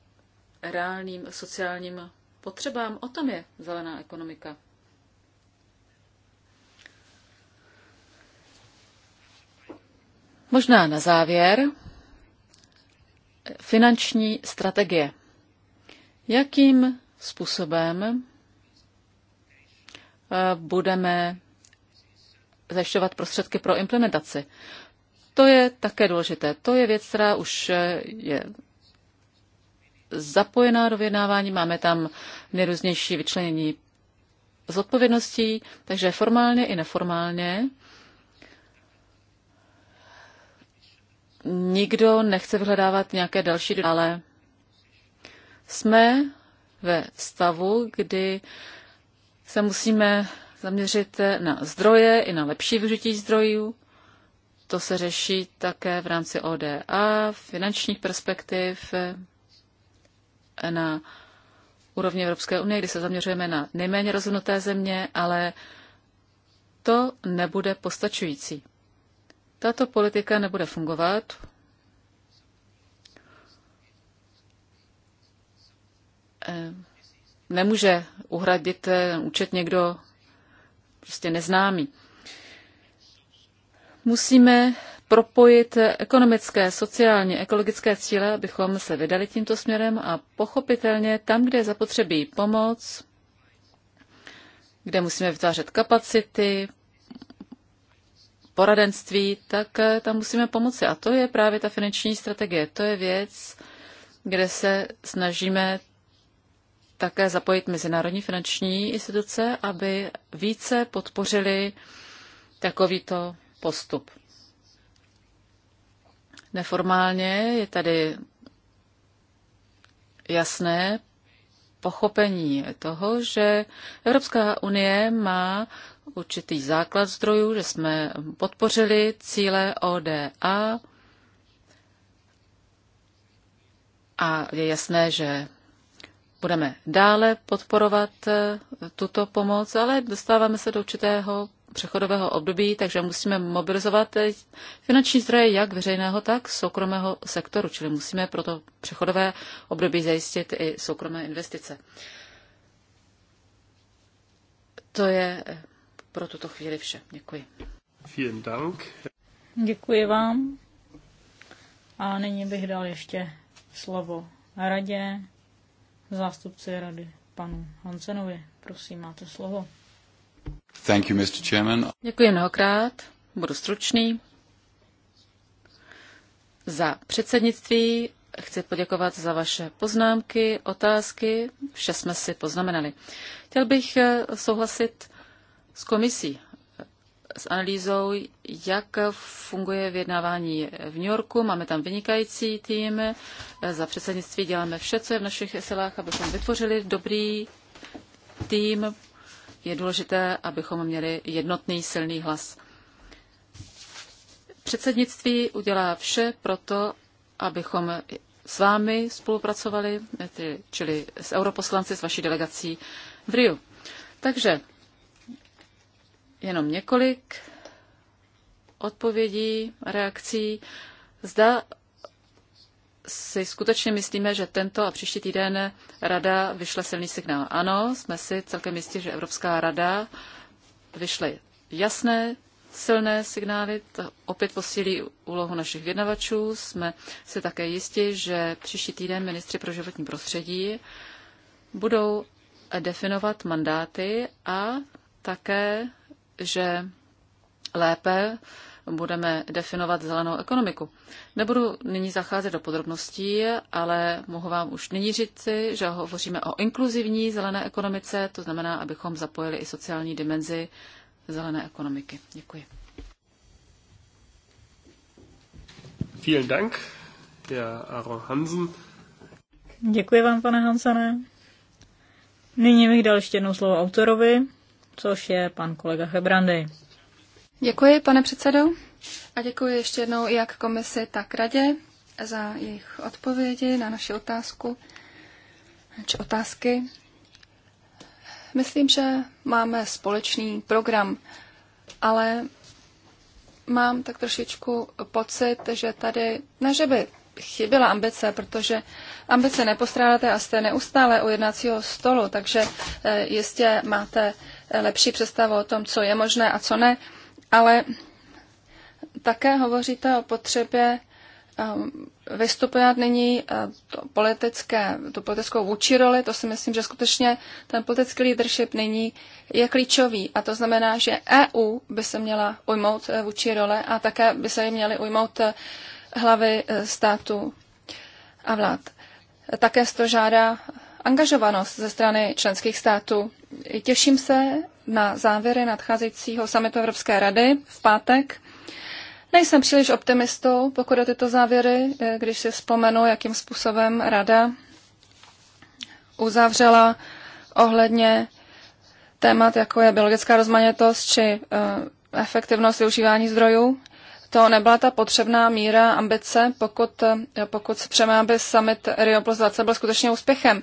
reálným sociálním potřebám. O tom je zelená ekonomika. Možná na závěr finanční strategie. Jakým způsobem Eh, budeme zajišťovat prostředky pro implementaci. To je také důležité. To je věc, která už eh, je zapojená do vyjednávání. Máme tam nejrůznější vyčlenění z odpovědností, takže formálně i neformálně nikdo nechce vyhledávat nějaké další, ale jsme ve stavu, kdy se musíme zaměřit na zdroje i na lepší využití zdrojů. To se řeší také v rámci ODA, finančních perspektiv eh, na úrovni Evropské unie, kdy se zaměřujeme na nejméně rozvinuté země, ale to nebude postačující. Tato politika nebude fungovat. Ehm nemůže uhradit eh, účet někdo prostě neznámý. Musíme propojit ekonomické, sociální, ekologické cíle, abychom se vydali tímto směrem a pochopitelně tam, kde je zapotřebí pomoc, kde musíme vytvářet kapacity, poradenství, tak eh, tam musíme pomoci. A to je právě ta finanční strategie. To je věc, kde se snažíme také zapojit mezinárodní finanční instituce, aby více podpořili takovýto postup. Neformálně je tady jasné pochopení toho, že Evropská unie má určitý základ zdrojů, že jsme podpořili cíle ODA a je jasné, že budeme dále podporovat eh, tuto pomoc, ale dostáváme se do určitého přechodového období, takže musíme mobilizovat eh, finanční zdroje jak veřejného, tak soukromého sektoru, čili musíme pro to přechodové období zajistit i soukromé investice. To je eh, pro tuto chvíli vše. Děkuji. Vielen Dank. Děkuji vám. A nyní bych dal ještě slovo radě zástupci rady panu Hansenovi. Prosím, máte slovo. Thank you, Mr. Chairman. Děkuji mnohokrát, budu stručný. Za předsednictví chci poděkovat za vaše poznámky, otázky, vše jsme si poznamenali. Chtěl bych souhlasit s komisí s analýzou, jak funguje vyjednávání v New Yorku. Máme tam vynikající tým. Za předsednictví děláme vše, co je v našich silách, abychom vytvořili dobrý tým. Je důležité, abychom měli jednotný silný hlas. Předsednictví udělá vše proto, abychom s vámi spolupracovali, čili s europoslanci, s vaší delegací v Riu. Takže jenom několik odpovědí, reakcí. Zda si skutečně myslíme, že tento a příští týden rada vyšle silný signál. Ano, jsme si celkem jistí, že Evropská rada vyšle jasné, silné signály, to opět posílí úlohu našich vědnavačů. Jsme si také jistí, že příští týden ministři pro životní prostředí budou definovat mandáty a také že lépe budeme definovat zelenou ekonomiku. Nebudu nyní zacházet do podrobností, ale mohu vám už nyní říci, že hovoříme o inkluzivní zelené ekonomice, to znamená, abychom zapojili i sociální dimenzi zelené ekonomiky. Děkuji. Vielen Dank, Herr Aron Hansen. Děkuji vám, pane Hansane. Nyní bych dal ještě jednou slovo autorovi což je pan kolega Hebrandy. Děkuji, pane předsedo, a děkuji ještě jednou jak komisi, tak radě za jejich odpovědi na naši otázku či otázky. Myslím, že máme společný program, ale mám tak trošičku pocit, že tady, ne že by chyběla ambice, protože ambice nepostrádáte a jste neustále u jednacího stolu, takže eh, jistě máte lepší představu o tom, co je možné a co ne, ale také hovoříte o potřebě um, vystupovat nyní uh, to politické, tu politickou vůči roli, to si myslím, že skutečně ten politický leadership nyní je klíčový. A to znamená, že EU by se měla ujmout uh, vůči role a také by se jí měly ujmout uh, hlavy států a vlád. Také z to žádá angažovanost ze strany členských států. Těším se na závěry nadcházejícího samitu Evropské rady v pátek. Nejsem příliš optimistou, pokud o tyto závěry, eh, když si vzpomenu, jakým způsobem rada uzavřela ohledně témat, jako je biologická rozmanitost či eh, efektivnost využívání zdrojů to nebyla ta potřebná míra ambice, pokud, pokud se přeme, aby summit Rio plus 20 byl skutečně úspěchem.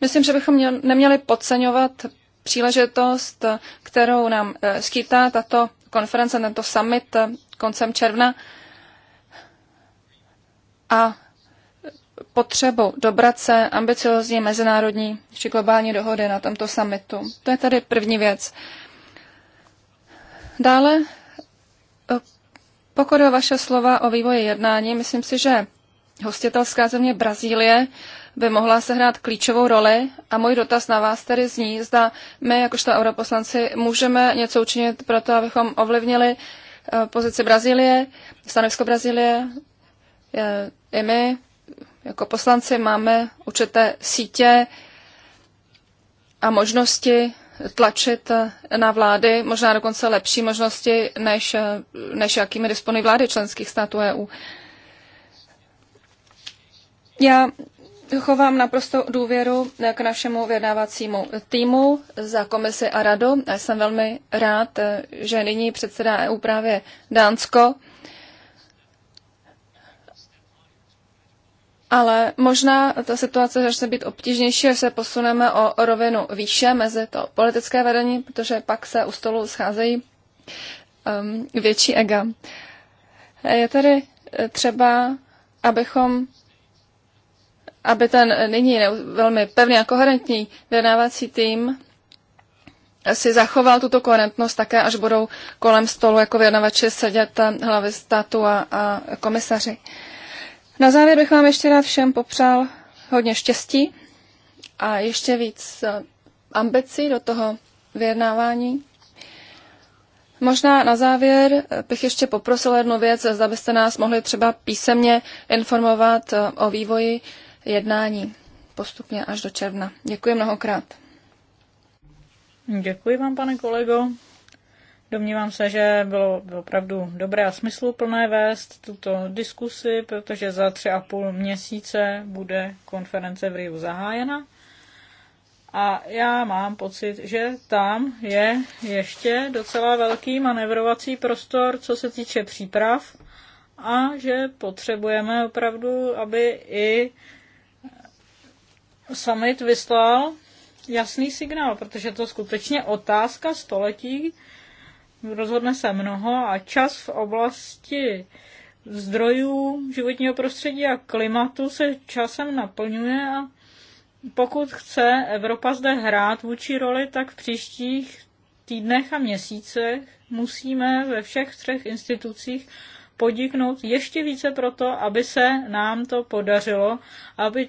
Myslím, že bychom měl, neměli podceňovat příležitost, kterou nám eh, skýtá tato konference, tento summit eh, koncem června a potřebu dobrat se ambiciozní mezinárodní či globální dohody na tomto summitu. To je tady první věc. Dále eh, pokud o vaše slova o vývoji jednání, myslím si, že hostitelská země Brazílie by mohla sehrát klíčovou roli a můj dotaz na vás tedy zní, zda my, jakožto europoslanci, můžeme něco učinit pro to, abychom ovlivnili eh, pozici Brazílie, stanovisko Brazílie. Eh, I my, jako poslanci, máme určité sítě a možnosti tlačit na vlády možná dokonce lepší možnosti, než, než jakými disponují vlády členských států EU. Já chovám naprosto důvěru k našemu vyjednávacímu týmu za komisi a radu. Já jsem velmi rád, že nyní předsedá EU právě Dánsko ale možná ta situace začne být obtížnější, až se posuneme o rovinu výše mezi to politické vedení, protože pak se u stolu scházejí um, větší ega. Je tady eh, třeba, abychom aby ten nyní velmi pevný a koherentní vyjednávací tým si zachoval tuto koherentnost také, až budou kolem stolu jako vyjednavači sedět hlavy státu a, a komisaři. Na závěr bych vám ještě rád všem popřál hodně štěstí a ještě víc eh, ambicí do toho vyjednávání. Možná na závěr eh, bych ještě poprosil jednu věc, zda byste nás mohli třeba písemně informovat eh, o vývoji jednání postupně až do června. Děkuji mnohokrát. Děkuji vám, pane kolego. Domnívám se, že bylo opravdu dobré a smysluplné vést tuto diskusi, protože za tři a půl měsíce bude konference v Riu zahájena. A já mám pocit, že tam je ještě docela velký manevrovací prostor, co se týče příprav a že potřebujeme opravdu, aby i summit vyslal jasný signál, protože to skutečně otázka století, rozhodne se mnoho a čas v oblasti zdrojů životního prostředí a klimatu se časem naplňuje a pokud chce Evropa zde hrát vůči roli, tak v příštích týdnech a měsících musíme ve všech třech institucích podniknout ještě více proto, aby se nám to podařilo, aby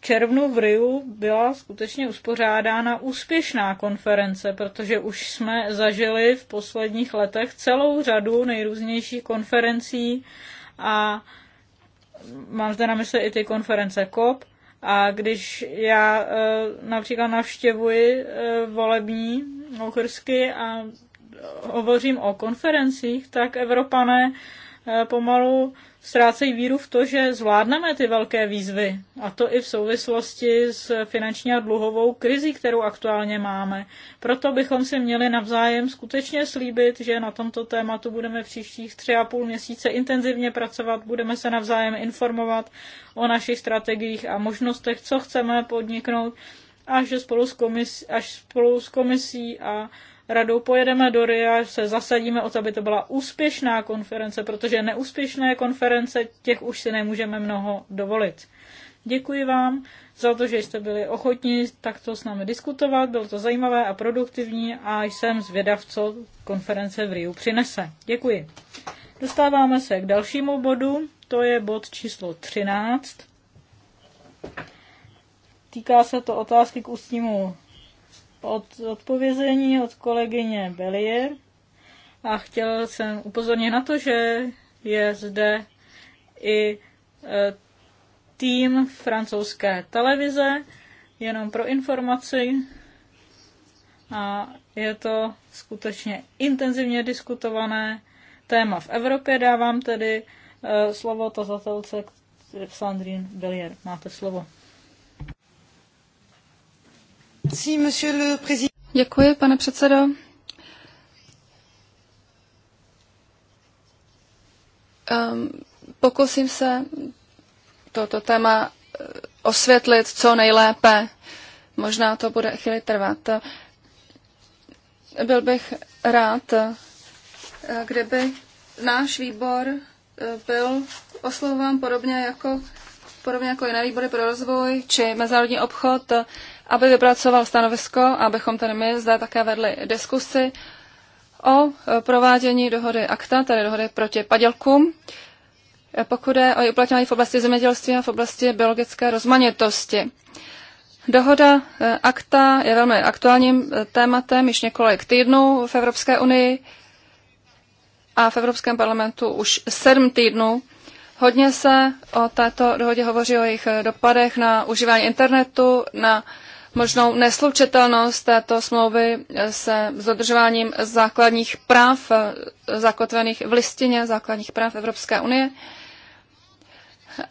červnu v Riu byla skutečně uspořádána úspěšná konference, protože už jsme zažili v posledních letech celou řadu nejrůznějších konferencí a mám zde na mysli i ty konference COP. A když já eh, například navštěvuji eh, volební okrsky a hovořím o konferencích, tak Evropané eh, pomalu ztrácejí víru v to, že zvládneme ty velké výzvy. A to i v souvislosti s finanční a dluhovou krizí, kterou aktuálně máme. Proto bychom si měli navzájem skutečně slíbit, že na tomto tématu budeme v příštích tři a půl měsíce intenzivně pracovat, budeme se navzájem informovat o našich strategiích a možnostech, co chceme podniknout, a že spolu s komisí, až spolu s komisí a radou pojedeme do RIA, se zasadíme o to, aby to byla úspěšná konference, protože neúspěšné konference těch už si nemůžeme mnoho dovolit. Děkuji vám za to, že jste byli ochotni takto s námi diskutovat. Bylo to zajímavé a produktivní a jsem zvědav, co konference v Riu přinese. Děkuji. Dostáváme se k dalšímu bodu, to je bod číslo 13. Týká se to otázky k ústnímu od odpovězení od kolegyně Belier a chtěl jsem upozornit na to, že je zde i e, tým francouzské televize, jenom pro informaci. A je to skutečně intenzivně diskutované téma v Evropě. Dávám tedy e, slovo tazatelce Sandrine Belier Máte slovo. Děkuji, pane předsedo. Ehm, pokusím se toto téma eh, osvětlit co nejlépe. Možná to bude chvíli trvat. Byl bych rád, eh, kdyby náš výbor eh, byl oslovován podobně jako, podobně jako jiné výbory pro rozvoj či mezinárodní obchod aby vypracoval stanovisko, abychom tady my zde také vedli diskusi o e, provádění dohody akta, tedy dohody proti padělkům, e, pokud je o uplatňování v oblasti zemědělství a v oblasti biologické rozmanitosti. Dohoda e, akta je velmi aktuálním tématem již několik týdnů v Evropské unii a v Evropském parlamentu už sedm týdnů. Hodně se o této dohodě hovoří o jejich dopadech na užívání internetu, na možnou neslučitelnost této smlouvy se dodržováním základních práv eh, zakotvených v listině základních práv Evropské unie.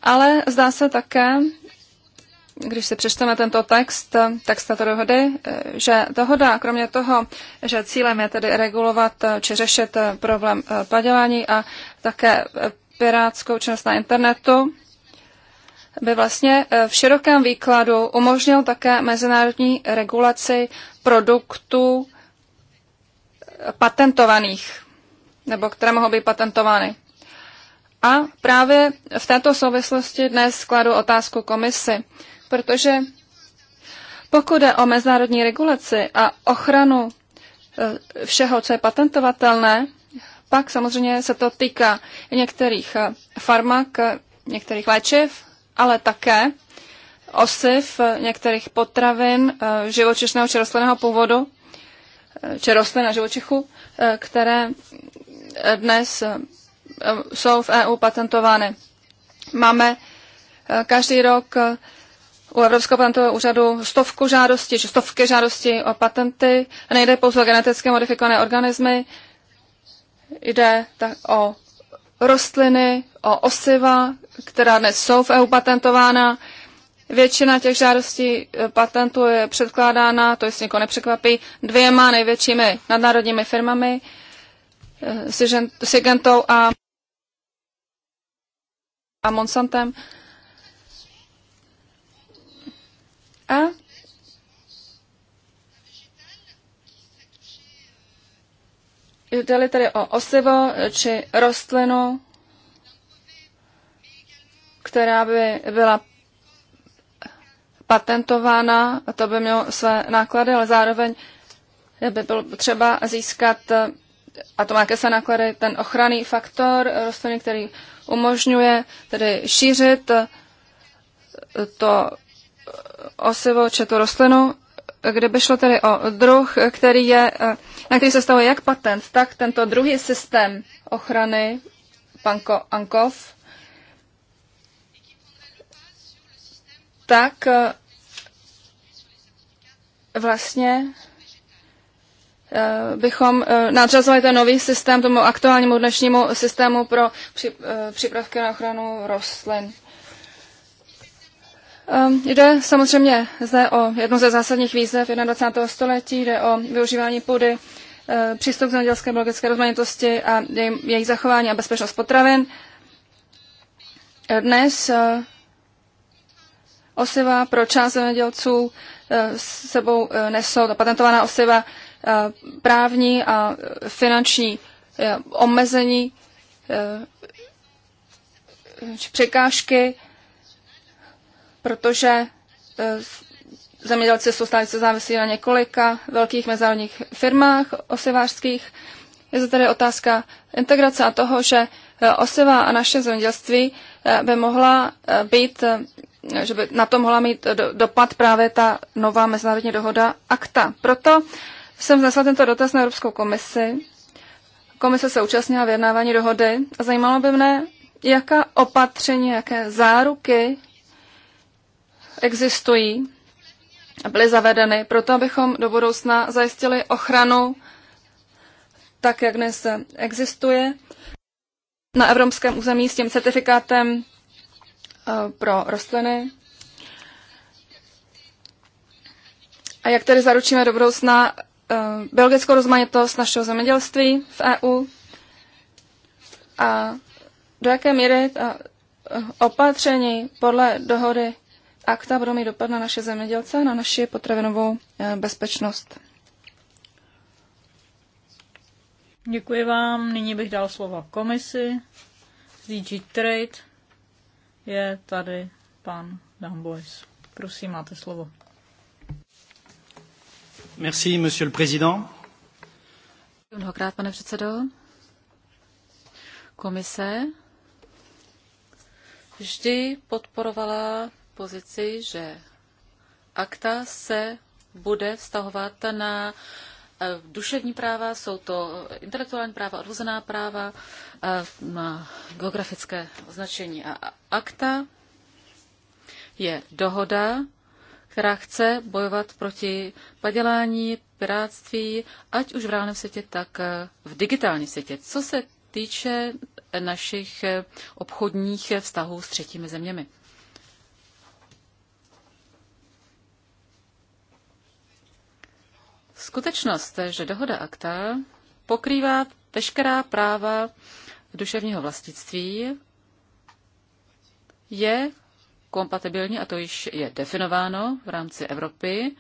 Ale zdá se také, když si přečteme tento text, eh, text této dohody, eh, že dohoda, kromě toho, že cílem je tedy regulovat či řešit problém padělání a také pirátskou činnost na internetu, by vlastně eh, v širokém výkladu umožnil také mezinárodní regulaci produktů eh, patentovaných, nebo které mohou být patentovány. A právě v této souvislosti dnes skladu otázku komisi, protože pokud je o mezinárodní regulaci a ochranu eh, všeho, co je patentovatelné, pak samozřejmě se to týká některých farmak, některých léčiv, ale také osiv některých potravin eh, živočišného či rostlinného původu, eh, či rostlin a živočichu, eh, které dnes jsou v EU patentovány. Máme každý rok u Evropského patentového úřadu stovku žádostí, či stovky žádostí o patenty. Nejde pouze o geneticky modifikované organismy, jde tak o rostliny, o osiva, která dnes jsou v EU patentována. Většina těch žádostí e, patentů je předkládána, to jestli někoho nepřekvapí, dvěma největšími nadnárodními firmami, e, Sigentou a, a Monsantem. A Jde-li tedy o osivo či rostlinu, která by byla patentována, a to by mělo své náklady, ale zároveň by bylo třeba získat, a to má ke se náklady, ten ochranný faktor rostliny, který umožňuje tedy šířit to osivo či tu rostlinu kde by šlo tedy o druh, který je, eh, na který se stavuje jak patent, tak tento druhý systém ochrany Panko Ankov, tak eh, vlastně eh, bychom nadřazovali ten nový systém tomu aktuálnímu dnešnímu systému pro přípravky na ochranu rostlin. Ehm, jde samozřejmě zde o jednu ze zásadních výzev 21. století, jde o využívání půdy, eh, přístup k zemědělské biologické rozmanitosti a jejich zachování a bezpečnost potravin. Dnes eh, osiva pro část zemědělců eh, s sebou nesou ta patentovaná osiva právní a finanční omezení či překážky, protože eh, zemědělci jsou stále závislí na několika velkých mezinárodních firmách osivářských. Je zde tedy otázka integrace a toho, že eh, osiva a naše zemědělství eh, by mohla být, že by na to mohla mít dopad právě ta nová mezinárodní dohoda ACTA. Proto jsem vznesla tento dotaz na Evropskou komisi. Komise se účastnila vyjednávání dohody a zajímalo by mne, jaká opatření, jaké záruky existují a byly zavedeny proto, abychom do budoucna zajistili ochranu tak, jak dnes existuje na evropském území s tím certifikátem eh, pro rostliny. A jak tedy zaručíme do budoucna eh, biologickou rozmanitost našeho zemědělství v EU a do jaké míry ta eh, opatření podle dohody akta budou mít dopad na naše zemědělce a na naši potravinovou eh, bezpečnost. Děkuji vám. Nyní bych dal slovo komisi. ZG Trade je tady pan Dambois. Prosím, máte slovo. Merci, monsieur le président. Mnohokrát, pane předsedo. Komise vždy podporovala pozici, že akta se bude vztahovat na eh, duševní práva, jsou to intelektuální práva, odvozená práva, eh, na geografické označení. A akta je dohoda, která chce bojovat proti padělání, piráctví, ať už v reálném světě, tak eh, v digitálním světě. Co se týče našich obchodních vztahů s třetími zeměmi. Skutečnost, že dohoda akta pokrývá veškerá práva duševního vlastnictví, je kompatibilní, a to již je definováno v rámci Evropy,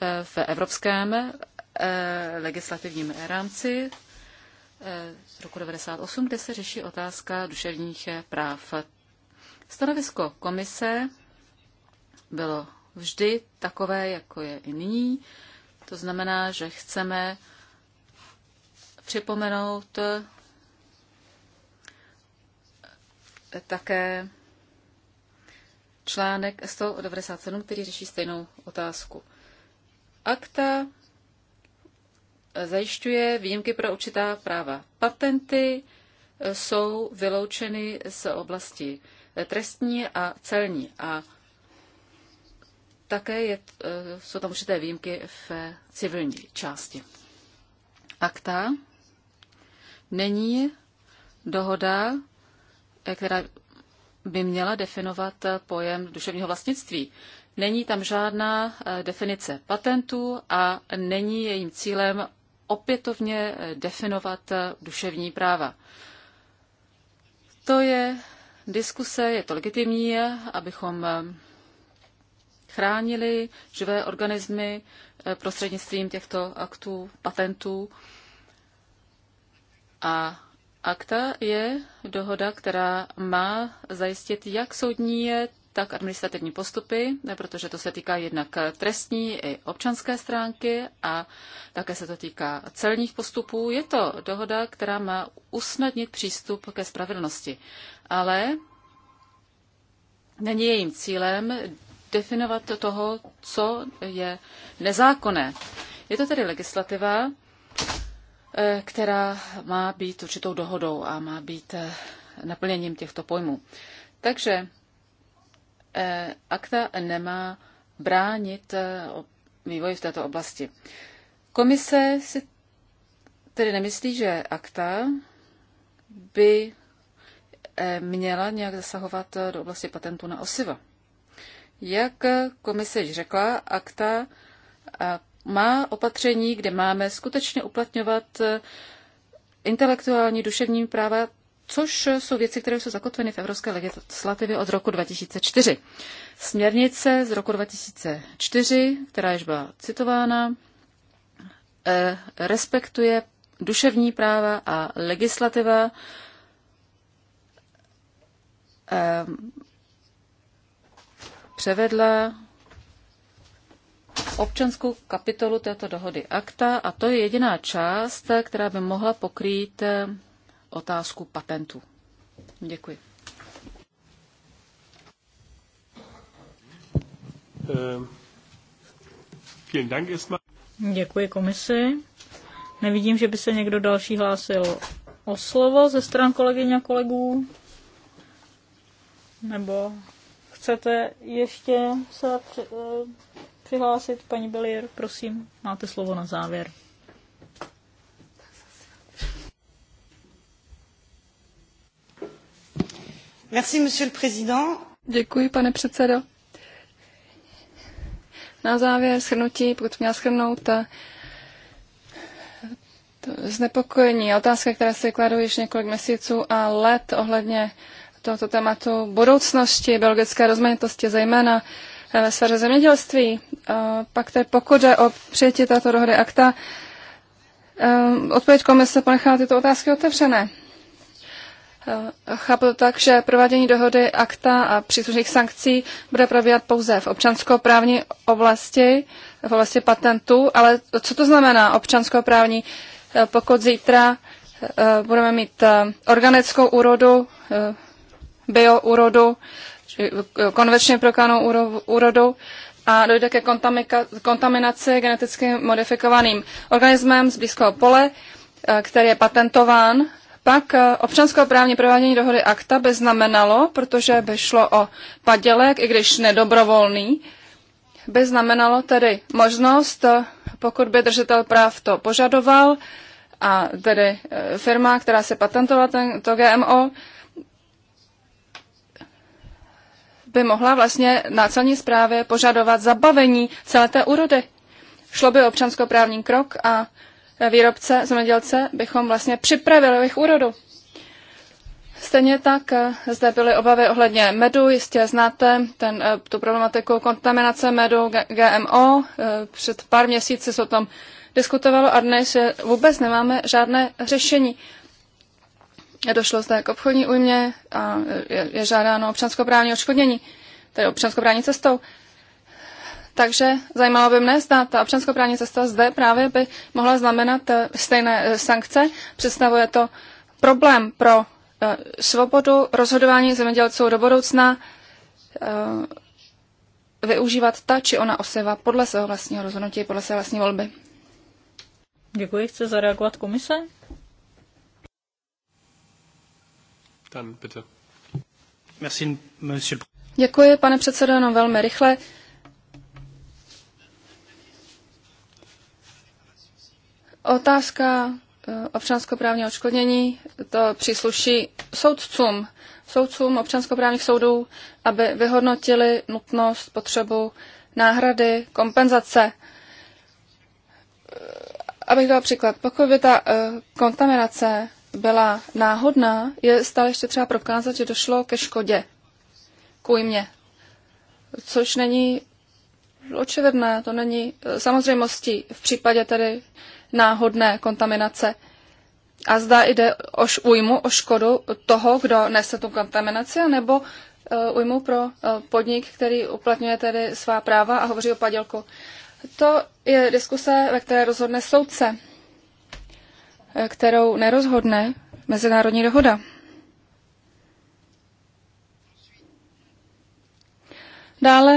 eh, v evropském eh, legislativním rámci eh, z roku 1998, kde se řeší otázka duševních práv. Stanovisko komise bylo vždy takové, jako je i nyní. To znamená, že chceme připomenout také článek 197, který řeší stejnou otázku. Akta zajišťuje výjimky pro určitá práva. Patenty jsou vyloučeny z oblasti trestní a celní a také je, eh, jsou tam určité výjimky v civilní části. Akta není dohoda, eh, která by měla definovat eh, pojem duševního vlastnictví. Není tam žádná definice patentů a není jejím cílem opětovně definovat duševní práva. To je diskuse, je to legitimní, abychom chránili živé organismy eh, prostřednictvím těchto aktů, patentů. A akta je dohoda, která má zajistit jak soudní, tak administrativní postupy, eh, protože to se týká jednak trestní i občanské stránky a také se to týká celních postupů. Je to dohoda, která má usnadnit přístup ke spravedlnosti, ale není jejím cílem definovat toho, co je nezákonné. Je to tedy legislativa, eh, která má být určitou dohodou a má být eh, naplněním těchto pojmů. Takže eh, akta nemá bránit vývoji v této oblasti. Komise si tedy nemyslí, že akta by měla nějak zasahovat do oblasti patentu na osiva. Jak komise již řekla, akta má opatření, kde máme skutečně uplatňovat e, intelektuální duševní práva, což jsou věci, které jsou zakotveny v evropské legislativě od roku 2004. Směrnice z roku 2004, která již byla citována, e, respektuje duševní práva a legislativa e, převedla občanskou kapitolu této dohody akta a to je jediná část, která by mohla pokrýt eh, otázku patentů. Děkuji. Eh, Děkuji komisi. Nevidím, že by se někdo další hlásil o slovo ze stran kolegyň a kolegů. Nebo chcete ještě se eh, přihlásit, paní Belier, prosím, máte slovo na závěr. Merci, monsieur le président. Děkuji, pane předsedo. Na závěr shrnutí, pokud měla shrnout, eh, ta, znepokojení, otázka, která se kladou již několik měsíců a let ohledně uh, tohoto tématu budoucnosti biologické rozmanitosti, zejména eh, ve sféře zemědělství. Eh, pak tedy pokud je o přijetí této dohody akta, eh, odpověď komise ponechala tyto otázky otevřené. Chápu to tak, že provádění dohody akta a příslušných sankcí bude probíhat pouze v občanskoprávní oblasti, v oblasti patentů, ale co to znamená občanskoprávní? Pokud zítra budeme mít organickou úrodu bioúrodu, konvenčně prokánou úrodu a dojde ke kontaminaci geneticky modifikovaným organismem z blízkého pole, eh, který je patentován. Pak eh, občanské právní provádění dohody akta by znamenalo, protože by šlo o padělek, i když nedobrovolný, by znamenalo tedy možnost, eh, pokud by držitel práv to požadoval, a tedy firma, která se patentovala to GMO, by mohla vlastně na celní zprávě požadovat zabavení celé té úrody. Šlo by občanskoprávní krok a výrobce, zemědělce bychom vlastně připravili jejich úrodu. Stejně tak eh, zde byly obavy ohledně medu. Jistě znáte ten, eh, tu problematiku kontaminace medu GMO. Eh, před pár měsíci se o tom diskutovalo a dnes vůbec nemáme žádné řešení došlo zde k obchodní újmě a je, je žádáno občanskoprávní odškodnění, tedy občanskoprávní cestou. Takže zajímalo by mne, zda ta občanskoprávní cesta zde právě by mohla znamenat eh, stejné eh, sankce. Představuje to problém pro eh, svobodu rozhodování zemědělců do budoucna využívat ta či ona osiva podle svého vlastního rozhodnutí, podle své vlastní volby. Děkuji. Chce zareagovat komise? Dann bitte. Merci, monsieur. Děkuji, pane předsedo, no velmi rychle. Otázka eh, občanskoprávního odškodnění, to přísluší soudcům, soudcům občanskoprávních soudů, aby vyhodnotili nutnost, potřebu náhrady, kompenzace. Eh, abych dal příklad, pokud by ta eh, kontaminace byla náhodná, je stále ještě třeba prokázat, že došlo ke škodě, k újmě, což není očividné, to není eh, samozřejmostí v případě tedy náhodné kontaminace. A zda jde o újmu, o škodu toho, kdo nese tu kontaminaci, nebo ujmu eh, pro eh, podnik, který uplatňuje tedy svá práva a hovoří o padělku. To je diskuse, ve které rozhodne soudce. Eh, kterou nerozhodne mezinárodní dohoda. Dále,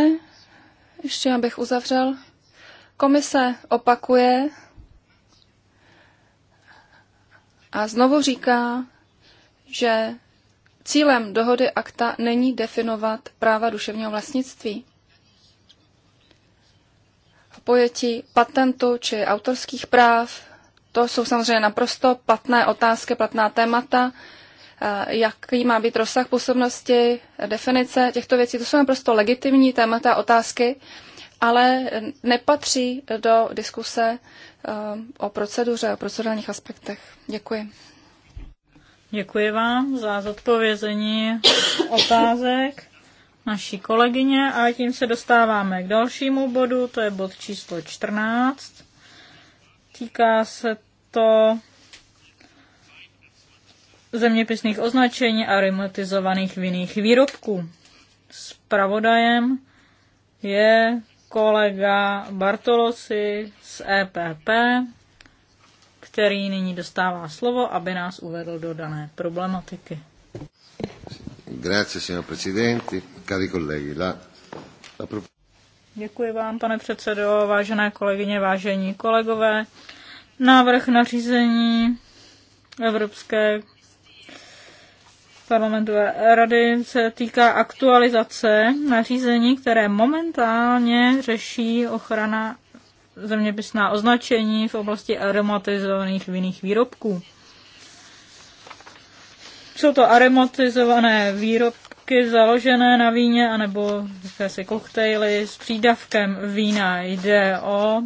ještě abych uzavřel, komise opakuje a znovu říká, že cílem dohody akta není definovat práva duševního vlastnictví. Pojetí patentu či autorských práv to jsou samozřejmě naprosto platné otázky, platná témata, eh, jaký má být rozsah působnosti, definice těchto věcí. To jsou naprosto legitimní témata, otázky, ale nepatří do diskuse eh, o proceduře, o procedurálních aspektech. Děkuji. Děkuji vám za zodpovězení otázek naší kolegyně a tím se dostáváme k dalšímu bodu, to je bod číslo 14. Týká se to zeměpisných označení a aromatizovaných vinných výrobků. Spravodajem je kolega Bartolosi z EPP, který nyní dostává slovo, aby nás uvedl do dané problematiky. Grazie, signor Presidente, cari colleghi. La, la... Děkuji vám, pane předsedo, vážené kolegyně, vážení kolegové. Návrh na řízení Evropské parlamentové rady se týká aktualizace nařízení, které momentálně řeší ochrana zeměpisná označení v oblasti aromatizovaných vinných výrobků. Jsou to aromatizované výrob, nápitky založené na víně anebo jakési koktejly s přídavkem vína. Jde o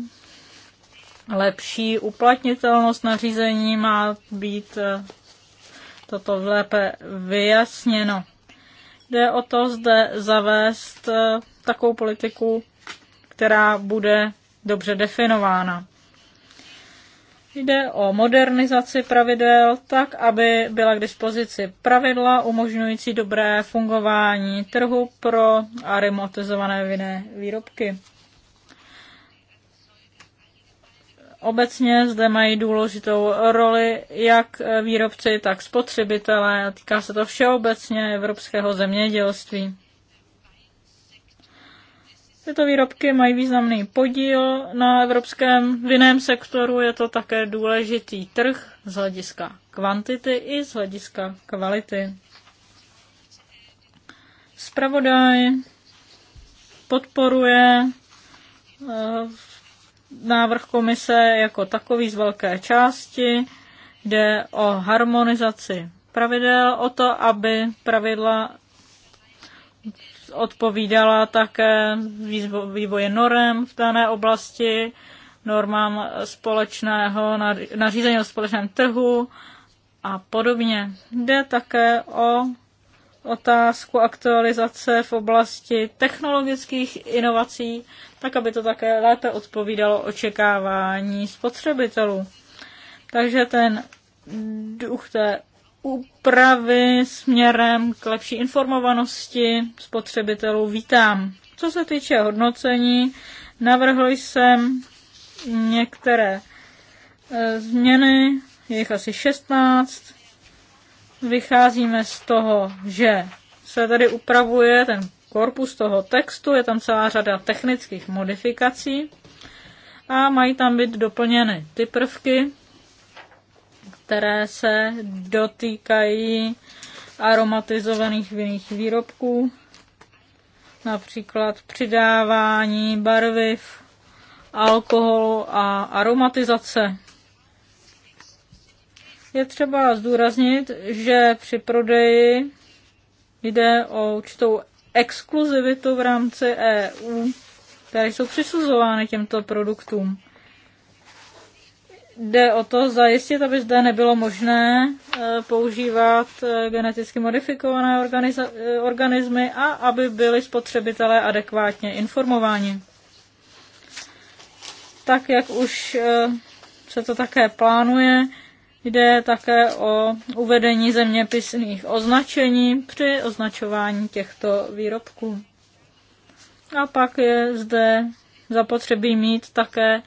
lepší uplatnitelnost nařízení, má být eh, toto lépe vyjasněno. Jde o to zde zavést eh, takovou politiku, která bude dobře definována. Jde o modernizaci pravidel tak, aby byla k dispozici pravidla umožňující dobré fungování trhu pro aromatizované vinné výrobky. Obecně zde mají důležitou roli jak výrobci, tak spotřebitelé. Týká se to všeobecně evropského zemědělství. Tyto výrobky mají významný podíl na evropském vinném sektoru, je to také důležitý trh z hlediska kvantity i z hlediska kvality. Spravodaj podporuje eh, návrh komise jako takový z velké části. Jde o harmonizaci pravidel, o to, aby pravidla odpovídala také vývoje norem v dané oblasti, normám společného, nařízení o společném trhu a podobně. Jde také o otázku aktualizace v oblasti technologických inovací, tak aby to také lépe odpovídalo očekávání spotřebitelů. Takže ten duch té úpravy směrem k lepší informovanosti spotřebitelů vítám. Co se týče hodnocení, navrhl jsem některé e, změny, je jich asi 16. Vycházíme z toho, že se tady upravuje ten korpus toho textu, je tam celá řada technických modifikací a mají tam být doplněny ty prvky, které se dotýkají aromatizovaných vinných výrobků, například přidávání barviv, alkoholu a aromatizace. Je třeba zdůraznit, že při prodeji jde o určitou exkluzivitu v rámci EU, které jsou přisuzovány těmto produktům jde o to zajistit, aby zde nebylo možné eh, používat eh, geneticky modifikované eh, organismy a aby byli spotřebitelé adekvátně informováni. Tak, jak už se to také plánuje, jde také o uvedení zeměpisných označení při označování těchto výrobků. A pak je zde zapotřebí mít také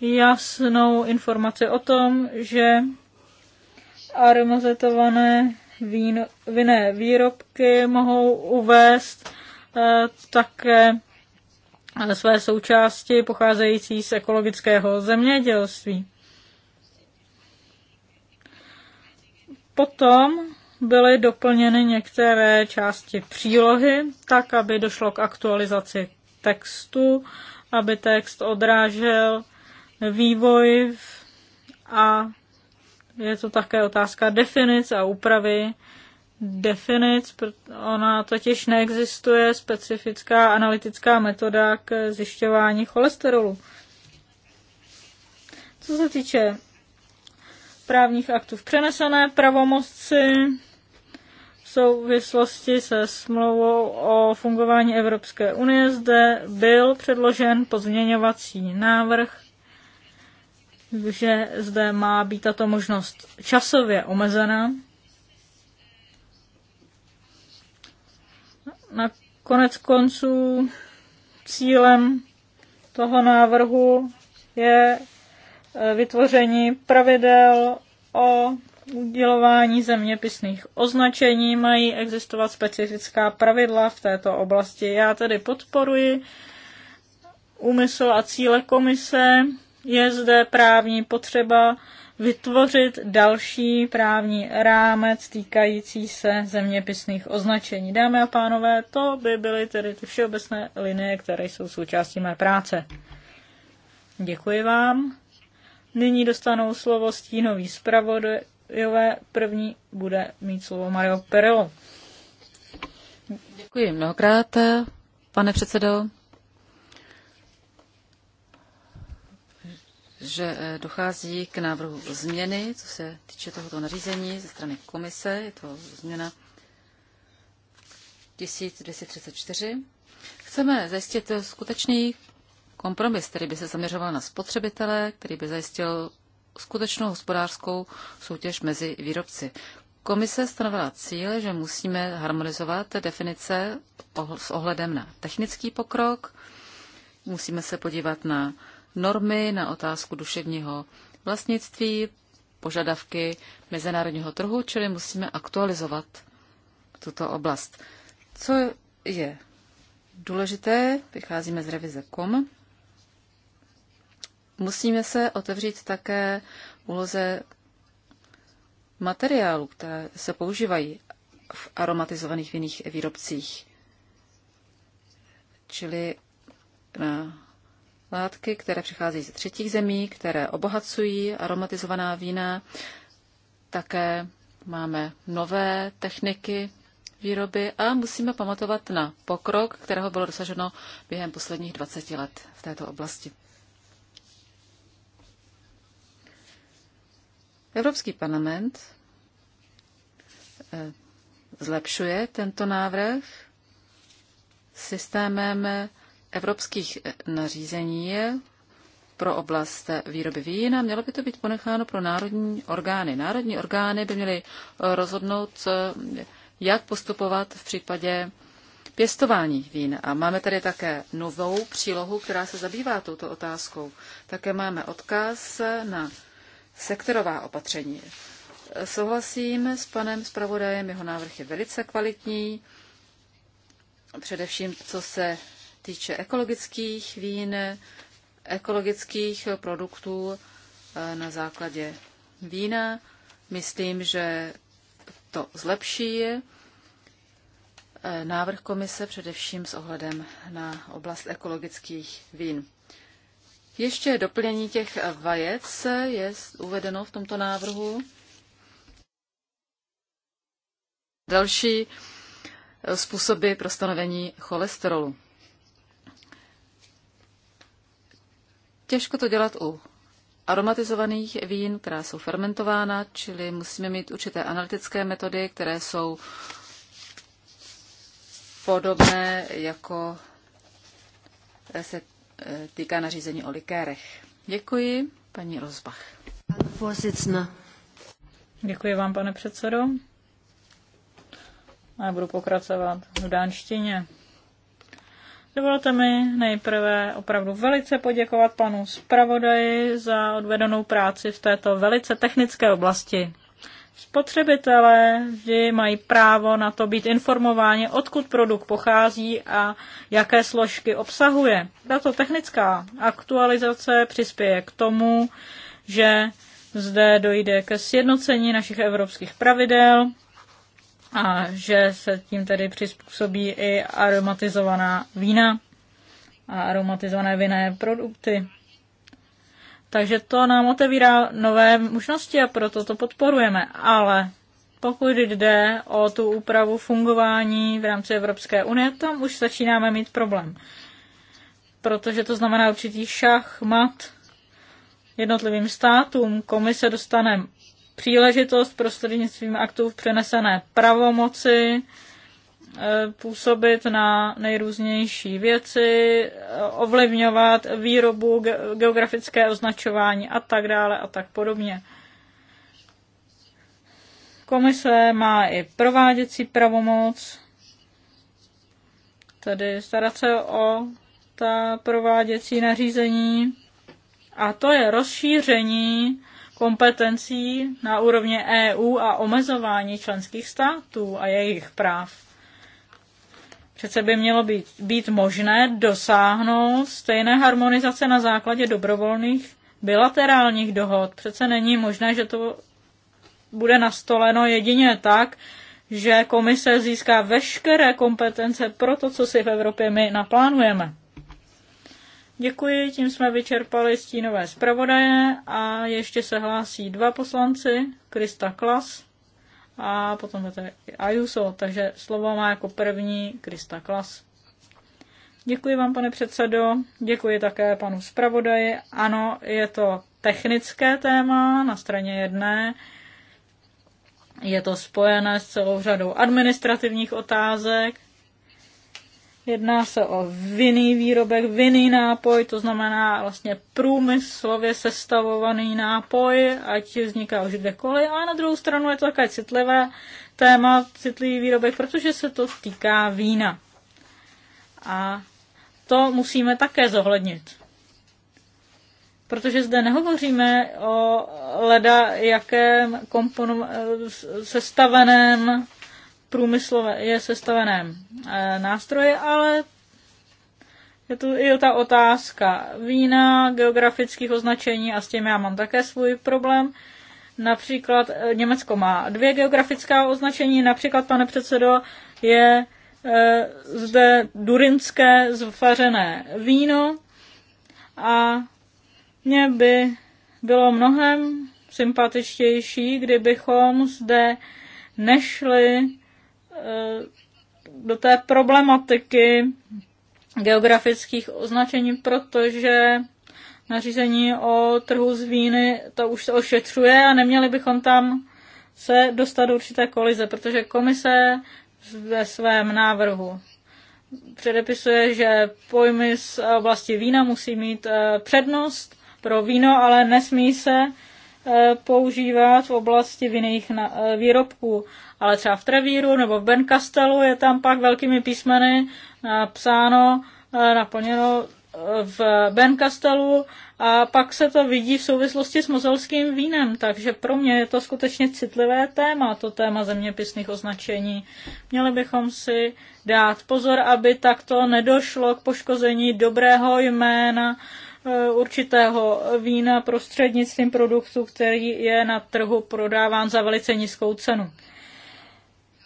jasnou informaci o tom, že aromazetované víno, vinné výrobky mohou uvést eh, také eh, své součásti pocházející z ekologického zemědělství. Potom byly doplněny některé části přílohy, tak aby došlo k aktualizaci textu, aby text odrážel vývoj a je to také otázka definic a úpravy definic. Ona totiž neexistuje specifická analytická metoda k zjišťování cholesterolu. Co se týče právních aktů v přenesené pravomoci, v souvislosti se smlouvou o fungování Evropské unie zde byl předložen pozměňovací návrh že zde má být tato možnost časově omezená. Na konec konců cílem toho návrhu je eh, vytvoření pravidel o udělování zeměpisných označení. Mají existovat specifická pravidla v této oblasti. Já tedy podporuji úmysl a cíle komise je zde právní potřeba vytvořit další právní rámec týkající se zeměpisných označení. Dámy a pánové, to by byly tedy ty všeobecné linie, které jsou součástí mé práce. Děkuji vám. Nyní dostanou slovo stínový zpravodajové. První bude mít slovo Mario Perelo. Děkuji mnohokrát, pane předsedo. že eh, dochází k návrhu změny, co se týče tohoto nařízení ze strany komise. Je to změna 1234. Chceme zajistit skutečný kompromis, který by se zaměřoval na spotřebitele, který by zajistil skutečnou hospodářskou soutěž mezi výrobci. Komise stanovila cíl, že musíme harmonizovat definice s ohledem na technický pokrok, musíme se podívat na normy na otázku duševního vlastnictví, požadavky mezinárodního trhu, čili musíme aktualizovat tuto oblast. Co je důležité, vycházíme z revize KOM, musíme se otevřít také úloze materiálů, které se používají v aromatizovaných vinných výrobcích, čili na látky, které přicházejí ze třetích zemí, které obohacují aromatizovaná vína. Také máme nové techniky výroby a musíme pamatovat na pokrok, kterého bylo dosaženo během posledních 20 let v této oblasti. Evropský parlament eh, zlepšuje tento návrh systémem evropských eh, nařízení pro oblast eh, výroby vína mělo by to být ponecháno pro národní orgány. Národní orgány by měly eh, rozhodnout, jak postupovat v případě pěstování vín. A máme tady také novou přílohu, která se zabývá touto otázkou. Také máme odkaz na sektorová opatření. Souhlasím s panem zpravodajem, jeho návrh je velice kvalitní, především co se týče ekologických vín, ekologických produktů eh, na základě vína. Myslím, že to zlepší eh, návrh komise především s ohledem na oblast ekologických vín. Ještě doplnění těch vajec je uvedeno v tomto návrhu. Další eh, způsoby pro stanovení cholesterolu. Těžko to dělat u aromatizovaných vín, která jsou fermentována, čili musíme mít určité analytické metody, které jsou podobné, jako se eh, týká nařízení o likérech. Děkuji, paní Rozbach. Děkuji vám, pane předsedo. A budu pokračovat v dánštině. Dovolte mi nejprve opravdu velice poděkovat panu zpravodaji za odvedenou práci v této velice technické oblasti. Spotřebitelé vždy mají právo na to být informováni, odkud produkt pochází a jaké složky obsahuje. Tato technická aktualizace přispěje k tomu, že zde dojde ke sjednocení našich evropských pravidel a že se tím tedy přizpůsobí i aromatizovaná vína a aromatizované vinné produkty. Takže to nám otevírá nové možnosti a proto to podporujeme. Ale pokud jde o tu úpravu fungování v rámci Evropské unie, tam už začínáme mít problém. Protože to znamená určitý šach mat jednotlivým státům. Komise dostane příležitost prostřednictvím aktů v přenesené pravomoci e, působit na nejrůznější věci, e, ovlivňovat výrobu, geografické označování a tak dále a tak podobně. Komise má i prováděcí pravomoc, tedy starat se o ta prováděcí nařízení. A to je rozšíření kompetencí na úrovni EU a omezování členských států a jejich práv. Přece by mělo být, být možné dosáhnout stejné harmonizace na základě dobrovolných bilaterálních dohod. Přece není možné, že to bude nastoleno jedině tak, že komise získá veškeré kompetence pro to, co si v Evropě my naplánujeme. Děkuji, tím jsme vyčerpali stínové zpravodaje a ještě se hlásí dva poslanci, Krista Klas a potom to Ayuso, takže slovo má jako první Krista Klas. Děkuji vám, pane předsedo, děkuji také panu zpravodaji. Ano, je to technické téma na straně jedné. Je to spojené s celou řadou administrativních otázek, Jedná se o vinný výrobek, vinný nápoj, to znamená vlastně průmyslově sestavovaný nápoj, ať vzniká už kdekoliv. A na druhou stranu je to také citlivé téma, citlivý výrobek, protože se to týká vína. A to musíme také zohlednit. Protože zde nehovoříme o leda jakém komponu- eh, sestaveném průmyslové je sestavené e, nástroje, ale je tu i ta otázka vína, geografických označení a s tím já mám také svůj problém. Například e, Německo má dvě geografická označení, například, pane předsedo, je e, zde durinské zvařené víno a mě by bylo mnohem sympatičtější, kdybychom zde nešli Eh, do té problematiky geografických označení, protože nařízení o trhu z víny to už se ošetřuje a neměli bychom tam se dostat do určité kolize, protože komise ve svém návrhu předepisuje, že pojmy z oblasti vína musí mít eh, přednost pro víno, ale nesmí se eh, používat v oblasti vinných výrobků ale třeba v Trevíru nebo v Benkastelu je tam pak velkými písmeny napsáno, eh, naplněno eh, v Benkastelu a pak se to vidí v souvislosti s mozelským vínem, takže pro mě je to skutečně citlivé téma, to téma zeměpisných označení. Měli bychom si dát pozor, aby takto nedošlo k poškození dobrého jména eh, určitého vína prostřednictvím produktu, který je na trhu prodáván za velice nízkou cenu.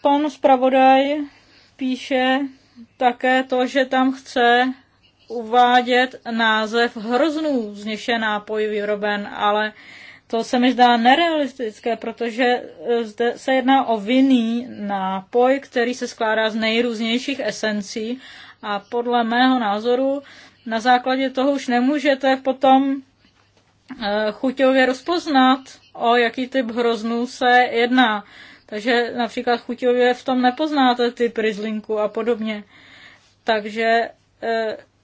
Pan zpravodaj píše také to, že tam chce uvádět název hroznů, z něž je nápoj vyroben, ale to se mi zdá nerealistické, protože eh, zde se jedná o vinný nápoj, který se skládá z nejrůznějších esencí a podle mého názoru na základě toho už nemůžete potom eh, chuťově rozpoznat, o jaký typ hroznů se jedná. Takže například chuťově v tom nepoznáte ty prizlinku a podobně. Takže e,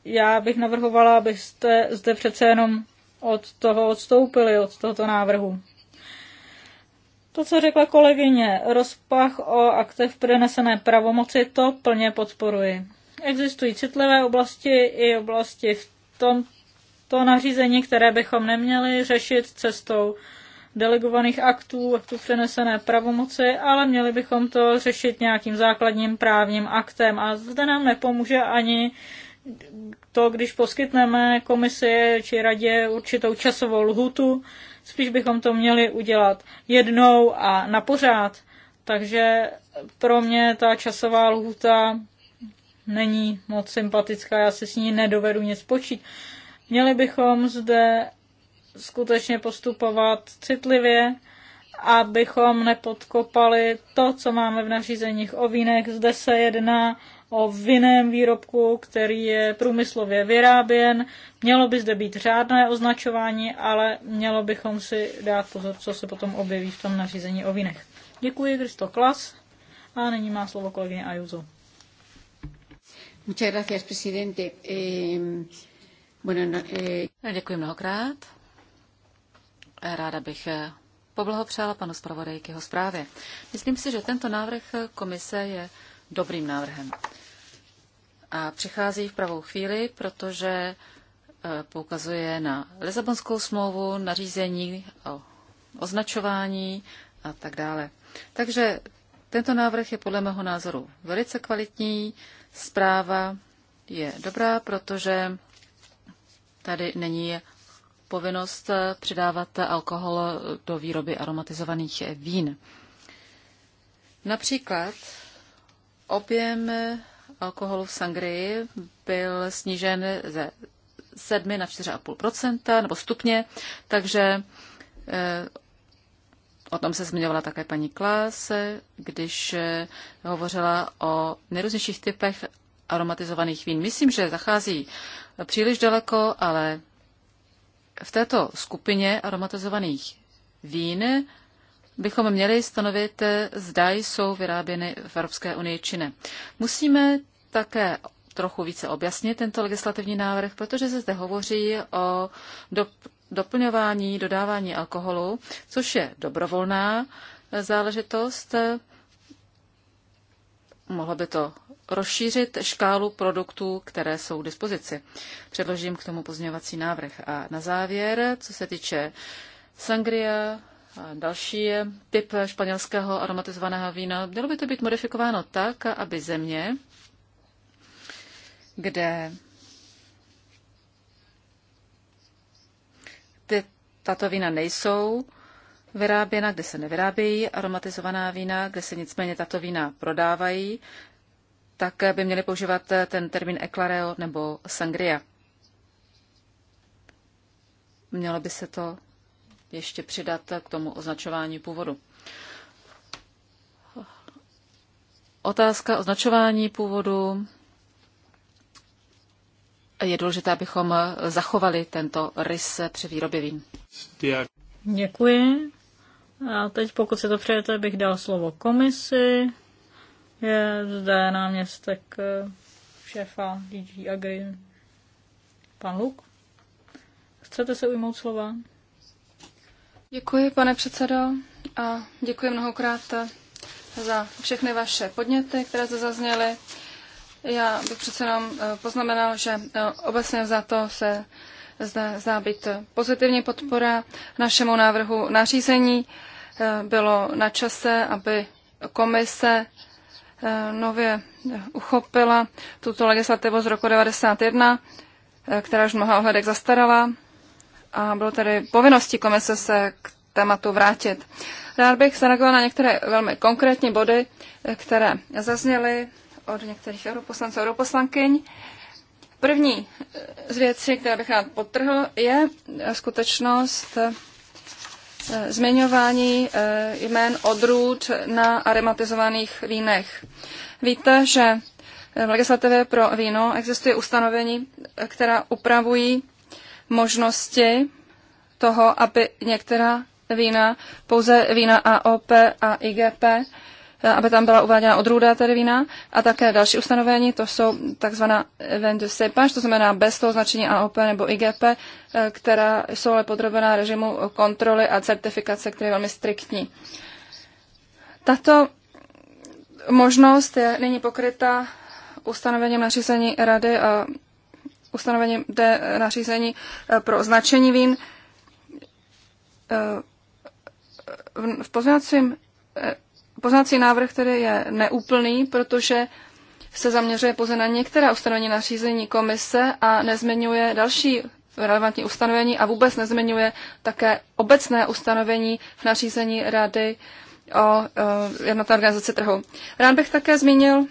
já bych navrhovala, abyste zde přece jenom od toho odstoupili, od tohoto návrhu. To, co řekla kolegyně, rozpach o aktech přenesené pravomoci, to plně podporuji. Existují citlivé oblasti i oblasti v tomto nařízení, které bychom neměli řešit cestou delegovaných aktů, aktů přenesené pravomoci, ale měli bychom to řešit nějakým základním právním aktem. A zde nám nepomůže ani to, když poskytneme komisi či radě určitou časovou lhutu, spíš bychom to měli udělat jednou a na pořád. Takže pro mě ta časová lhuta není moc sympatická, já si s ní nedovedu nic počít. Měli bychom zde skutečně postupovat citlivě, abychom nepodkopali to, co máme v nařízeních o vínech. Zde se jedná o vinném výrobku, který je průmyslově vyráběn. Mělo by zde být řádné označování, ale mělo bychom si dát pozor, co se potom objeví v tom nařízení o vinech. Děkuji, Kristo Klas. A nyní má slovo kolegyně Ajuzo. Muchas gracias, presidente. Eh, bueno, no, eh... Děkuji mnohokrát. Ráda bych eh, poblahopřála panu zpravodaji k jeho zprávě. Myslím si, že tento návrh eh, komise je dobrým návrhem. A přichází v pravou chvíli, protože eh, poukazuje na Lisabonskou smlouvu, nařízení o označování a tak dále. Takže tento návrh je podle mého názoru velice kvalitní. Zpráva je dobrá, protože tady není povinnost přidávat alkohol do výroby aromatizovaných vín. Například objem alkoholu v sangrii byl snížen ze 7 na 4,5 nebo stupně, takže eh, o tom se zmiňovala také paní Klas, když eh, hovořila o nejrůznějších typech aromatizovaných vín. Myslím, že zachází příliš daleko, ale v této skupině aromatizovaných vín bychom měli stanovit, zda jsou vyráběny v Evropské unii či ne. Musíme také trochu více objasnit tento legislativní návrh, protože se zde hovoří o doplňování, dodávání alkoholu, což je dobrovolná záležitost. Mohlo by to rozšířit škálu produktů, které jsou k dispozici. Předložím k tomu pozměňovací návrh. A na závěr, co se týče sangria, a další typ španělského aromatizovaného vína, mělo by to být modifikováno tak, aby země, kde ty, tato vína nejsou vyráběna, kde se nevyrábějí aromatizovaná vína, kde se nicméně tato vína prodávají, tak by měli používat ten termín eclareo nebo sangria. Mělo by se to ještě přidat k tomu označování původu. Otázka označování původu je důležité, abychom zachovali tento rys při výrobě vín. Děkuji. A teď, pokud se to přejete, bych dal slovo komisi je zde náměstek eh, šéfa DG Agri, pan Luk. Chcete se ujmout slova? Děkuji, pane předsedo, a děkuji mnohokrát eh, za všechny vaše podněty, které zde zazněly. Já bych přece jenom eh, poznamenal, že obecně za to se zde zdá být pozitivní podpora našemu návrhu nařízení. Bylo na čase, aby komise Eh, nově uchopila tuto legislativu z roku 1991, eh, která už mnoha ohledek zastarala a bylo tedy povinností komise se k tématu vrátit. Rád bych zareagoval na některé velmi konkrétní body, eh, které zazněly od některých europoslanců a europoslankyň. První z věcí, které bych rád potrhl, je skutečnost, Eh, zmiňování eh, jmén odrůd na aromatizovaných vínech. Víte, že eh, v legislativě pro víno existuje ustanovení, která upravují možnosti toho, aby některá vína, pouze vína AOP a IGP, Eh, aby tam byla uváděna odrůda tedy vína a také další ustanovení, to jsou takzvaná vin de cépage, to znamená bez toho značení AOP nebo IGP, eh, která jsou ale podrobená režimu kontroly a certifikace, které je velmi striktní. Tato možnost je nyní pokryta ustanovením nařízení rady a ustanovením D eh, nařízení pro značení vín. V pozvěnacím Poznací návrh tedy je neúplný, protože se zaměřuje pouze na některá ustanovení nařízení komise a nezmiňuje další relevantní ustanovení a vůbec nezmiňuje také obecné ustanovení v nařízení Rady o jednotné organizaci trhu. Rád bych také zmínil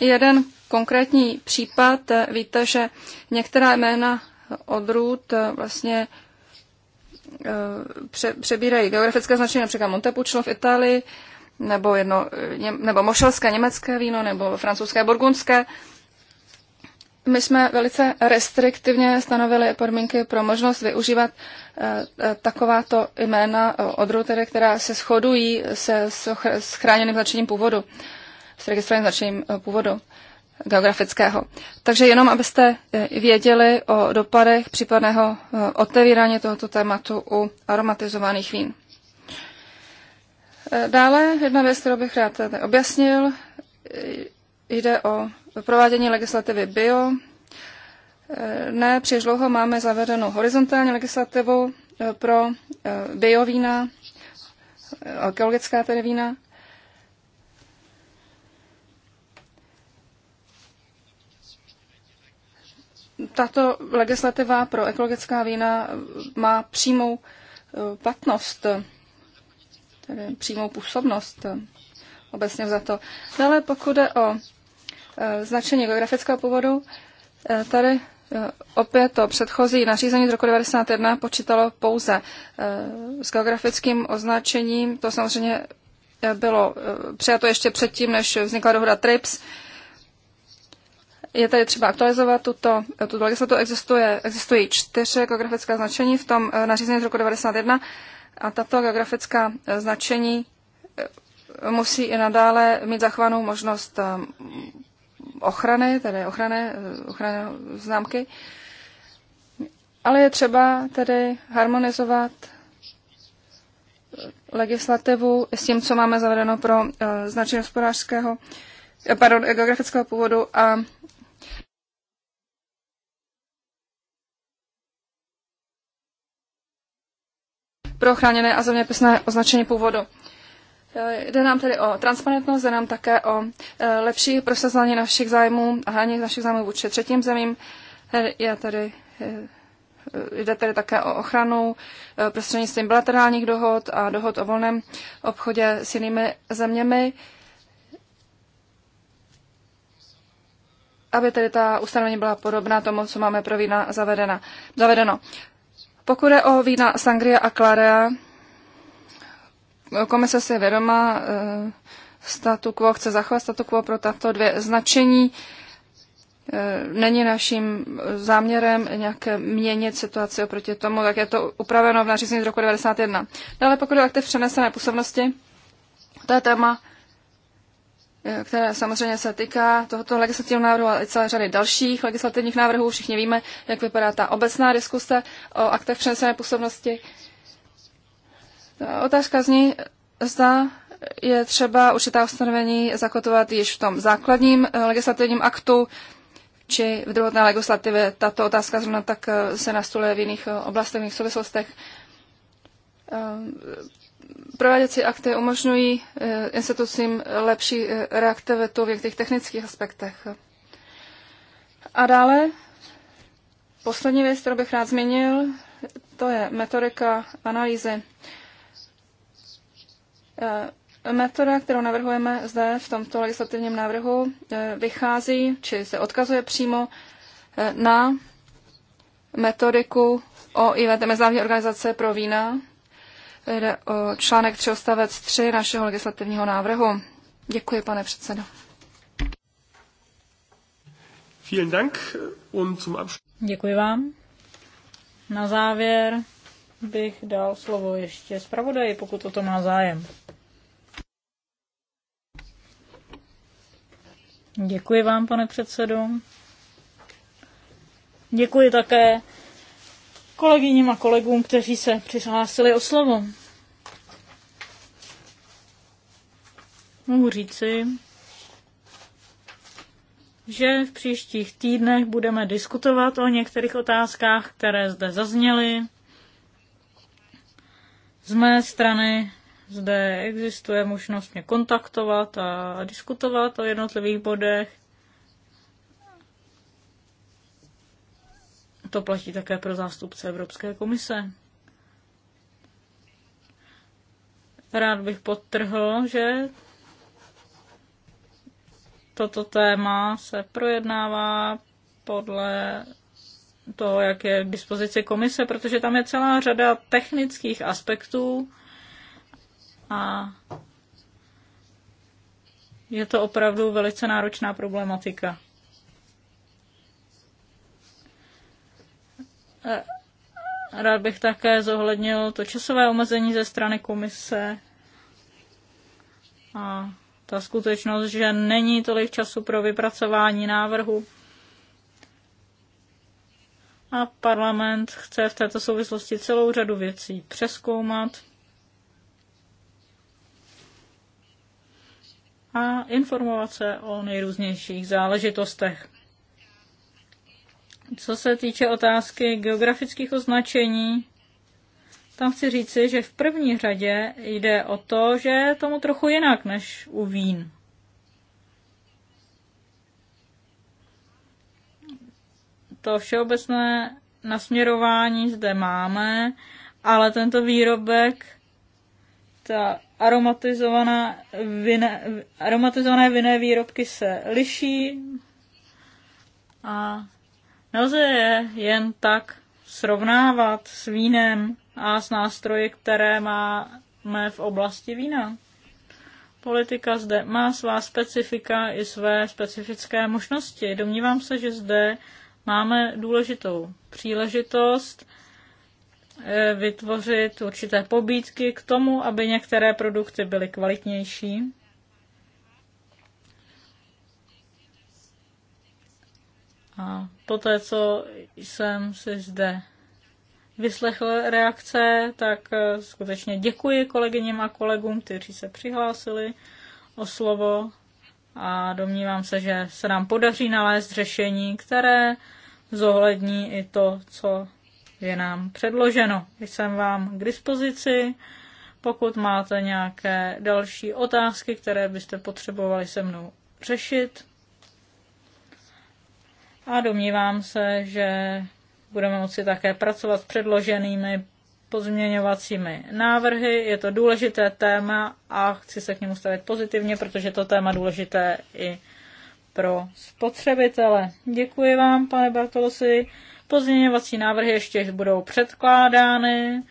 jeden konkrétní případ. Víte, že některá jména odrůd eh, vlastně eh, přebírají geografické značení, například Montepuccio v Itálii, nebo, jedno, nebo mošelské německé víno, nebo francouzské burgundské. My jsme velice restriktivně stanovili podmínky pro možnost využívat eh, eh, takováto jména eh, odrůd, která se shodují se s chráněným značením původu, s registrovaným značením původu geografického. Takže jenom, abyste věděli o dopadech případného otevírání tohoto tématu u aromatizovaných vín. Dále jedna věc, kterou bych rád objasnil, jde o provádění legislativy bio. Ne, příliš dlouho máme zavedenou horizontální legislativu eh, pro eh, biovína, alkoholická eh, tedy vína. Tato legislativa pro ekologická vína má přímou platnost tedy eh, přímou působnost eh, obecně za to. Dále pokud jde o eh, značení geografického původu, tady opět to předchozí nařízení z roku 1991 počítalo pouze s geografickým označením. To samozřejmě bylo přijato ještě předtím, než vznikla dohoda TRIPS. Je tady třeba aktualizovat tuto, tuto legislativu. Existuje, existují čtyři geografická značení v tom nařízení z roku 1991 a tato geografická eh, značení eh, musí i nadále mít zachovanou možnost eh, ochrany, tedy ochrany, ochrany známky. Ale je třeba tedy harmonizovat legislativu s tím, co máme zavedeno pro značení hospodářského, pardon, geografického původu a pro chráněné a zeměpisné označení původu. Eh, jde nám tedy o transparentnost, jde nám také o eh, lepší prosazování našich zájmů a hraní našich zájmů vůči třetím zemím. Eh, je tedy, jde tedy také o ochranu prostřednictvím bilaterálních dohod a dohod o volném obchodě s jinými zeměmi. aby tedy ta ustanovení byla podobná tomu, co máme pro vína zavedena, zavedeno. Pokud je o vína Sangria a Clarea, komise si je vědoma eh, statu quo, chce zachovat statu quo pro tato dvě značení. Eh, není naším záměrem nějak měnit situaci oproti tomu, tak je to upraveno v nařízení z roku 1991. Dále no, pokud je aktiv přenesené působnosti, to je téma, Eh, které samozřejmě se týká tohoto legislativního návrhu, ale i celé řady dalších legislativních návrhů. Všichni víme, jak vypadá ta obecná diskuse o aktech přenesené působnosti. Ta otázka zní, zda je třeba určitá ustanovení zakotovat již v tom základním eh, legislativním aktu, či v druhotné legislativě. Tato otázka zrovna tak eh, se nastoluje v jiných oblastech, v jiných souvislostech prováděcí akty umožňují eh, institucím lepší eh, reaktivitu v těch technických aspektech. A dále, poslední věc, kterou bych rád zmínil, to je metodika analýzy. Eh, metoda, kterou navrhujeme zde v tomto legislativním návrhu, vychází, či se odkazuje přímo na metodiku o IVT Mezinárodní organizace pro vína, Jde o článek 3 odstavec 3 našeho legislativního návrhu. Děkuji, pane předsedo. Vielen Dank und zum Děkuji vám. Na závěr bych dal slovo ještě zpravodaji, pokud o to má zájem. Děkuji vám, pane předsedo. Děkuji také kolegyním a kolegům, kteří se přihlásili o slovo. Mohu říci, že v příštích týdnech budeme diskutovat o některých otázkách, které zde zazněly. Z mé strany zde existuje možnost mě kontaktovat a diskutovat o jednotlivých bodech. to platí také pro zástupce Evropské komise. Rád bych podtrhl, že toto téma se projednává podle toho, jak je k dispozici komise, protože tam je celá řada technických aspektů a je to opravdu velice náročná problematika. Rád bych také zohlednil to časové omezení ze strany komise a ta skutečnost, že není tolik času pro vypracování návrhu. A parlament chce v této souvislosti celou řadu věcí přeskoumat a informovat se o nejrůznějších záležitostech. Co se týče otázky geografických označení, tam chci říci, že v první řadě jde o to, že je tomu trochu jinak než u vín. To všeobecné nasměrování zde máme, ale tento výrobek, ta aromatizovaná vine, aromatizované vinné výrobky se liší a Nelze je jen tak srovnávat s vínem a s nástroji, které máme v oblasti vína. Politika zde má svá specifika i své specifické možnosti. Domnívám se, že zde máme důležitou příležitost eh, vytvořit určité pobídky k tomu, aby některé produkty byly kvalitnější A poté, co jsem si zde vyslechl reakce, tak eh, skutečně děkuji kolegyním a kolegům, kteří se přihlásili o slovo a domnívám se, že se nám podaří nalézt řešení, které zohlední i to, co je nám předloženo. Jsem vám k dispozici. Pokud máte nějaké další otázky, které byste potřebovali se mnou řešit, a domnívám se, že budeme moci také pracovat s předloženými pozměňovacími návrhy. Je to důležité téma a chci se k němu stavit pozitivně, protože to téma důležité i pro spotřebitele. Děkuji vám, pane Bartolosi. Pozměňovací návrhy ještě budou předkládány.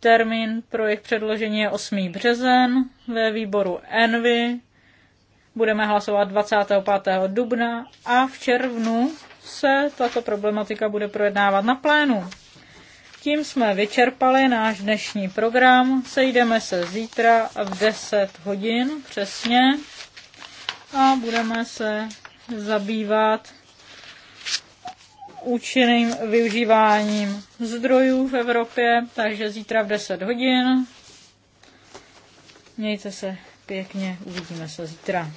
Termín pro jejich předložení je 8. březen ve výboru Envy budeme hlasovat 25. dubna a v červnu se tato problematika bude projednávat na plénu. Tím jsme vyčerpali náš dnešní program. Sejdeme se zítra v 10 hodin přesně a budeme se zabývat účinným využíváním zdrojů v Evropě, takže zítra v 10 hodin. Mějte se pěkně, uvidíme se zítra.